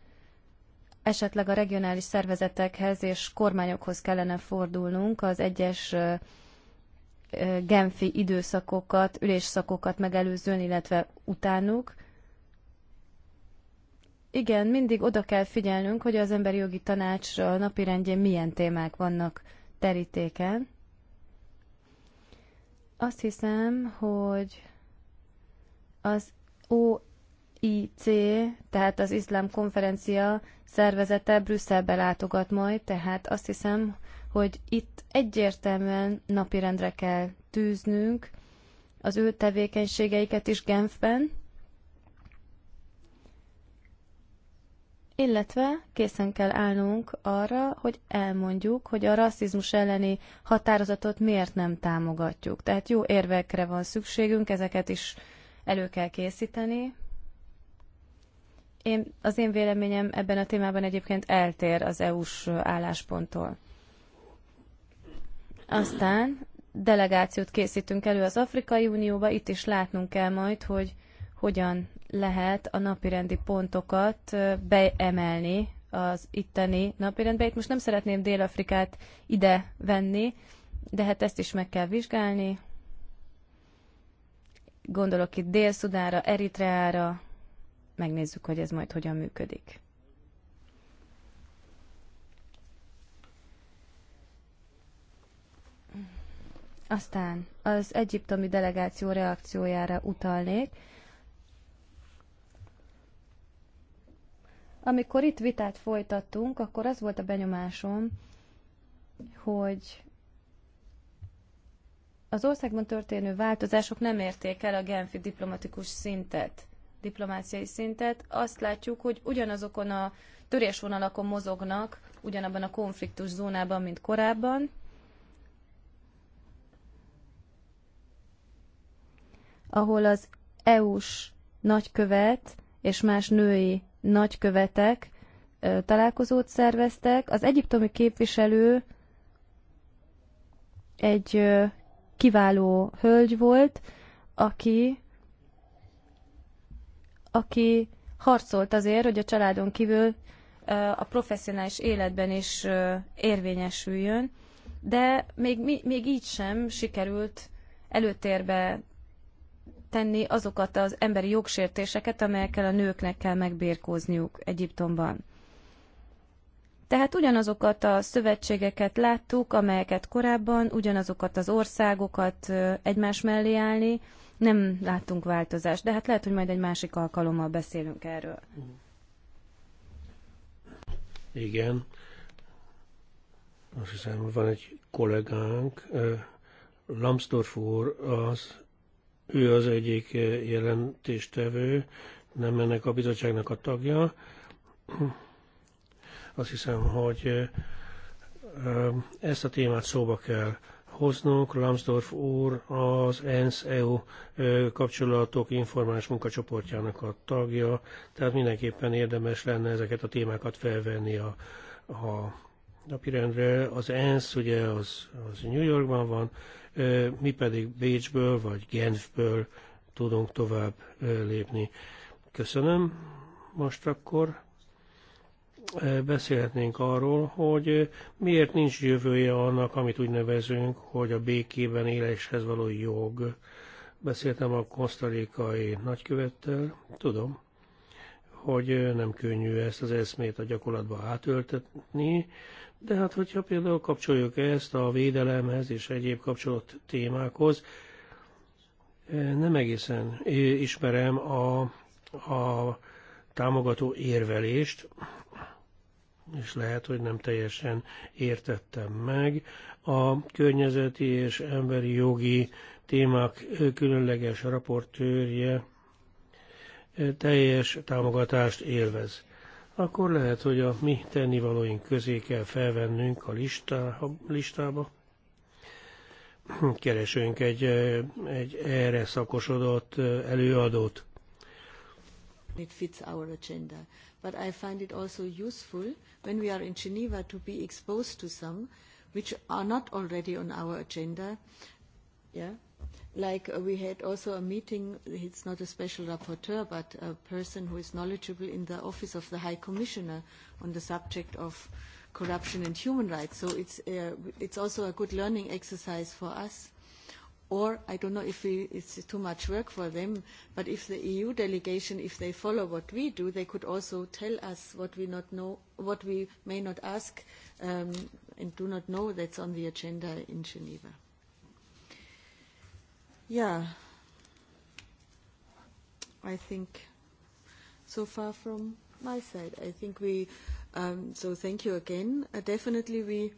esetleg a regionális szervezetekhez és kormányokhoz kellene fordulnunk az egyes genfi időszakokat, ülésszakokat megelőzően, illetve utánuk. Igen, mindig oda kell figyelnünk, hogy az emberi jogi tanács rendjén milyen témák vannak terítéken. Azt hiszem, hogy az IC, tehát az iszlám konferencia szervezete Brüsszelbe látogat majd, tehát azt hiszem, hogy itt egyértelműen napirendre kell tűznünk az ő tevékenységeiket is Genfben, illetve készen kell állnunk arra, hogy elmondjuk, hogy a rasszizmus elleni határozatot miért nem támogatjuk. Tehát jó érvekre van szükségünk, ezeket is elő kell készíteni, én, az én véleményem ebben a témában egyébként eltér az EU-s állásponttól. Aztán delegációt készítünk elő az Afrikai Unióba, itt is látnunk kell majd, hogy hogyan lehet a napirendi pontokat beemelni az itteni napirendbe. Itt most nem szeretném Dél-Afrikát ide venni, de hát ezt is meg kell vizsgálni. Gondolok itt Dél-Szudára, Eritreára, megnézzük, hogy ez majd hogyan működik. Aztán az egyiptomi delegáció reakciójára utalnék. Amikor itt vitát folytattunk, akkor az volt a benyomásom, hogy az országban történő változások nem érték el a genfi diplomatikus szintet diplomáciai szintet, azt látjuk, hogy ugyanazokon a törésvonalakon mozognak, ugyanabban a konfliktus zónában, mint korábban. ahol az EU-s nagykövet és más női nagykövetek találkozót szerveztek. Az egyiptomi képviselő egy kiváló hölgy volt, aki aki harcolt azért, hogy a családon kívül a professzionális életben is érvényesüljön, de még, még így sem sikerült előtérbe tenni azokat az emberi jogsértéseket, amelyekkel a nőknek kell megbírkózniuk Egyiptomban. Tehát ugyanazokat a szövetségeket láttuk, amelyeket korábban, ugyanazokat az országokat egymás mellé állni, nem láttunk változást, de hát lehet, hogy majd egy másik alkalommal beszélünk erről. Igen. Azt hiszem, hogy van egy kollégánk, Lambsdorff úr, az, ő az egyik jelentéstevő, nem ennek a bizottságnak a tagja. Azt hiszem, hogy ezt a témát szóba kell hoznunk. Lambsdorff úr az ENSZ-EU kapcsolatok informális munkacsoportjának a tagja, tehát mindenképpen érdemes lenne ezeket a témákat felvenni a, a napirendre. Az ENSZ ugye az, az New Yorkban van, mi pedig Bécsből vagy Genfből tudunk tovább lépni. Köszönöm most akkor beszélhetnénk arról, hogy miért nincs jövője annak, amit úgy nevezünk, hogy a békében éléshez való jog. Beszéltem a kosztarikai nagykövettel, tudom, hogy nem könnyű ezt az eszmét a gyakorlatba átöltetni, de hát hogyha például kapcsoljuk ezt a védelemhez és egyéb kapcsolat témákhoz, nem egészen ismerem a, a támogató érvelést, és lehet, hogy nem teljesen értettem meg. A környezeti és emberi jogi témák különleges raportőrje teljes támogatást élvez. Akkor lehet, hogy a mi tennivalóink közé kell felvennünk a listá, listába. Keresünk egy, egy erre szakosodott előadót. It fits our agenda but I find it also useful when we are in Geneva to be exposed to some which are not already on our agenda. Yeah? Like uh, we had also a meeting, it's not a special rapporteur, but a person who is knowledgeable in the Office of the High Commissioner on the subject of corruption and human rights. So it's, uh, it's also a good learning exercise for us or I don't know if we, it's too much work for them, but if the EU delegation, if they follow what we do, they could also tell us what we not know, what we may not ask um, and do not know that's on the agenda in Geneva. Yeah, I think so far from my side. I think we, um, so thank you again. Uh, definitely we,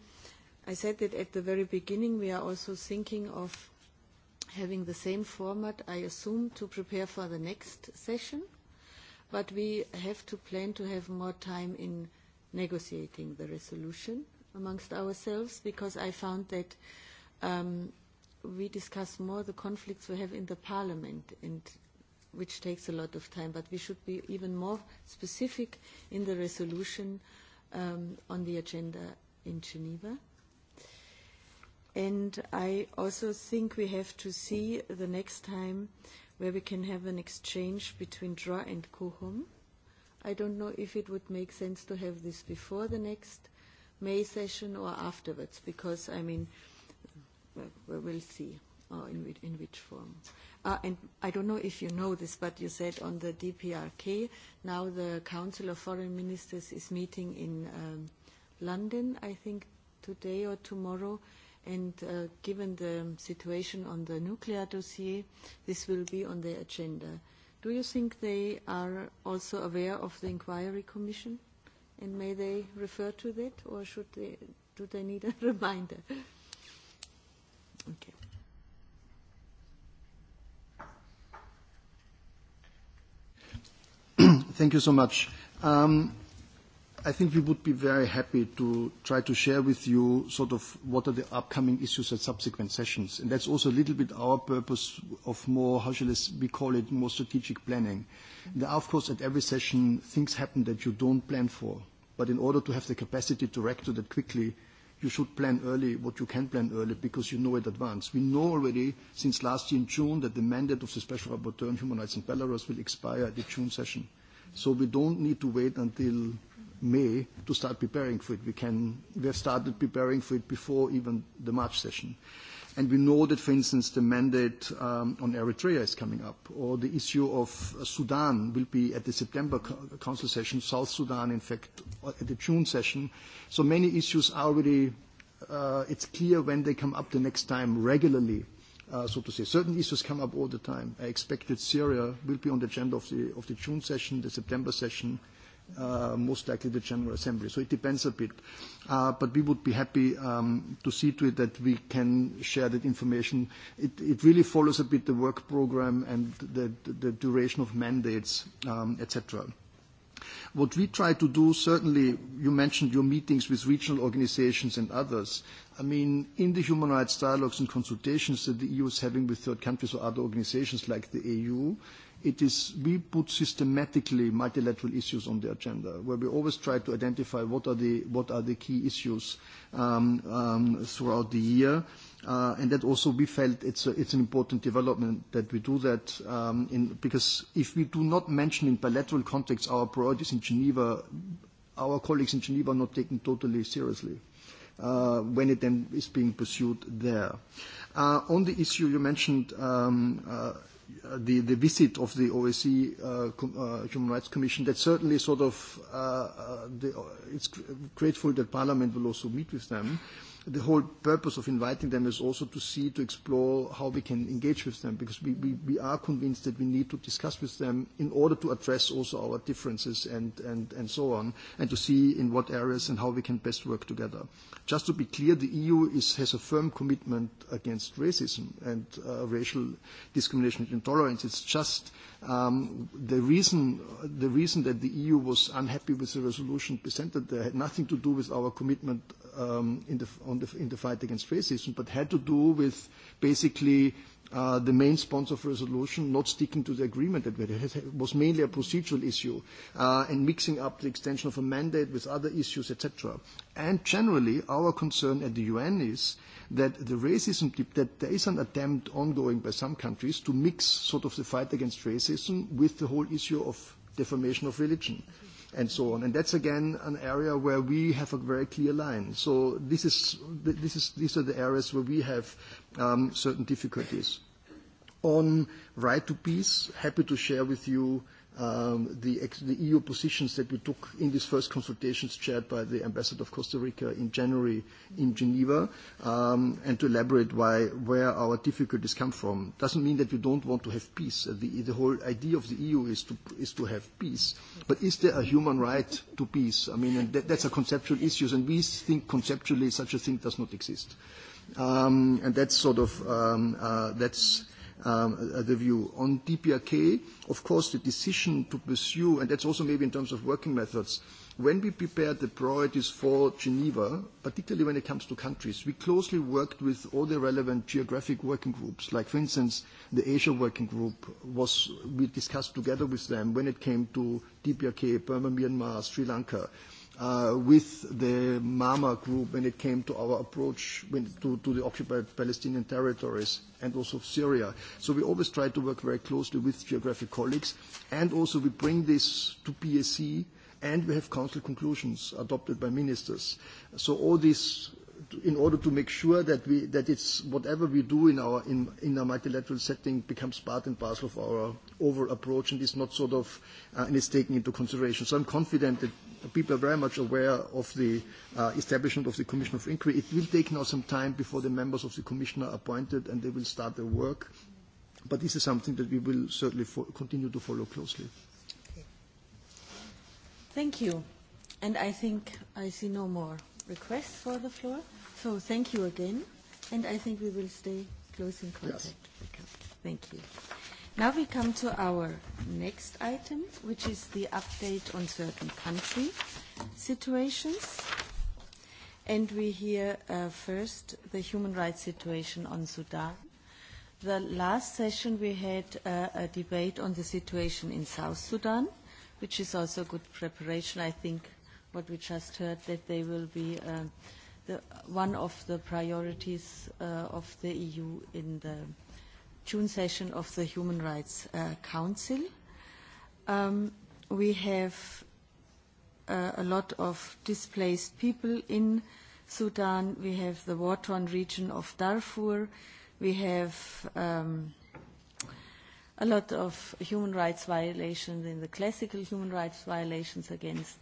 I said that at the very beginning, we are also thinking of having the same format, I assume, to prepare for the next session, but we have to plan to have more time in negotiating the resolution amongst ourselves because I found that um, we discuss more the conflicts we have in the parliament and which takes a lot of time, but we should be even more specific in the resolution um, on the agenda in Geneva. And I also think we have to see the next time where we can have an exchange between DRA and COHOM. I don't know if it would make sense to have this before the next May session or afterwards, because, I mean, we will see uh, in, in which form. Uh, and I don't know if you know this, but you said on the DPRK, now the Council of Foreign Ministers is meeting in um, London, I think, today or tomorrow And uh, given the situation on the nuclear dossier, this will be on the agenda. Do you think they are also aware of the inquiry commission? And may they refer to that, or should they, do they need a [laughs] reminder? Okay. [clears throat] Thank you so much. Um, I think we would be very happy to try to share with you sort of what are the upcoming issues at subsequent sessions. And that's also a little bit our purpose of more, how shall we call it, more strategic planning. There of course, at every session, things happen that you don't plan for. But in order to have the capacity to react to that quickly, you should plan early what you can plan early because you know it advance. We know already since last year in June that the mandate of the Special Rapporteur on Human Rights in Belarus will expire at the June session. So we don't need to wait until May to start preparing for it. We, can, we have started preparing for it before even the March session. And we know that, for instance, the mandate um, on Eritrea is coming up, or the issue of uh, Sudan will be at the September Council session, South Sudan, in fact, uh, at the June session. So many issues are already, uh, it's clear when they come up the next time regularly Uh, so to say. Certain issues come up all the time. I expect that Syria will be on the agenda of the, of the June session, the September session, uh, most likely the General Assembly. So it depends a bit. Uh, but we would be happy um, to see to it that we can share that information. It, it really follows a bit the work program and the, the duration of mandates, um, etc. cetera. What we try to do, certainly, you mentioned your meetings with regional organizations and others. I mean, in the human rights dialogues and consultations that the EU is having with third countries or other organizations like the EU, it is we put systematically multilateral issues on the agenda, where we always try to identify what are the, what are the key issues um, um, throughout the year uh, and that also we felt it's, a, it's an important development that we do that um, in, because if we do not mention in bilateral contexts our priorities in Geneva, our colleagues in Geneva are not taken totally seriously uh, when it then is being pursued there. Uh, on the issue you mentioned, um, uh, the, the visit of the OSCE uh, com, uh, Human Rights Commission, that certainly sort of, uh, uh, the, it's grateful that Parliament will also meet with them the whole purpose of inviting them is also to see, to explore how we can engage with them, because we, we, we are convinced that we need to discuss with them in order to address also our differences and, and, and so on, and to see in what areas and how we can best work together. Just to be clear, the EU is, has a firm commitment against racism and uh, racial discrimination and intolerance. It's just Um, the, reason, the reason that the EU was unhappy with the resolution presented there had nothing to do with our commitment um, in, the, on the, in the fight against racism, but had to do with basically Uh, the main sponsor of resolution not sticking to the agreement that we had. It was mainly a procedural issue uh, and mixing up the extension of a mandate with other issues, etc. And generally, our concern at the UN is that the racism, that there is an attempt ongoing by some countries to mix sort of the fight against racism with the whole issue of defamation of religion. Mm-hmm and so on. And that's again an area where we have a very clear line. So this is, this is, these are the areas where we have um, certain difficulties. On right to peace, happy to share with you uh, um, the, ex- the EU positions that we took in these first consultations chaired by the Ambassador of Costa Rica in January in Geneva, um, and to elaborate why, where our difficulties come from. Doesn't mean that we don't want to have peace. Uh, the, the whole idea of the EU is to, is to have peace. But is there a human right to peace? I mean, and that, that's a conceptual issue, and we think conceptually such a thing does not exist. Um, and that's sort of, um, uh, that's, um, uh, the view. On DPRK, of course, the decision to pursue, and that's also maybe in terms of working methods, when we prepared the priorities for Geneva, particularly when it comes to countries, we closely worked with all the relevant geographic working groups. Like, for instance, the Asia working group was, we discussed together with them when it came to DPRK, Burma, Myanmar, Sri Lanka. Uh, with the MAMA group when it came to our approach when, to, to the occupied Palestinian territories and also Syria. So we always try to work very closely with geographic colleagues, and also we bring this to PSC, and we have council conclusions adopted by ministers. So all this in order to make sure that we that it's whatever we do in our in, in our multilateral setting becomes part and parcel of our overall approach and is not sort of uh, and is taken into consideration. So I'm confident that people are very much aware of the uh, establishment of the Commission of Inquiry. It will take now some time before the members of the Commission are appointed and they will start their work. But this is something that we will certainly fo- continue to follow closely. Okay. Thank you. And I think I see no more requests for the floor. So thank you again. And I think we will stay close in contact. Yes. Thank you. Now we come to our next item, which is the update on certain country situations. And we hear uh, first the human rights situation on Sudan. The last session we had uh, a debate on the situation in South Sudan, which is also good preparation. I think what we just heard that they will be uh, the, one of the priorities uh, of the EU in the June session of the Human Rights uh, Council. Um, we have uh, a lot of displaced people in Sudan. We have the war-torn region of Darfur. We have um, a lot of human rights violations in the classical human rights violations against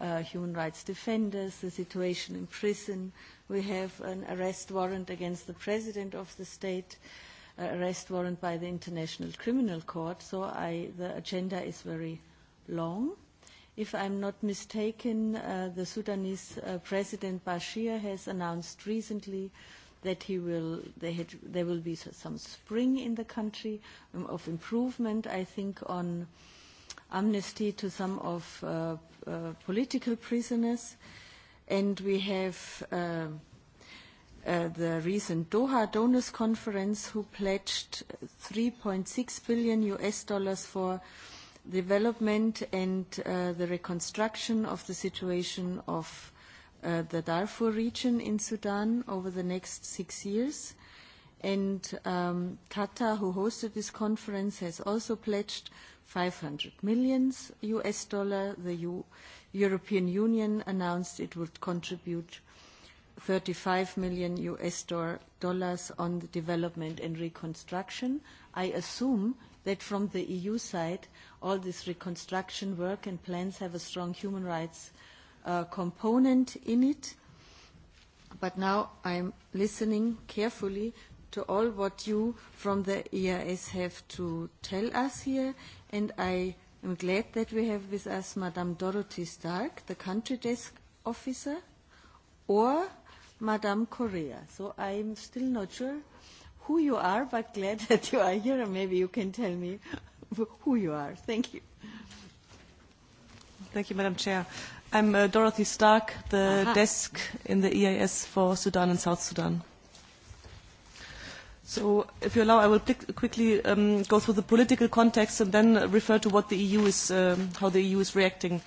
uh, human rights defenders, the situation in prison. We have an arrest warrant against the president of the state arrest warrant by the International Criminal Court, so I, the agenda is very long. If I'm not mistaken, uh, the Sudanese uh, President Bashir has announced recently that he will, they had, there will be some spring in the country um, of improvement, I think, on amnesty to some of uh, uh, political prisoners. And we have... Uh, Uh, the recent Doha Donors Conference, who pledged 3.6 billion US dollars for development and uh, the reconstruction of the situation of uh, the Darfur region in Sudan over the next six years. And um, Qatar, who hosted this conference, has also pledged 500 million US dollar. The U European Union announced it would contribute 35 million US dollars on the development and reconstruction. I assume that from the EU side, all this reconstruction work and plans have a strong human rights uh, component in it. But now I'm listening carefully to all what you from the EIS have to tell us here, and I am glad that we have with us Madame Dorothy Stark, the country desk officer, or Madam Correa. So I'm still not sure who you are, but glad [laughs] that you are here, and maybe you can tell me who you are. Thank you. Thank you, Madam Chair. I'm uh, Dorothy Stark, the Aha. desk in the EAS for Sudan and South Sudan. So, if you allow, I will pick, quickly um, go through the political context and then refer to what the EU is, um, how the EU is reacting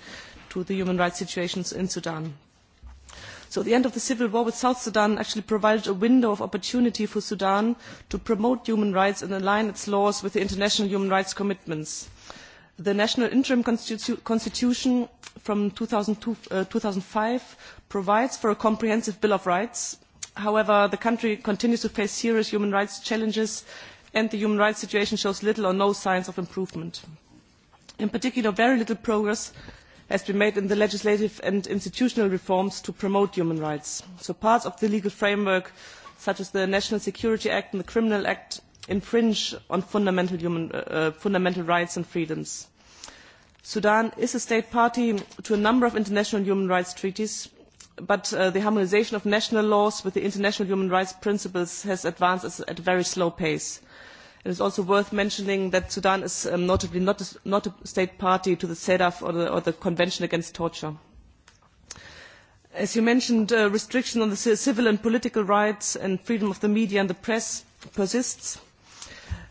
to the human rights situations in Sudan. So the end of the civil war with South Sudan actually provided a window of opportunity for Sudan to promote human rights and align its laws with the international human rights commitments. The National Interim Constitu Constitution from 2002, uh, 2005 provides for a comprehensive Bill of Rights. However, the country continues to face serious human rights challenges and the human rights situation shows little or no signs of improvement. In particular, very little progress has been made in the legislative and institutional reforms to promote human rights. so parts of the legal framework such as the national security act and the criminal act infringe on fundamental, human, uh, uh, fundamental rights and freedoms. sudan is a state party to a number of international human rights treaties but uh, the harmonisation of national laws with the international human rights principles has advanced at a very slow pace It is also worth mentioning that Sudan is um, notably not a, not a state party to the CEDAW or the, or the Convention Against Torture. As you mentioned, uh, restriction on the civil and political rights and freedom of the media and the press persists.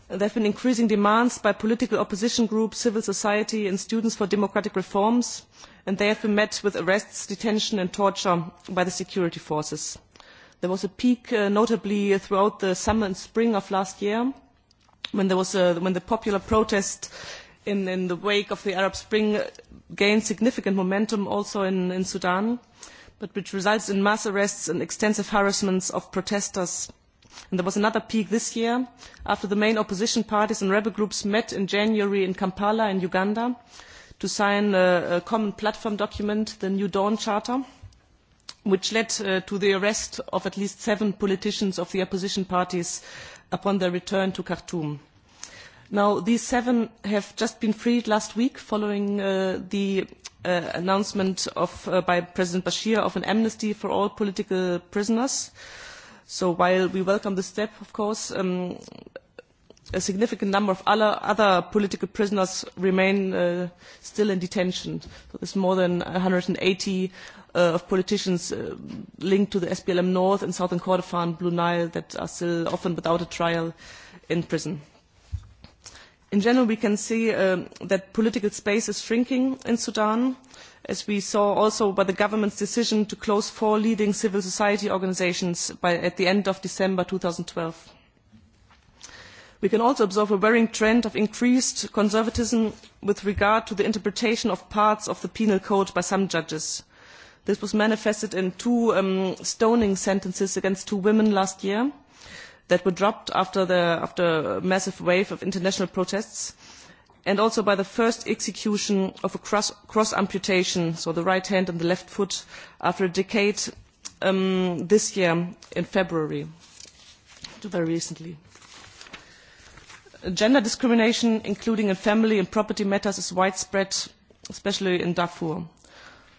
There have been increasing demands by political opposition groups, civil society and students for democratic reforms, and they have been met with arrests, detention and torture by the security forces. There was a peak, uh, notably throughout the summer and spring of last year, when there was a, when the popular protest in, in the wake of the Arab Spring gained significant momentum also in, in Sudan, but which results in mass arrests and extensive harassments of protesters. And there was another peak this year after the main opposition parties and rebel groups met in January in Kampala in Uganda to sign a, a common platform document, the New Dawn Charter, which led uh, to the arrest of at least seven politicians of the opposition parties upon their return to Khartoum. Now, these seven have just been freed last week following uh, the uh, announcement of, uh, by President Bashir of an amnesty for all political prisoners. So while we welcome this step, of course, um, a significant number of other, other political prisoners remain uh, still in detention. So there's more than 180 uh, of politicians uh, linked to the SPLM North and Southern Kordofan, Blue Nile, that are still often without a trial in prison. In general, we can see um, that political space is shrinking in Sudan, as we saw also by the government's decision to close four leading civil society organizations by, at the end of December 2012. We can also observe a worrying trend of increased conservatism with regard to the interpretation of parts of the penal code by some judges. This was manifested in two um, stoning sentences against two women last year that were dropped after, the, after a massive wave of international protests, and also by the first execution of a cross, cross amputation, so the right hand and the left foot, after a decade um, this year in February, very recently. Gender discrimination, including in family and property matters, is widespread, especially in Darfur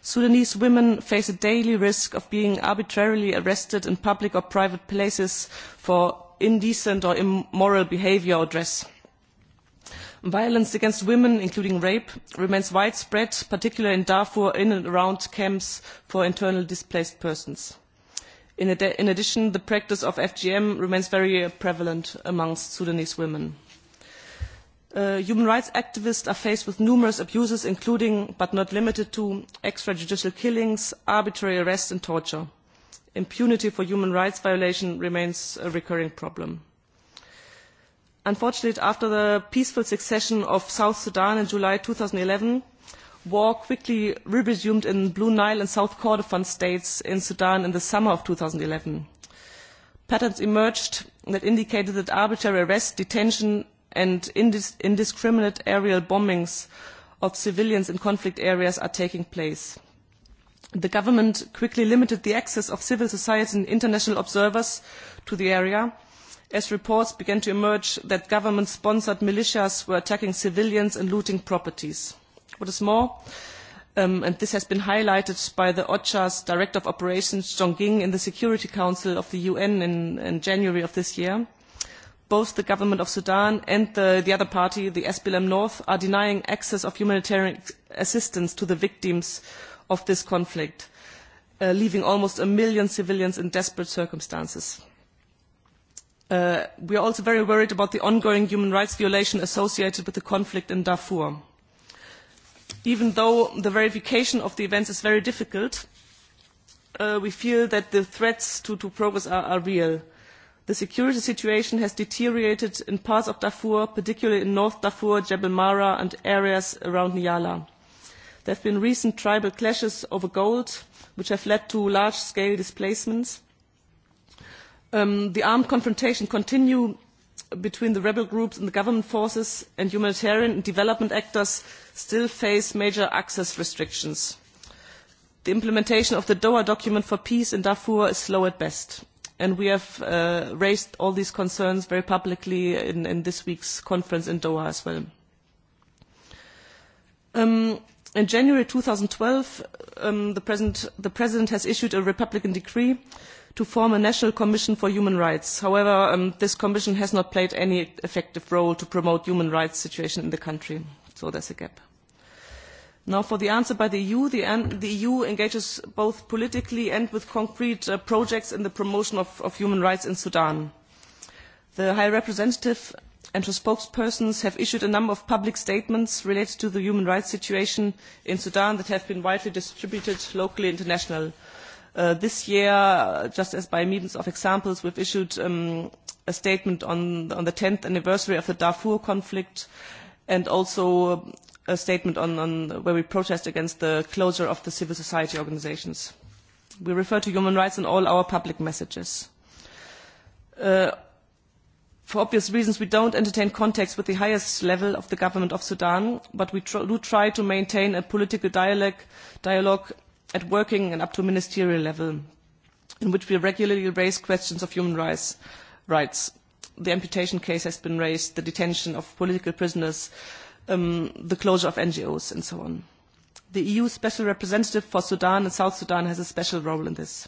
Sudanese women face a daily risk of being arbitrarily arrested in public or private places for indecent or immoral behaviour or dress. Violence against women, including rape, remains widespread, particularly in Darfur in and around camps for internally displaced persons. In, addition, the practice of FGM remains very prevalent amongst Sudanese women Uh, human rights activists are faced with numerous abuses including but not limited to extrajudicial killings arbitrary arrests and torture. impunity for human rights violations remains a recurring problem. unfortunately after the peaceful secession of south sudan in july two thousand and eleven war quickly re resumed in blue nile and south kordofan states in sudan in the summer of two thousand and eleven. patterns emerged that indicated that arbitrary arrest detention and indis indiscriminate aerial bombings of civilians in conflict areas are taking place. The government quickly limited the access of civil society and international observers to the area as reports began to emerge that government-sponsored militias were attacking civilians and looting properties. What is more, um, and this has been highlighted by the OCHA's Director of Operations, Zhongying, in the Security Council of the UN in, in January of this year, both the government of Sudan and the, the other party, the SPLM North, are denying access of humanitarian assistance to the victims of this conflict, uh, leaving almost a million civilians in desperate circumstances. Uh, we are also very worried about the ongoing human rights violation associated with the conflict in Darfur. Even though the verification of the events is very difficult, uh, we feel that the threats to, to progress are, are real The security situation has deteriorated in parts of Darfur, particularly in North Darfur, Jebel Mara and areas around Niala. There have been recent tribal clashes over gold, which have led to large-scale displacements. Um, the armed confrontation continue between the rebel groups and the government forces, and humanitarian and development actors still face major access restrictions. The implementation of the Doha document for peace in Darfur is slow at best and we have uh, raised all these concerns very publicly in, in this week's conference in Doha as well. Um, in January 2012, um, the, president, the President has issued a Republican decree to form a National Commission for Human Rights. However, um, this commission has not played any effective role to promote human rights situation in the country, so there's a gap. Now, for the answer by the EU, the, EU e engages both politically and with concrete uh, projects in the promotion of, human rights in Sudan. The High Representative and her spokespersons have issued a number of public statements related to the human rights situation in Sudan that have been widely distributed locally and internationally. Uh, this year, just as by means of examples, have issued um, a statement on, the tenth anniversary of the Darfur conflict and also a statement on, on where we protest against the closure of the civil society organizations. We refer to human rights in all our public messages. Uh, for obvious reasons, we don't entertain contacts with the highest level of the government of Sudan, but we tr do try to maintain a political dialogue, dialogue at working and up to ministerial level, in which we regularly raise questions of human rights. rights. The amputation case has been raised, the detention of political prisoners, uh, um, the closure of NGOs and so on. The EU Special Representative for Sudan and South Sudan has a special role in this.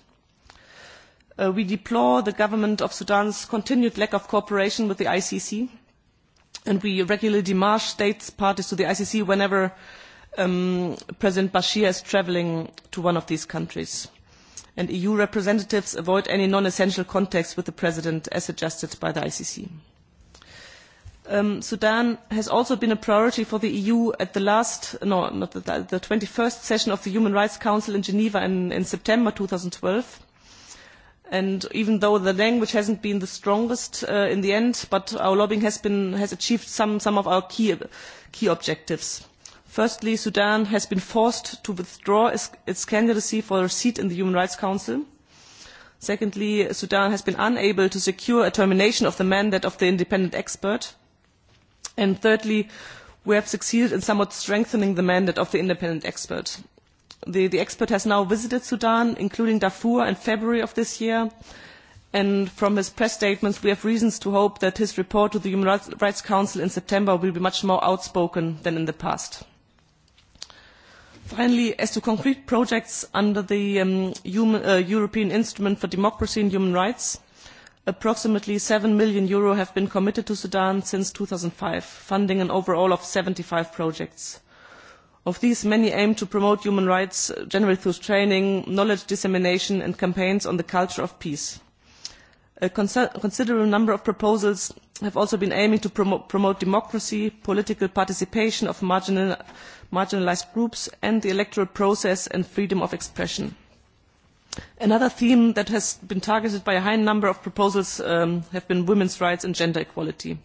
Uh, we deplore the government of Sudan's continued lack of cooperation with the ICC, and we regularly demarche states parties to the ICC whenever um, President Bashir is travelling to one of these countries. And EU representatives avoid any non-essential contacts with the President as suggested by the ICC. Um, Sudan has also been a priority for the EU at the last, no, not the, the 21st session of the Human Rights Council in Geneva in, in September 2012. And even though the language hasn't been the strongest uh, in the end, but our lobbying has, been, has achieved some, some of our key, key objectives. Firstly, Sudan has been forced to withdraw its, its candidacy for a seat in the Human Rights Council. Secondly, Sudan has been unable to secure a termination of the mandate of the independent expert And thirdly, we have succeeded in somewhat strengthening the mandate of the independent expert. The, the expert has now visited Sudan, including Darfur, in February of this year. And from his press statements, we have reasons to hope that his report to the Human Rights Council in September will be much more outspoken than in the past. Finally, as to concrete projects under the um, human, uh, European Instrument for Democracy and Human Rights, approximately eur seven million Euro have been committed to Sudan since 2005, funding an overall of 75 projects. Of these, many aim to promote human rights generally through training, knowledge dissemination and campaigns on the culture of peace. A considerable number of proposals have also been aiming to promote, promote democracy, political participation of marginal, marginalised groups and the electoral process and freedom of expression. Another theme that has been targeted by a high number of proposals um, have been women's rights and gender equality.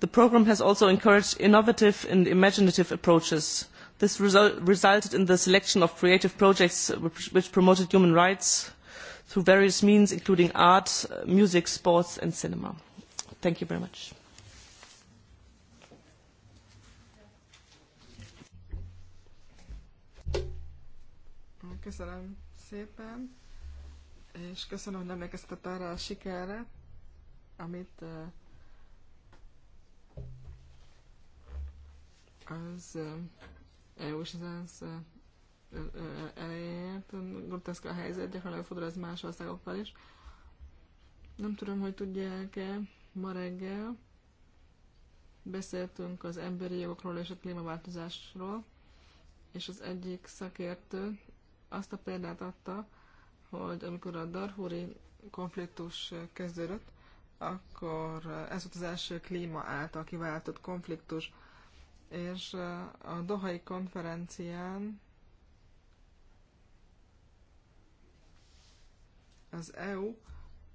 The programme has also encouraged innovative and imaginative approaches. This resu resulted in the selection of creative projects which, which promoted human rights through various means, including art, music, sports and cinema. Thank you very much. Köszönöm szépen, és köszönöm, hogy emlékeztetett arra a sikerre, amit az eu és az elejét, groteszk a helyzet, gyakran előfordul ez más országokkal is. Nem tudom, hogy tudják-e, ma reggel beszéltünk az emberi jogokról és a klímaváltozásról, és az egyik szakértő azt a példát adta, hogy amikor a Darhuri konfliktus kezdődött, akkor ez volt az első klíma által kiváltott konfliktus, és a Dohai konferencián az EU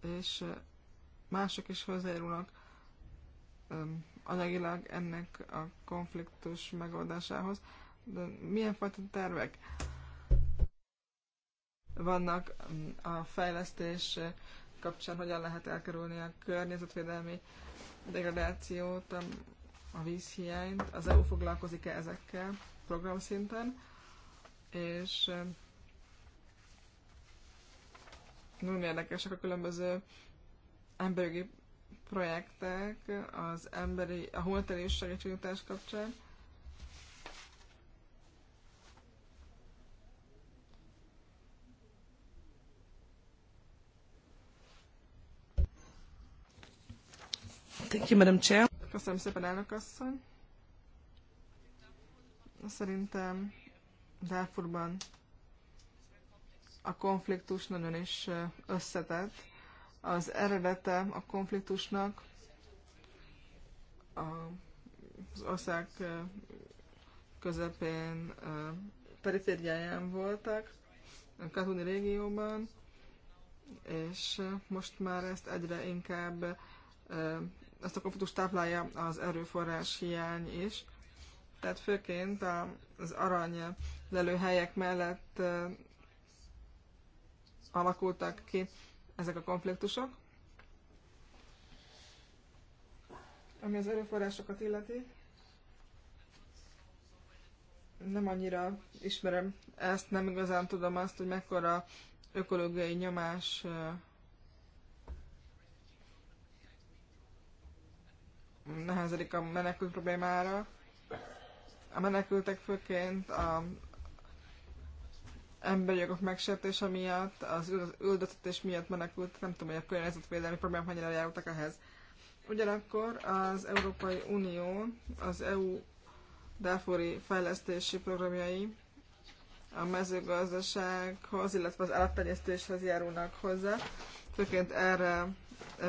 és mások is hozzájárulnak anyagilag ennek a konfliktus megoldásához. De milyen fajta tervek? vannak mm, a fejlesztés kapcsán, hogyan lehet elkerülni a környezetvédelmi degradációt, a vízhiányt. Az EU foglalkozik-e ezekkel programszinten, és mm, nagyon érdekesek a különböző emberi projektek az emberi, a holteli segítségnyújtás kapcsán. Thank you, Madam Chair. Köszönöm szépen, elnök asszony. Szerintem Darfurban a konfliktus nagyon is összetett. Az eredete a konfliktusnak az ország közepén perifériáján voltak, a Katuni régióban, és most már ezt egyre inkább ezt a konfliktust táplálja az erőforrás hiány is. Tehát főként az arany lelőhelyek mellett alakultak ki ezek a konfliktusok. Ami az erőforrásokat illeti, nem annyira ismerem ezt, nem igazán tudom azt, hogy mekkora ökológiai nyomás nehezedik a menekült problémára. A menekültek főként a emberi jogok megsértése miatt, az üldöztetés miatt menekült, nem tudom, hogy a környezetvédelmi problémák mennyire járultak ehhez. Ugyanakkor az Európai Unió, az EU Dáfori fejlesztési programjai a mezőgazdasághoz, illetve az állattenyésztéshez járulnak hozzá. Főként erre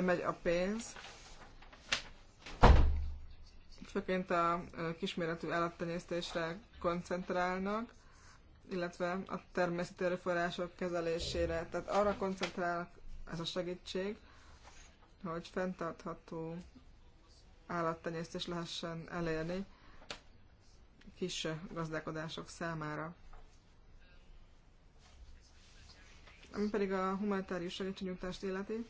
megy a pénz főként a kisméretű állattenyésztésre koncentrálnak, illetve a természeti erőforrások kezelésére. Tehát arra koncentrál ez a segítség, hogy fenntartható állattenyésztés lehessen elérni kis gazdálkodások számára. Ami pedig a humanitárius segítségnyújtást illeti,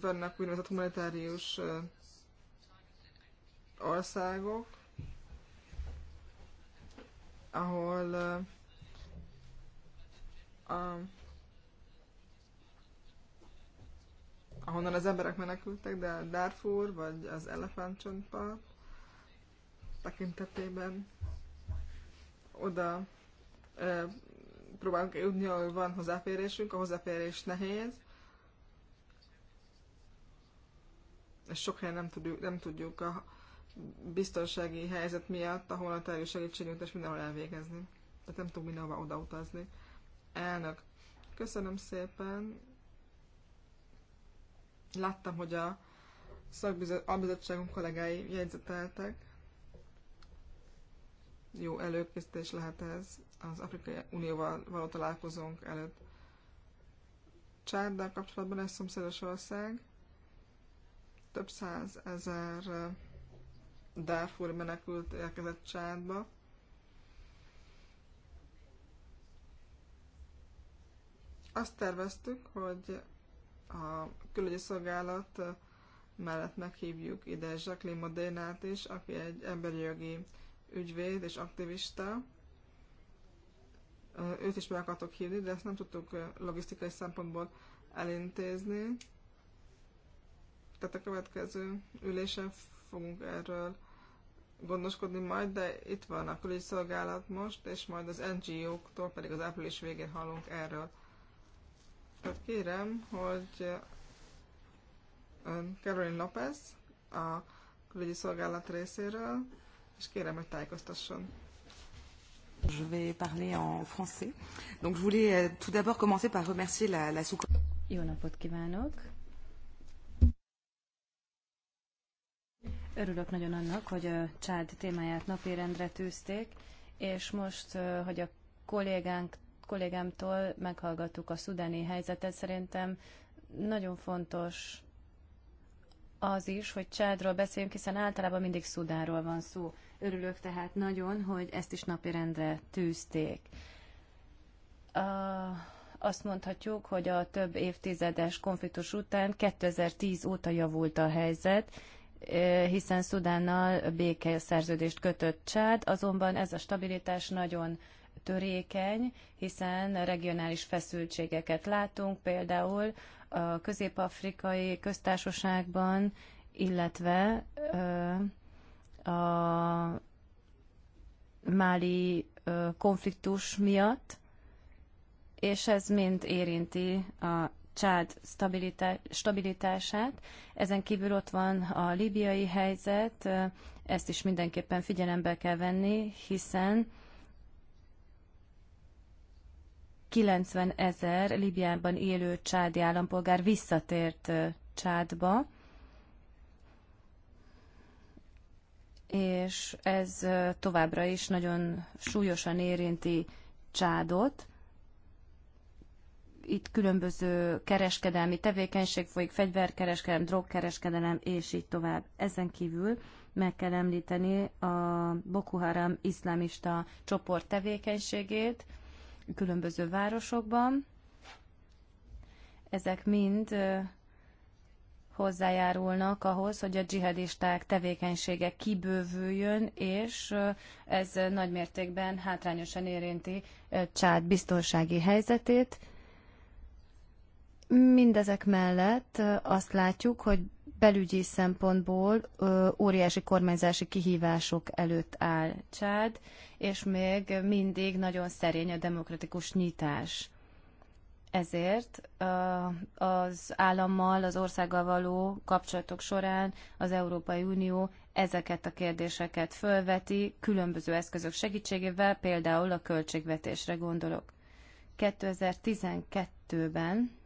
vannak úgynevezett humanitárius országok, ahol a, ahonnan az emberek menekültek, de Darfur vagy az elefántcsontpark tekintetében oda e, próbálunk jutni, ahol van hozzáférésünk, a hozzáférés nehéz, sok helyen nem tudjuk, nem tudjuk a biztonsági helyzet miatt a humanitárius segítségnyújtást mindenhol elvégezni. Tehát nem tudunk mindenhova odautazni. Elnök, köszönöm szépen. Láttam, hogy a szakbizottságunk kollégái jegyzeteltek. Jó előkészítés lehet ez az Afrikai Unióval való találkozónk előtt. Csárdal kapcsolatban ez szomszédos ország. Több száz ezer Dáfur menekült érkezett Csádba. Azt terveztük, hogy a külügyi szolgálat mellett meghívjuk ide Jacqueline Modénát is, aki egy emberi jogi ügyvéd és aktivista. Őt is meg akartok hívni, de ezt nem tudtuk logisztikai szempontból elintézni tehát a következő ülésen fogunk erről gondoskodni majd, de itt van a külügyi szolgálat most, és majd az NGO-któl pedig az április végén hallunk erről. Tehát kérem, hogy Caroline Lopez a külügyi szolgálat részéről, és kérem, hogy tájékoztasson. Je vais parler en français. Donc je voulais euh, tout d'abord commencer par remercier la, la sous Jó napot kívánok! Örülök nagyon annak, hogy a csád témáját napirendre tűzték, és most, hogy a kollégánk, kollégámtól meghallgattuk a szudáni helyzetet, szerintem nagyon fontos az is, hogy Csádról beszéljünk, hiszen általában mindig szudáról van szó. Örülök tehát nagyon, hogy ezt is napirendre tűzték. A, azt mondhatjuk, hogy a több évtizedes konfliktus után 2010 óta javult a helyzet, Eh, hiszen Szudánnal szerződést kötött Csád, azonban ez a stabilitás nagyon törékeny, hiszen regionális feszültségeket látunk, például a közép-afrikai köztársaságban, illetve eh, a máli eh, konfliktus miatt, és ez mind érinti a Csád stabilitását. Ezen kívül ott van a libiai helyzet, ezt is mindenképpen figyelembe kell venni, hiszen 90 ezer Libiában élő csádi állampolgár visszatért Csádba, és ez továbbra is nagyon súlyosan érinti Csádot itt különböző kereskedelmi tevékenység folyik, fegyverkereskedelem, drogkereskedelem, és így tovább. Ezen kívül meg kell említeni a Boko Haram iszlámista csoport tevékenységét különböző városokban. Ezek mind hozzájárulnak ahhoz, hogy a dzsihadisták tevékenysége kibővüljön, és ez nagymértékben hátrányosan érinti Csád biztonsági helyzetét Mindezek mellett azt látjuk, hogy belügyi szempontból ö, óriási kormányzási kihívások előtt áll Csád, és még mindig nagyon szerény a demokratikus nyitás. Ezért az állammal, az országgal való kapcsolatok során az Európai Unió ezeket a kérdéseket fölveti különböző eszközök segítségével, például a költségvetésre gondolok. 2012-ben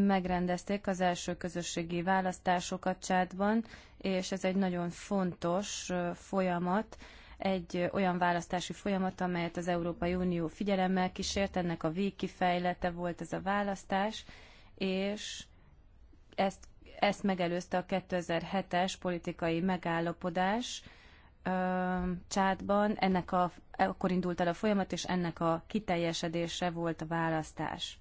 megrendezték az első közösségi választásokat Csádban, és ez egy nagyon fontos folyamat, egy olyan választási folyamat, amelyet az Európai Unió figyelemmel kísért, ennek a végkifejlete volt ez a választás, és ezt, ezt megelőzte a 2007-es politikai megállapodás Csádban, ennek a, akkor indult el a folyamat, és ennek a kiteljesedése volt a választás.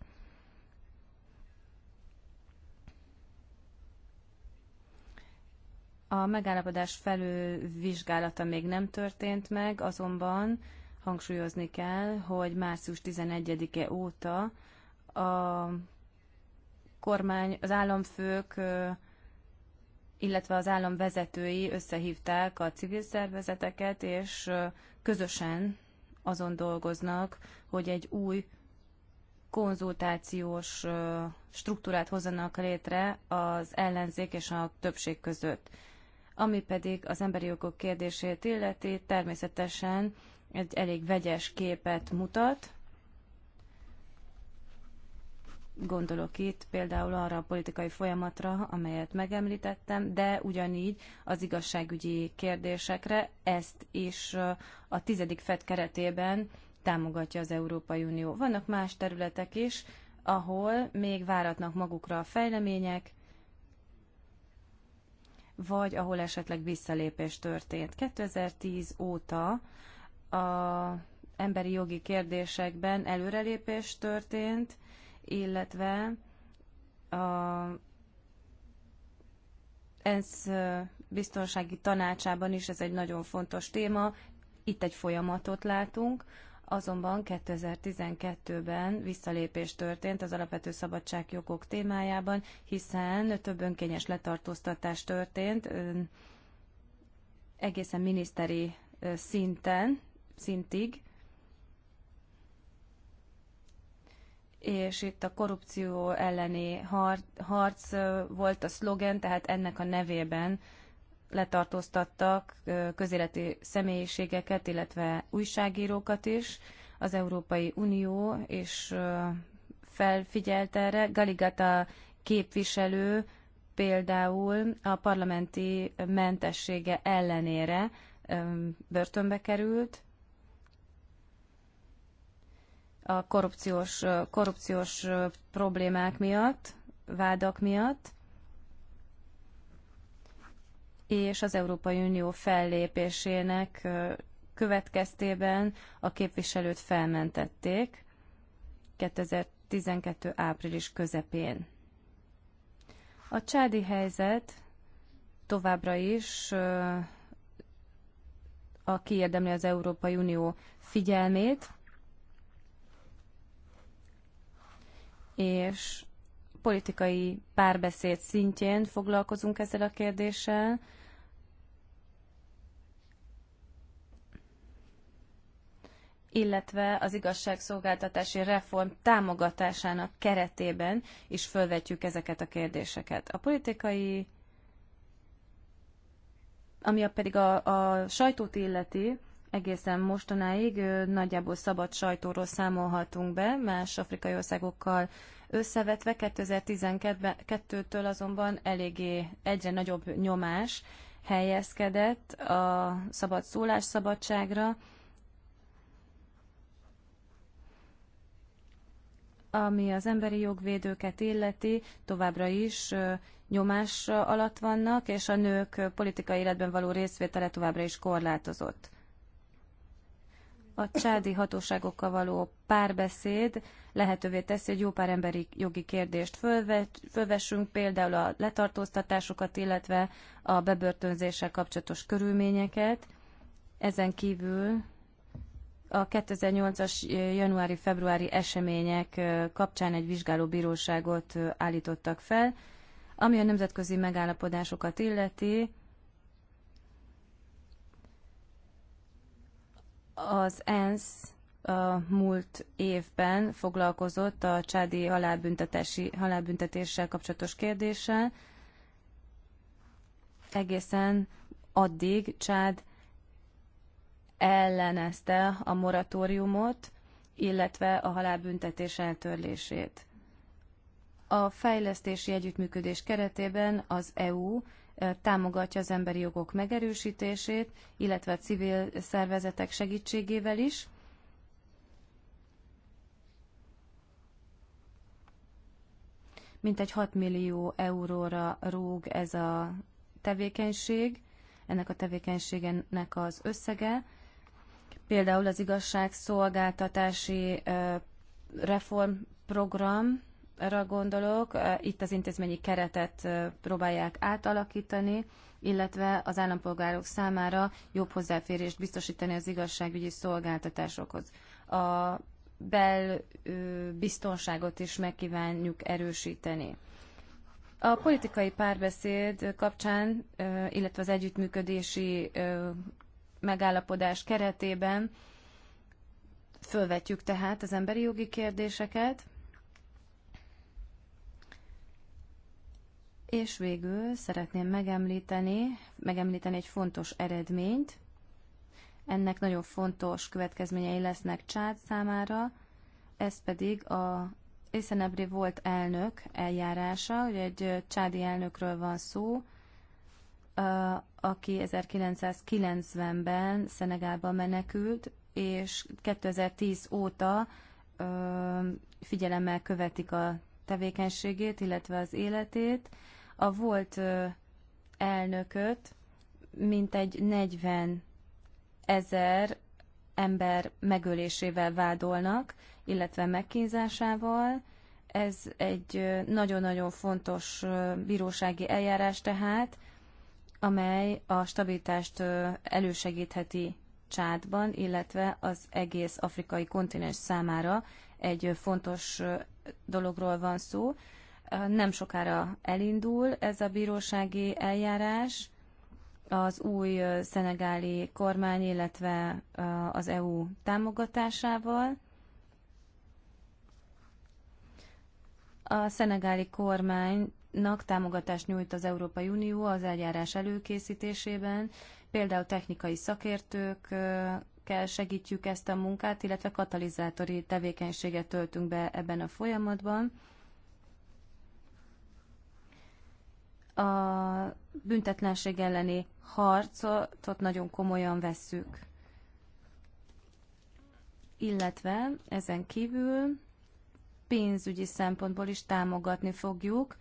A megállapodás felülvizsgálata még nem történt meg, azonban hangsúlyozni kell, hogy március 11-e óta a kormány, az államfők, illetve az állam vezetői összehívták a civil szervezeteket, és közösen azon dolgoznak, hogy egy új konzultációs struktúrát hozzanak létre az ellenzék és a többség között. Ami pedig az emberi jogok kérdését illeti, természetesen egy elég vegyes képet mutat. Gondolok itt például arra a politikai folyamatra, amelyet megemlítettem, de ugyanígy az igazságügyi kérdésekre ezt is a tizedik FED keretében támogatja az Európai Unió. Vannak más területek is, ahol még váratnak magukra a fejlemények, vagy ahol esetleg visszalépés történt. 2010 óta a emberi jogi kérdésekben előrelépés történt, illetve a ENSZ biztonsági tanácsában is ez egy nagyon fontos téma. Itt egy folyamatot látunk, azonban 2012-ben visszalépés történt az alapvető szabadságjogok témájában, hiszen több önkényes letartóztatás történt egészen miniszteri szinten, szintig, és itt a korrupció elleni harc volt a szlogen, tehát ennek a nevében letartóztattak közéleti személyiségeket, illetve újságírókat is. Az Európai Unió és felfigyelt erre. Galigata képviselő például a parlamenti mentessége ellenére börtönbe került, a korrupciós, korrupciós problémák miatt, vádak miatt és az Európai Unió fellépésének következtében a képviselőt felmentették 2012. április közepén. A csádi helyzet továbbra is a kiérdemli az Európai Unió figyelmét, és politikai párbeszéd szintjén foglalkozunk ezzel a kérdéssel, illetve az igazságszolgáltatási reform támogatásának keretében is fölvetjük ezeket a kérdéseket. A politikai, ami pedig a, a sajtót illeti, egészen mostanáig nagyjából szabad sajtóról számolhatunk be, más afrikai országokkal összevetve 2012-től azonban eléggé egyre nagyobb nyomás helyezkedett a szabad szólás szabadságra, Ami az emberi jogvédőket illeti, továbbra is nyomás alatt vannak, és a nők politikai életben való részvétele továbbra is korlátozott. A csádi hatóságokkal való párbeszéd lehetővé teszi, hogy jó pár emberi jogi kérdést fölvessünk, például a letartóztatásokat, illetve a bebörtönzéssel kapcsolatos körülményeket. Ezen kívül a 2008-as januári-februári események kapcsán egy vizsgálóbíróságot állítottak fel, ami a nemzetközi megállapodásokat illeti, az ENSZ a múlt évben foglalkozott a csádi halálbüntetési, halálbüntetéssel kapcsolatos kérdéssel. Egészen addig Csád ellenezte a moratóriumot, illetve a halálbüntetés eltörlését. A fejlesztési együttműködés keretében az EU eh, támogatja az emberi jogok megerősítését, illetve a civil szervezetek segítségével is. Mintegy 6 millió euróra rúg ez a tevékenység, ennek a tevékenységenek az összege például az igazságszolgáltatási reformprogramra gondolok, itt az intézményi keretet próbálják átalakítani, illetve az állampolgárok számára jobb hozzáférést biztosítani az igazságügyi szolgáltatásokhoz. A bel biztonságot is megkívánjuk erősíteni. A politikai párbeszéd kapcsán, illetve az együttműködési megállapodás keretében fölvetjük tehát az emberi jogi kérdéseket, és végül szeretném megemlíteni, megemlíteni egy fontos eredményt. Ennek nagyon fontos következményei lesznek Csád számára, ez pedig a Észenebri volt elnök eljárása, hogy egy csádi elnökről van szó, aki 1990-ben Szenegálba menekült, és 2010 óta ö, figyelemmel követik a tevékenységét, illetve az életét. A volt ö, elnököt mintegy 40 ezer ember megölésével vádolnak, illetve megkínzásával. Ez egy nagyon-nagyon fontos bírósági eljárás tehát, amely a stabilitást elősegítheti Csádban, illetve az egész afrikai kontinens számára egy fontos dologról van szó. Nem sokára elindul ez a bírósági eljárás, az új szenegáli kormány, illetve az EU támogatásával. A szenegáli kormány Ukrajnának támogatást nyújt az Európai Unió az eljárás előkészítésében, például technikai szakértőkkel segítjük ezt a munkát, illetve katalizátori tevékenységet töltünk be ebben a folyamatban. A büntetlenség elleni harcot nagyon komolyan vesszük. Illetve ezen kívül pénzügyi szempontból is támogatni fogjuk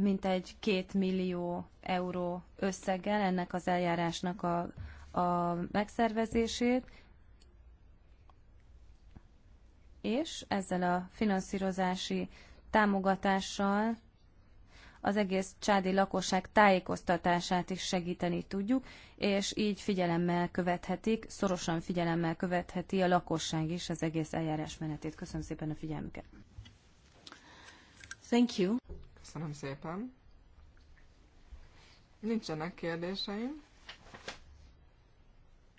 mintegy két millió euró összeggel ennek az eljárásnak a, a megszervezését, és ezzel a finanszírozási támogatással az egész csádi lakosság tájékoztatását is segíteni tudjuk, és így figyelemmel követhetik, szorosan figyelemmel követheti a lakosság is az egész eljárás menetét. Köszönöm szépen a figyelmüket. Thank you. Köszönöm szépen. Nincsenek kérdéseim.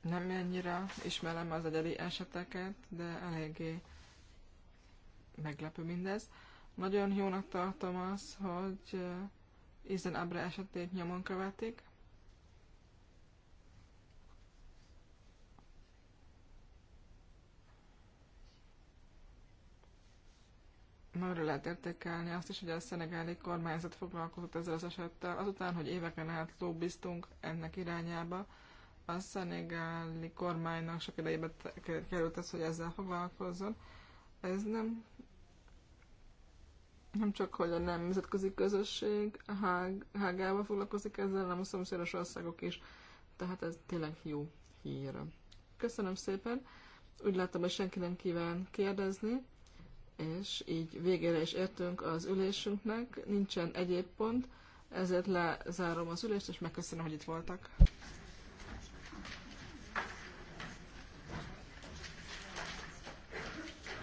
Nem ennyire ismerem az egyedi eseteket, de eléggé meglepő mindez. Nagyon jónak tartom az, hogy Izen Abra esetét nyomon követik. már lehet értékelni azt is, hogy a szenegáli kormányzat foglalkozott ezzel az esettel, azután, hogy éveken át lobbiztunk ennek irányába, a szenegáli kormánynak sok idejében került az, hogy ezzel foglalkozzon. Ez nem, nem csak, hogy a nemzetközi közösség hág, hágával foglalkozik ezzel, hanem a szomszédos országok is. Tehát ez tényleg jó hír. Köszönöm szépen. Úgy láttam, hogy senki nem kíván kérdezni és így végére is értünk az ülésünknek. Nincsen egyéb pont, ezért lezárom az ülést, és megköszönöm, hogy itt voltak.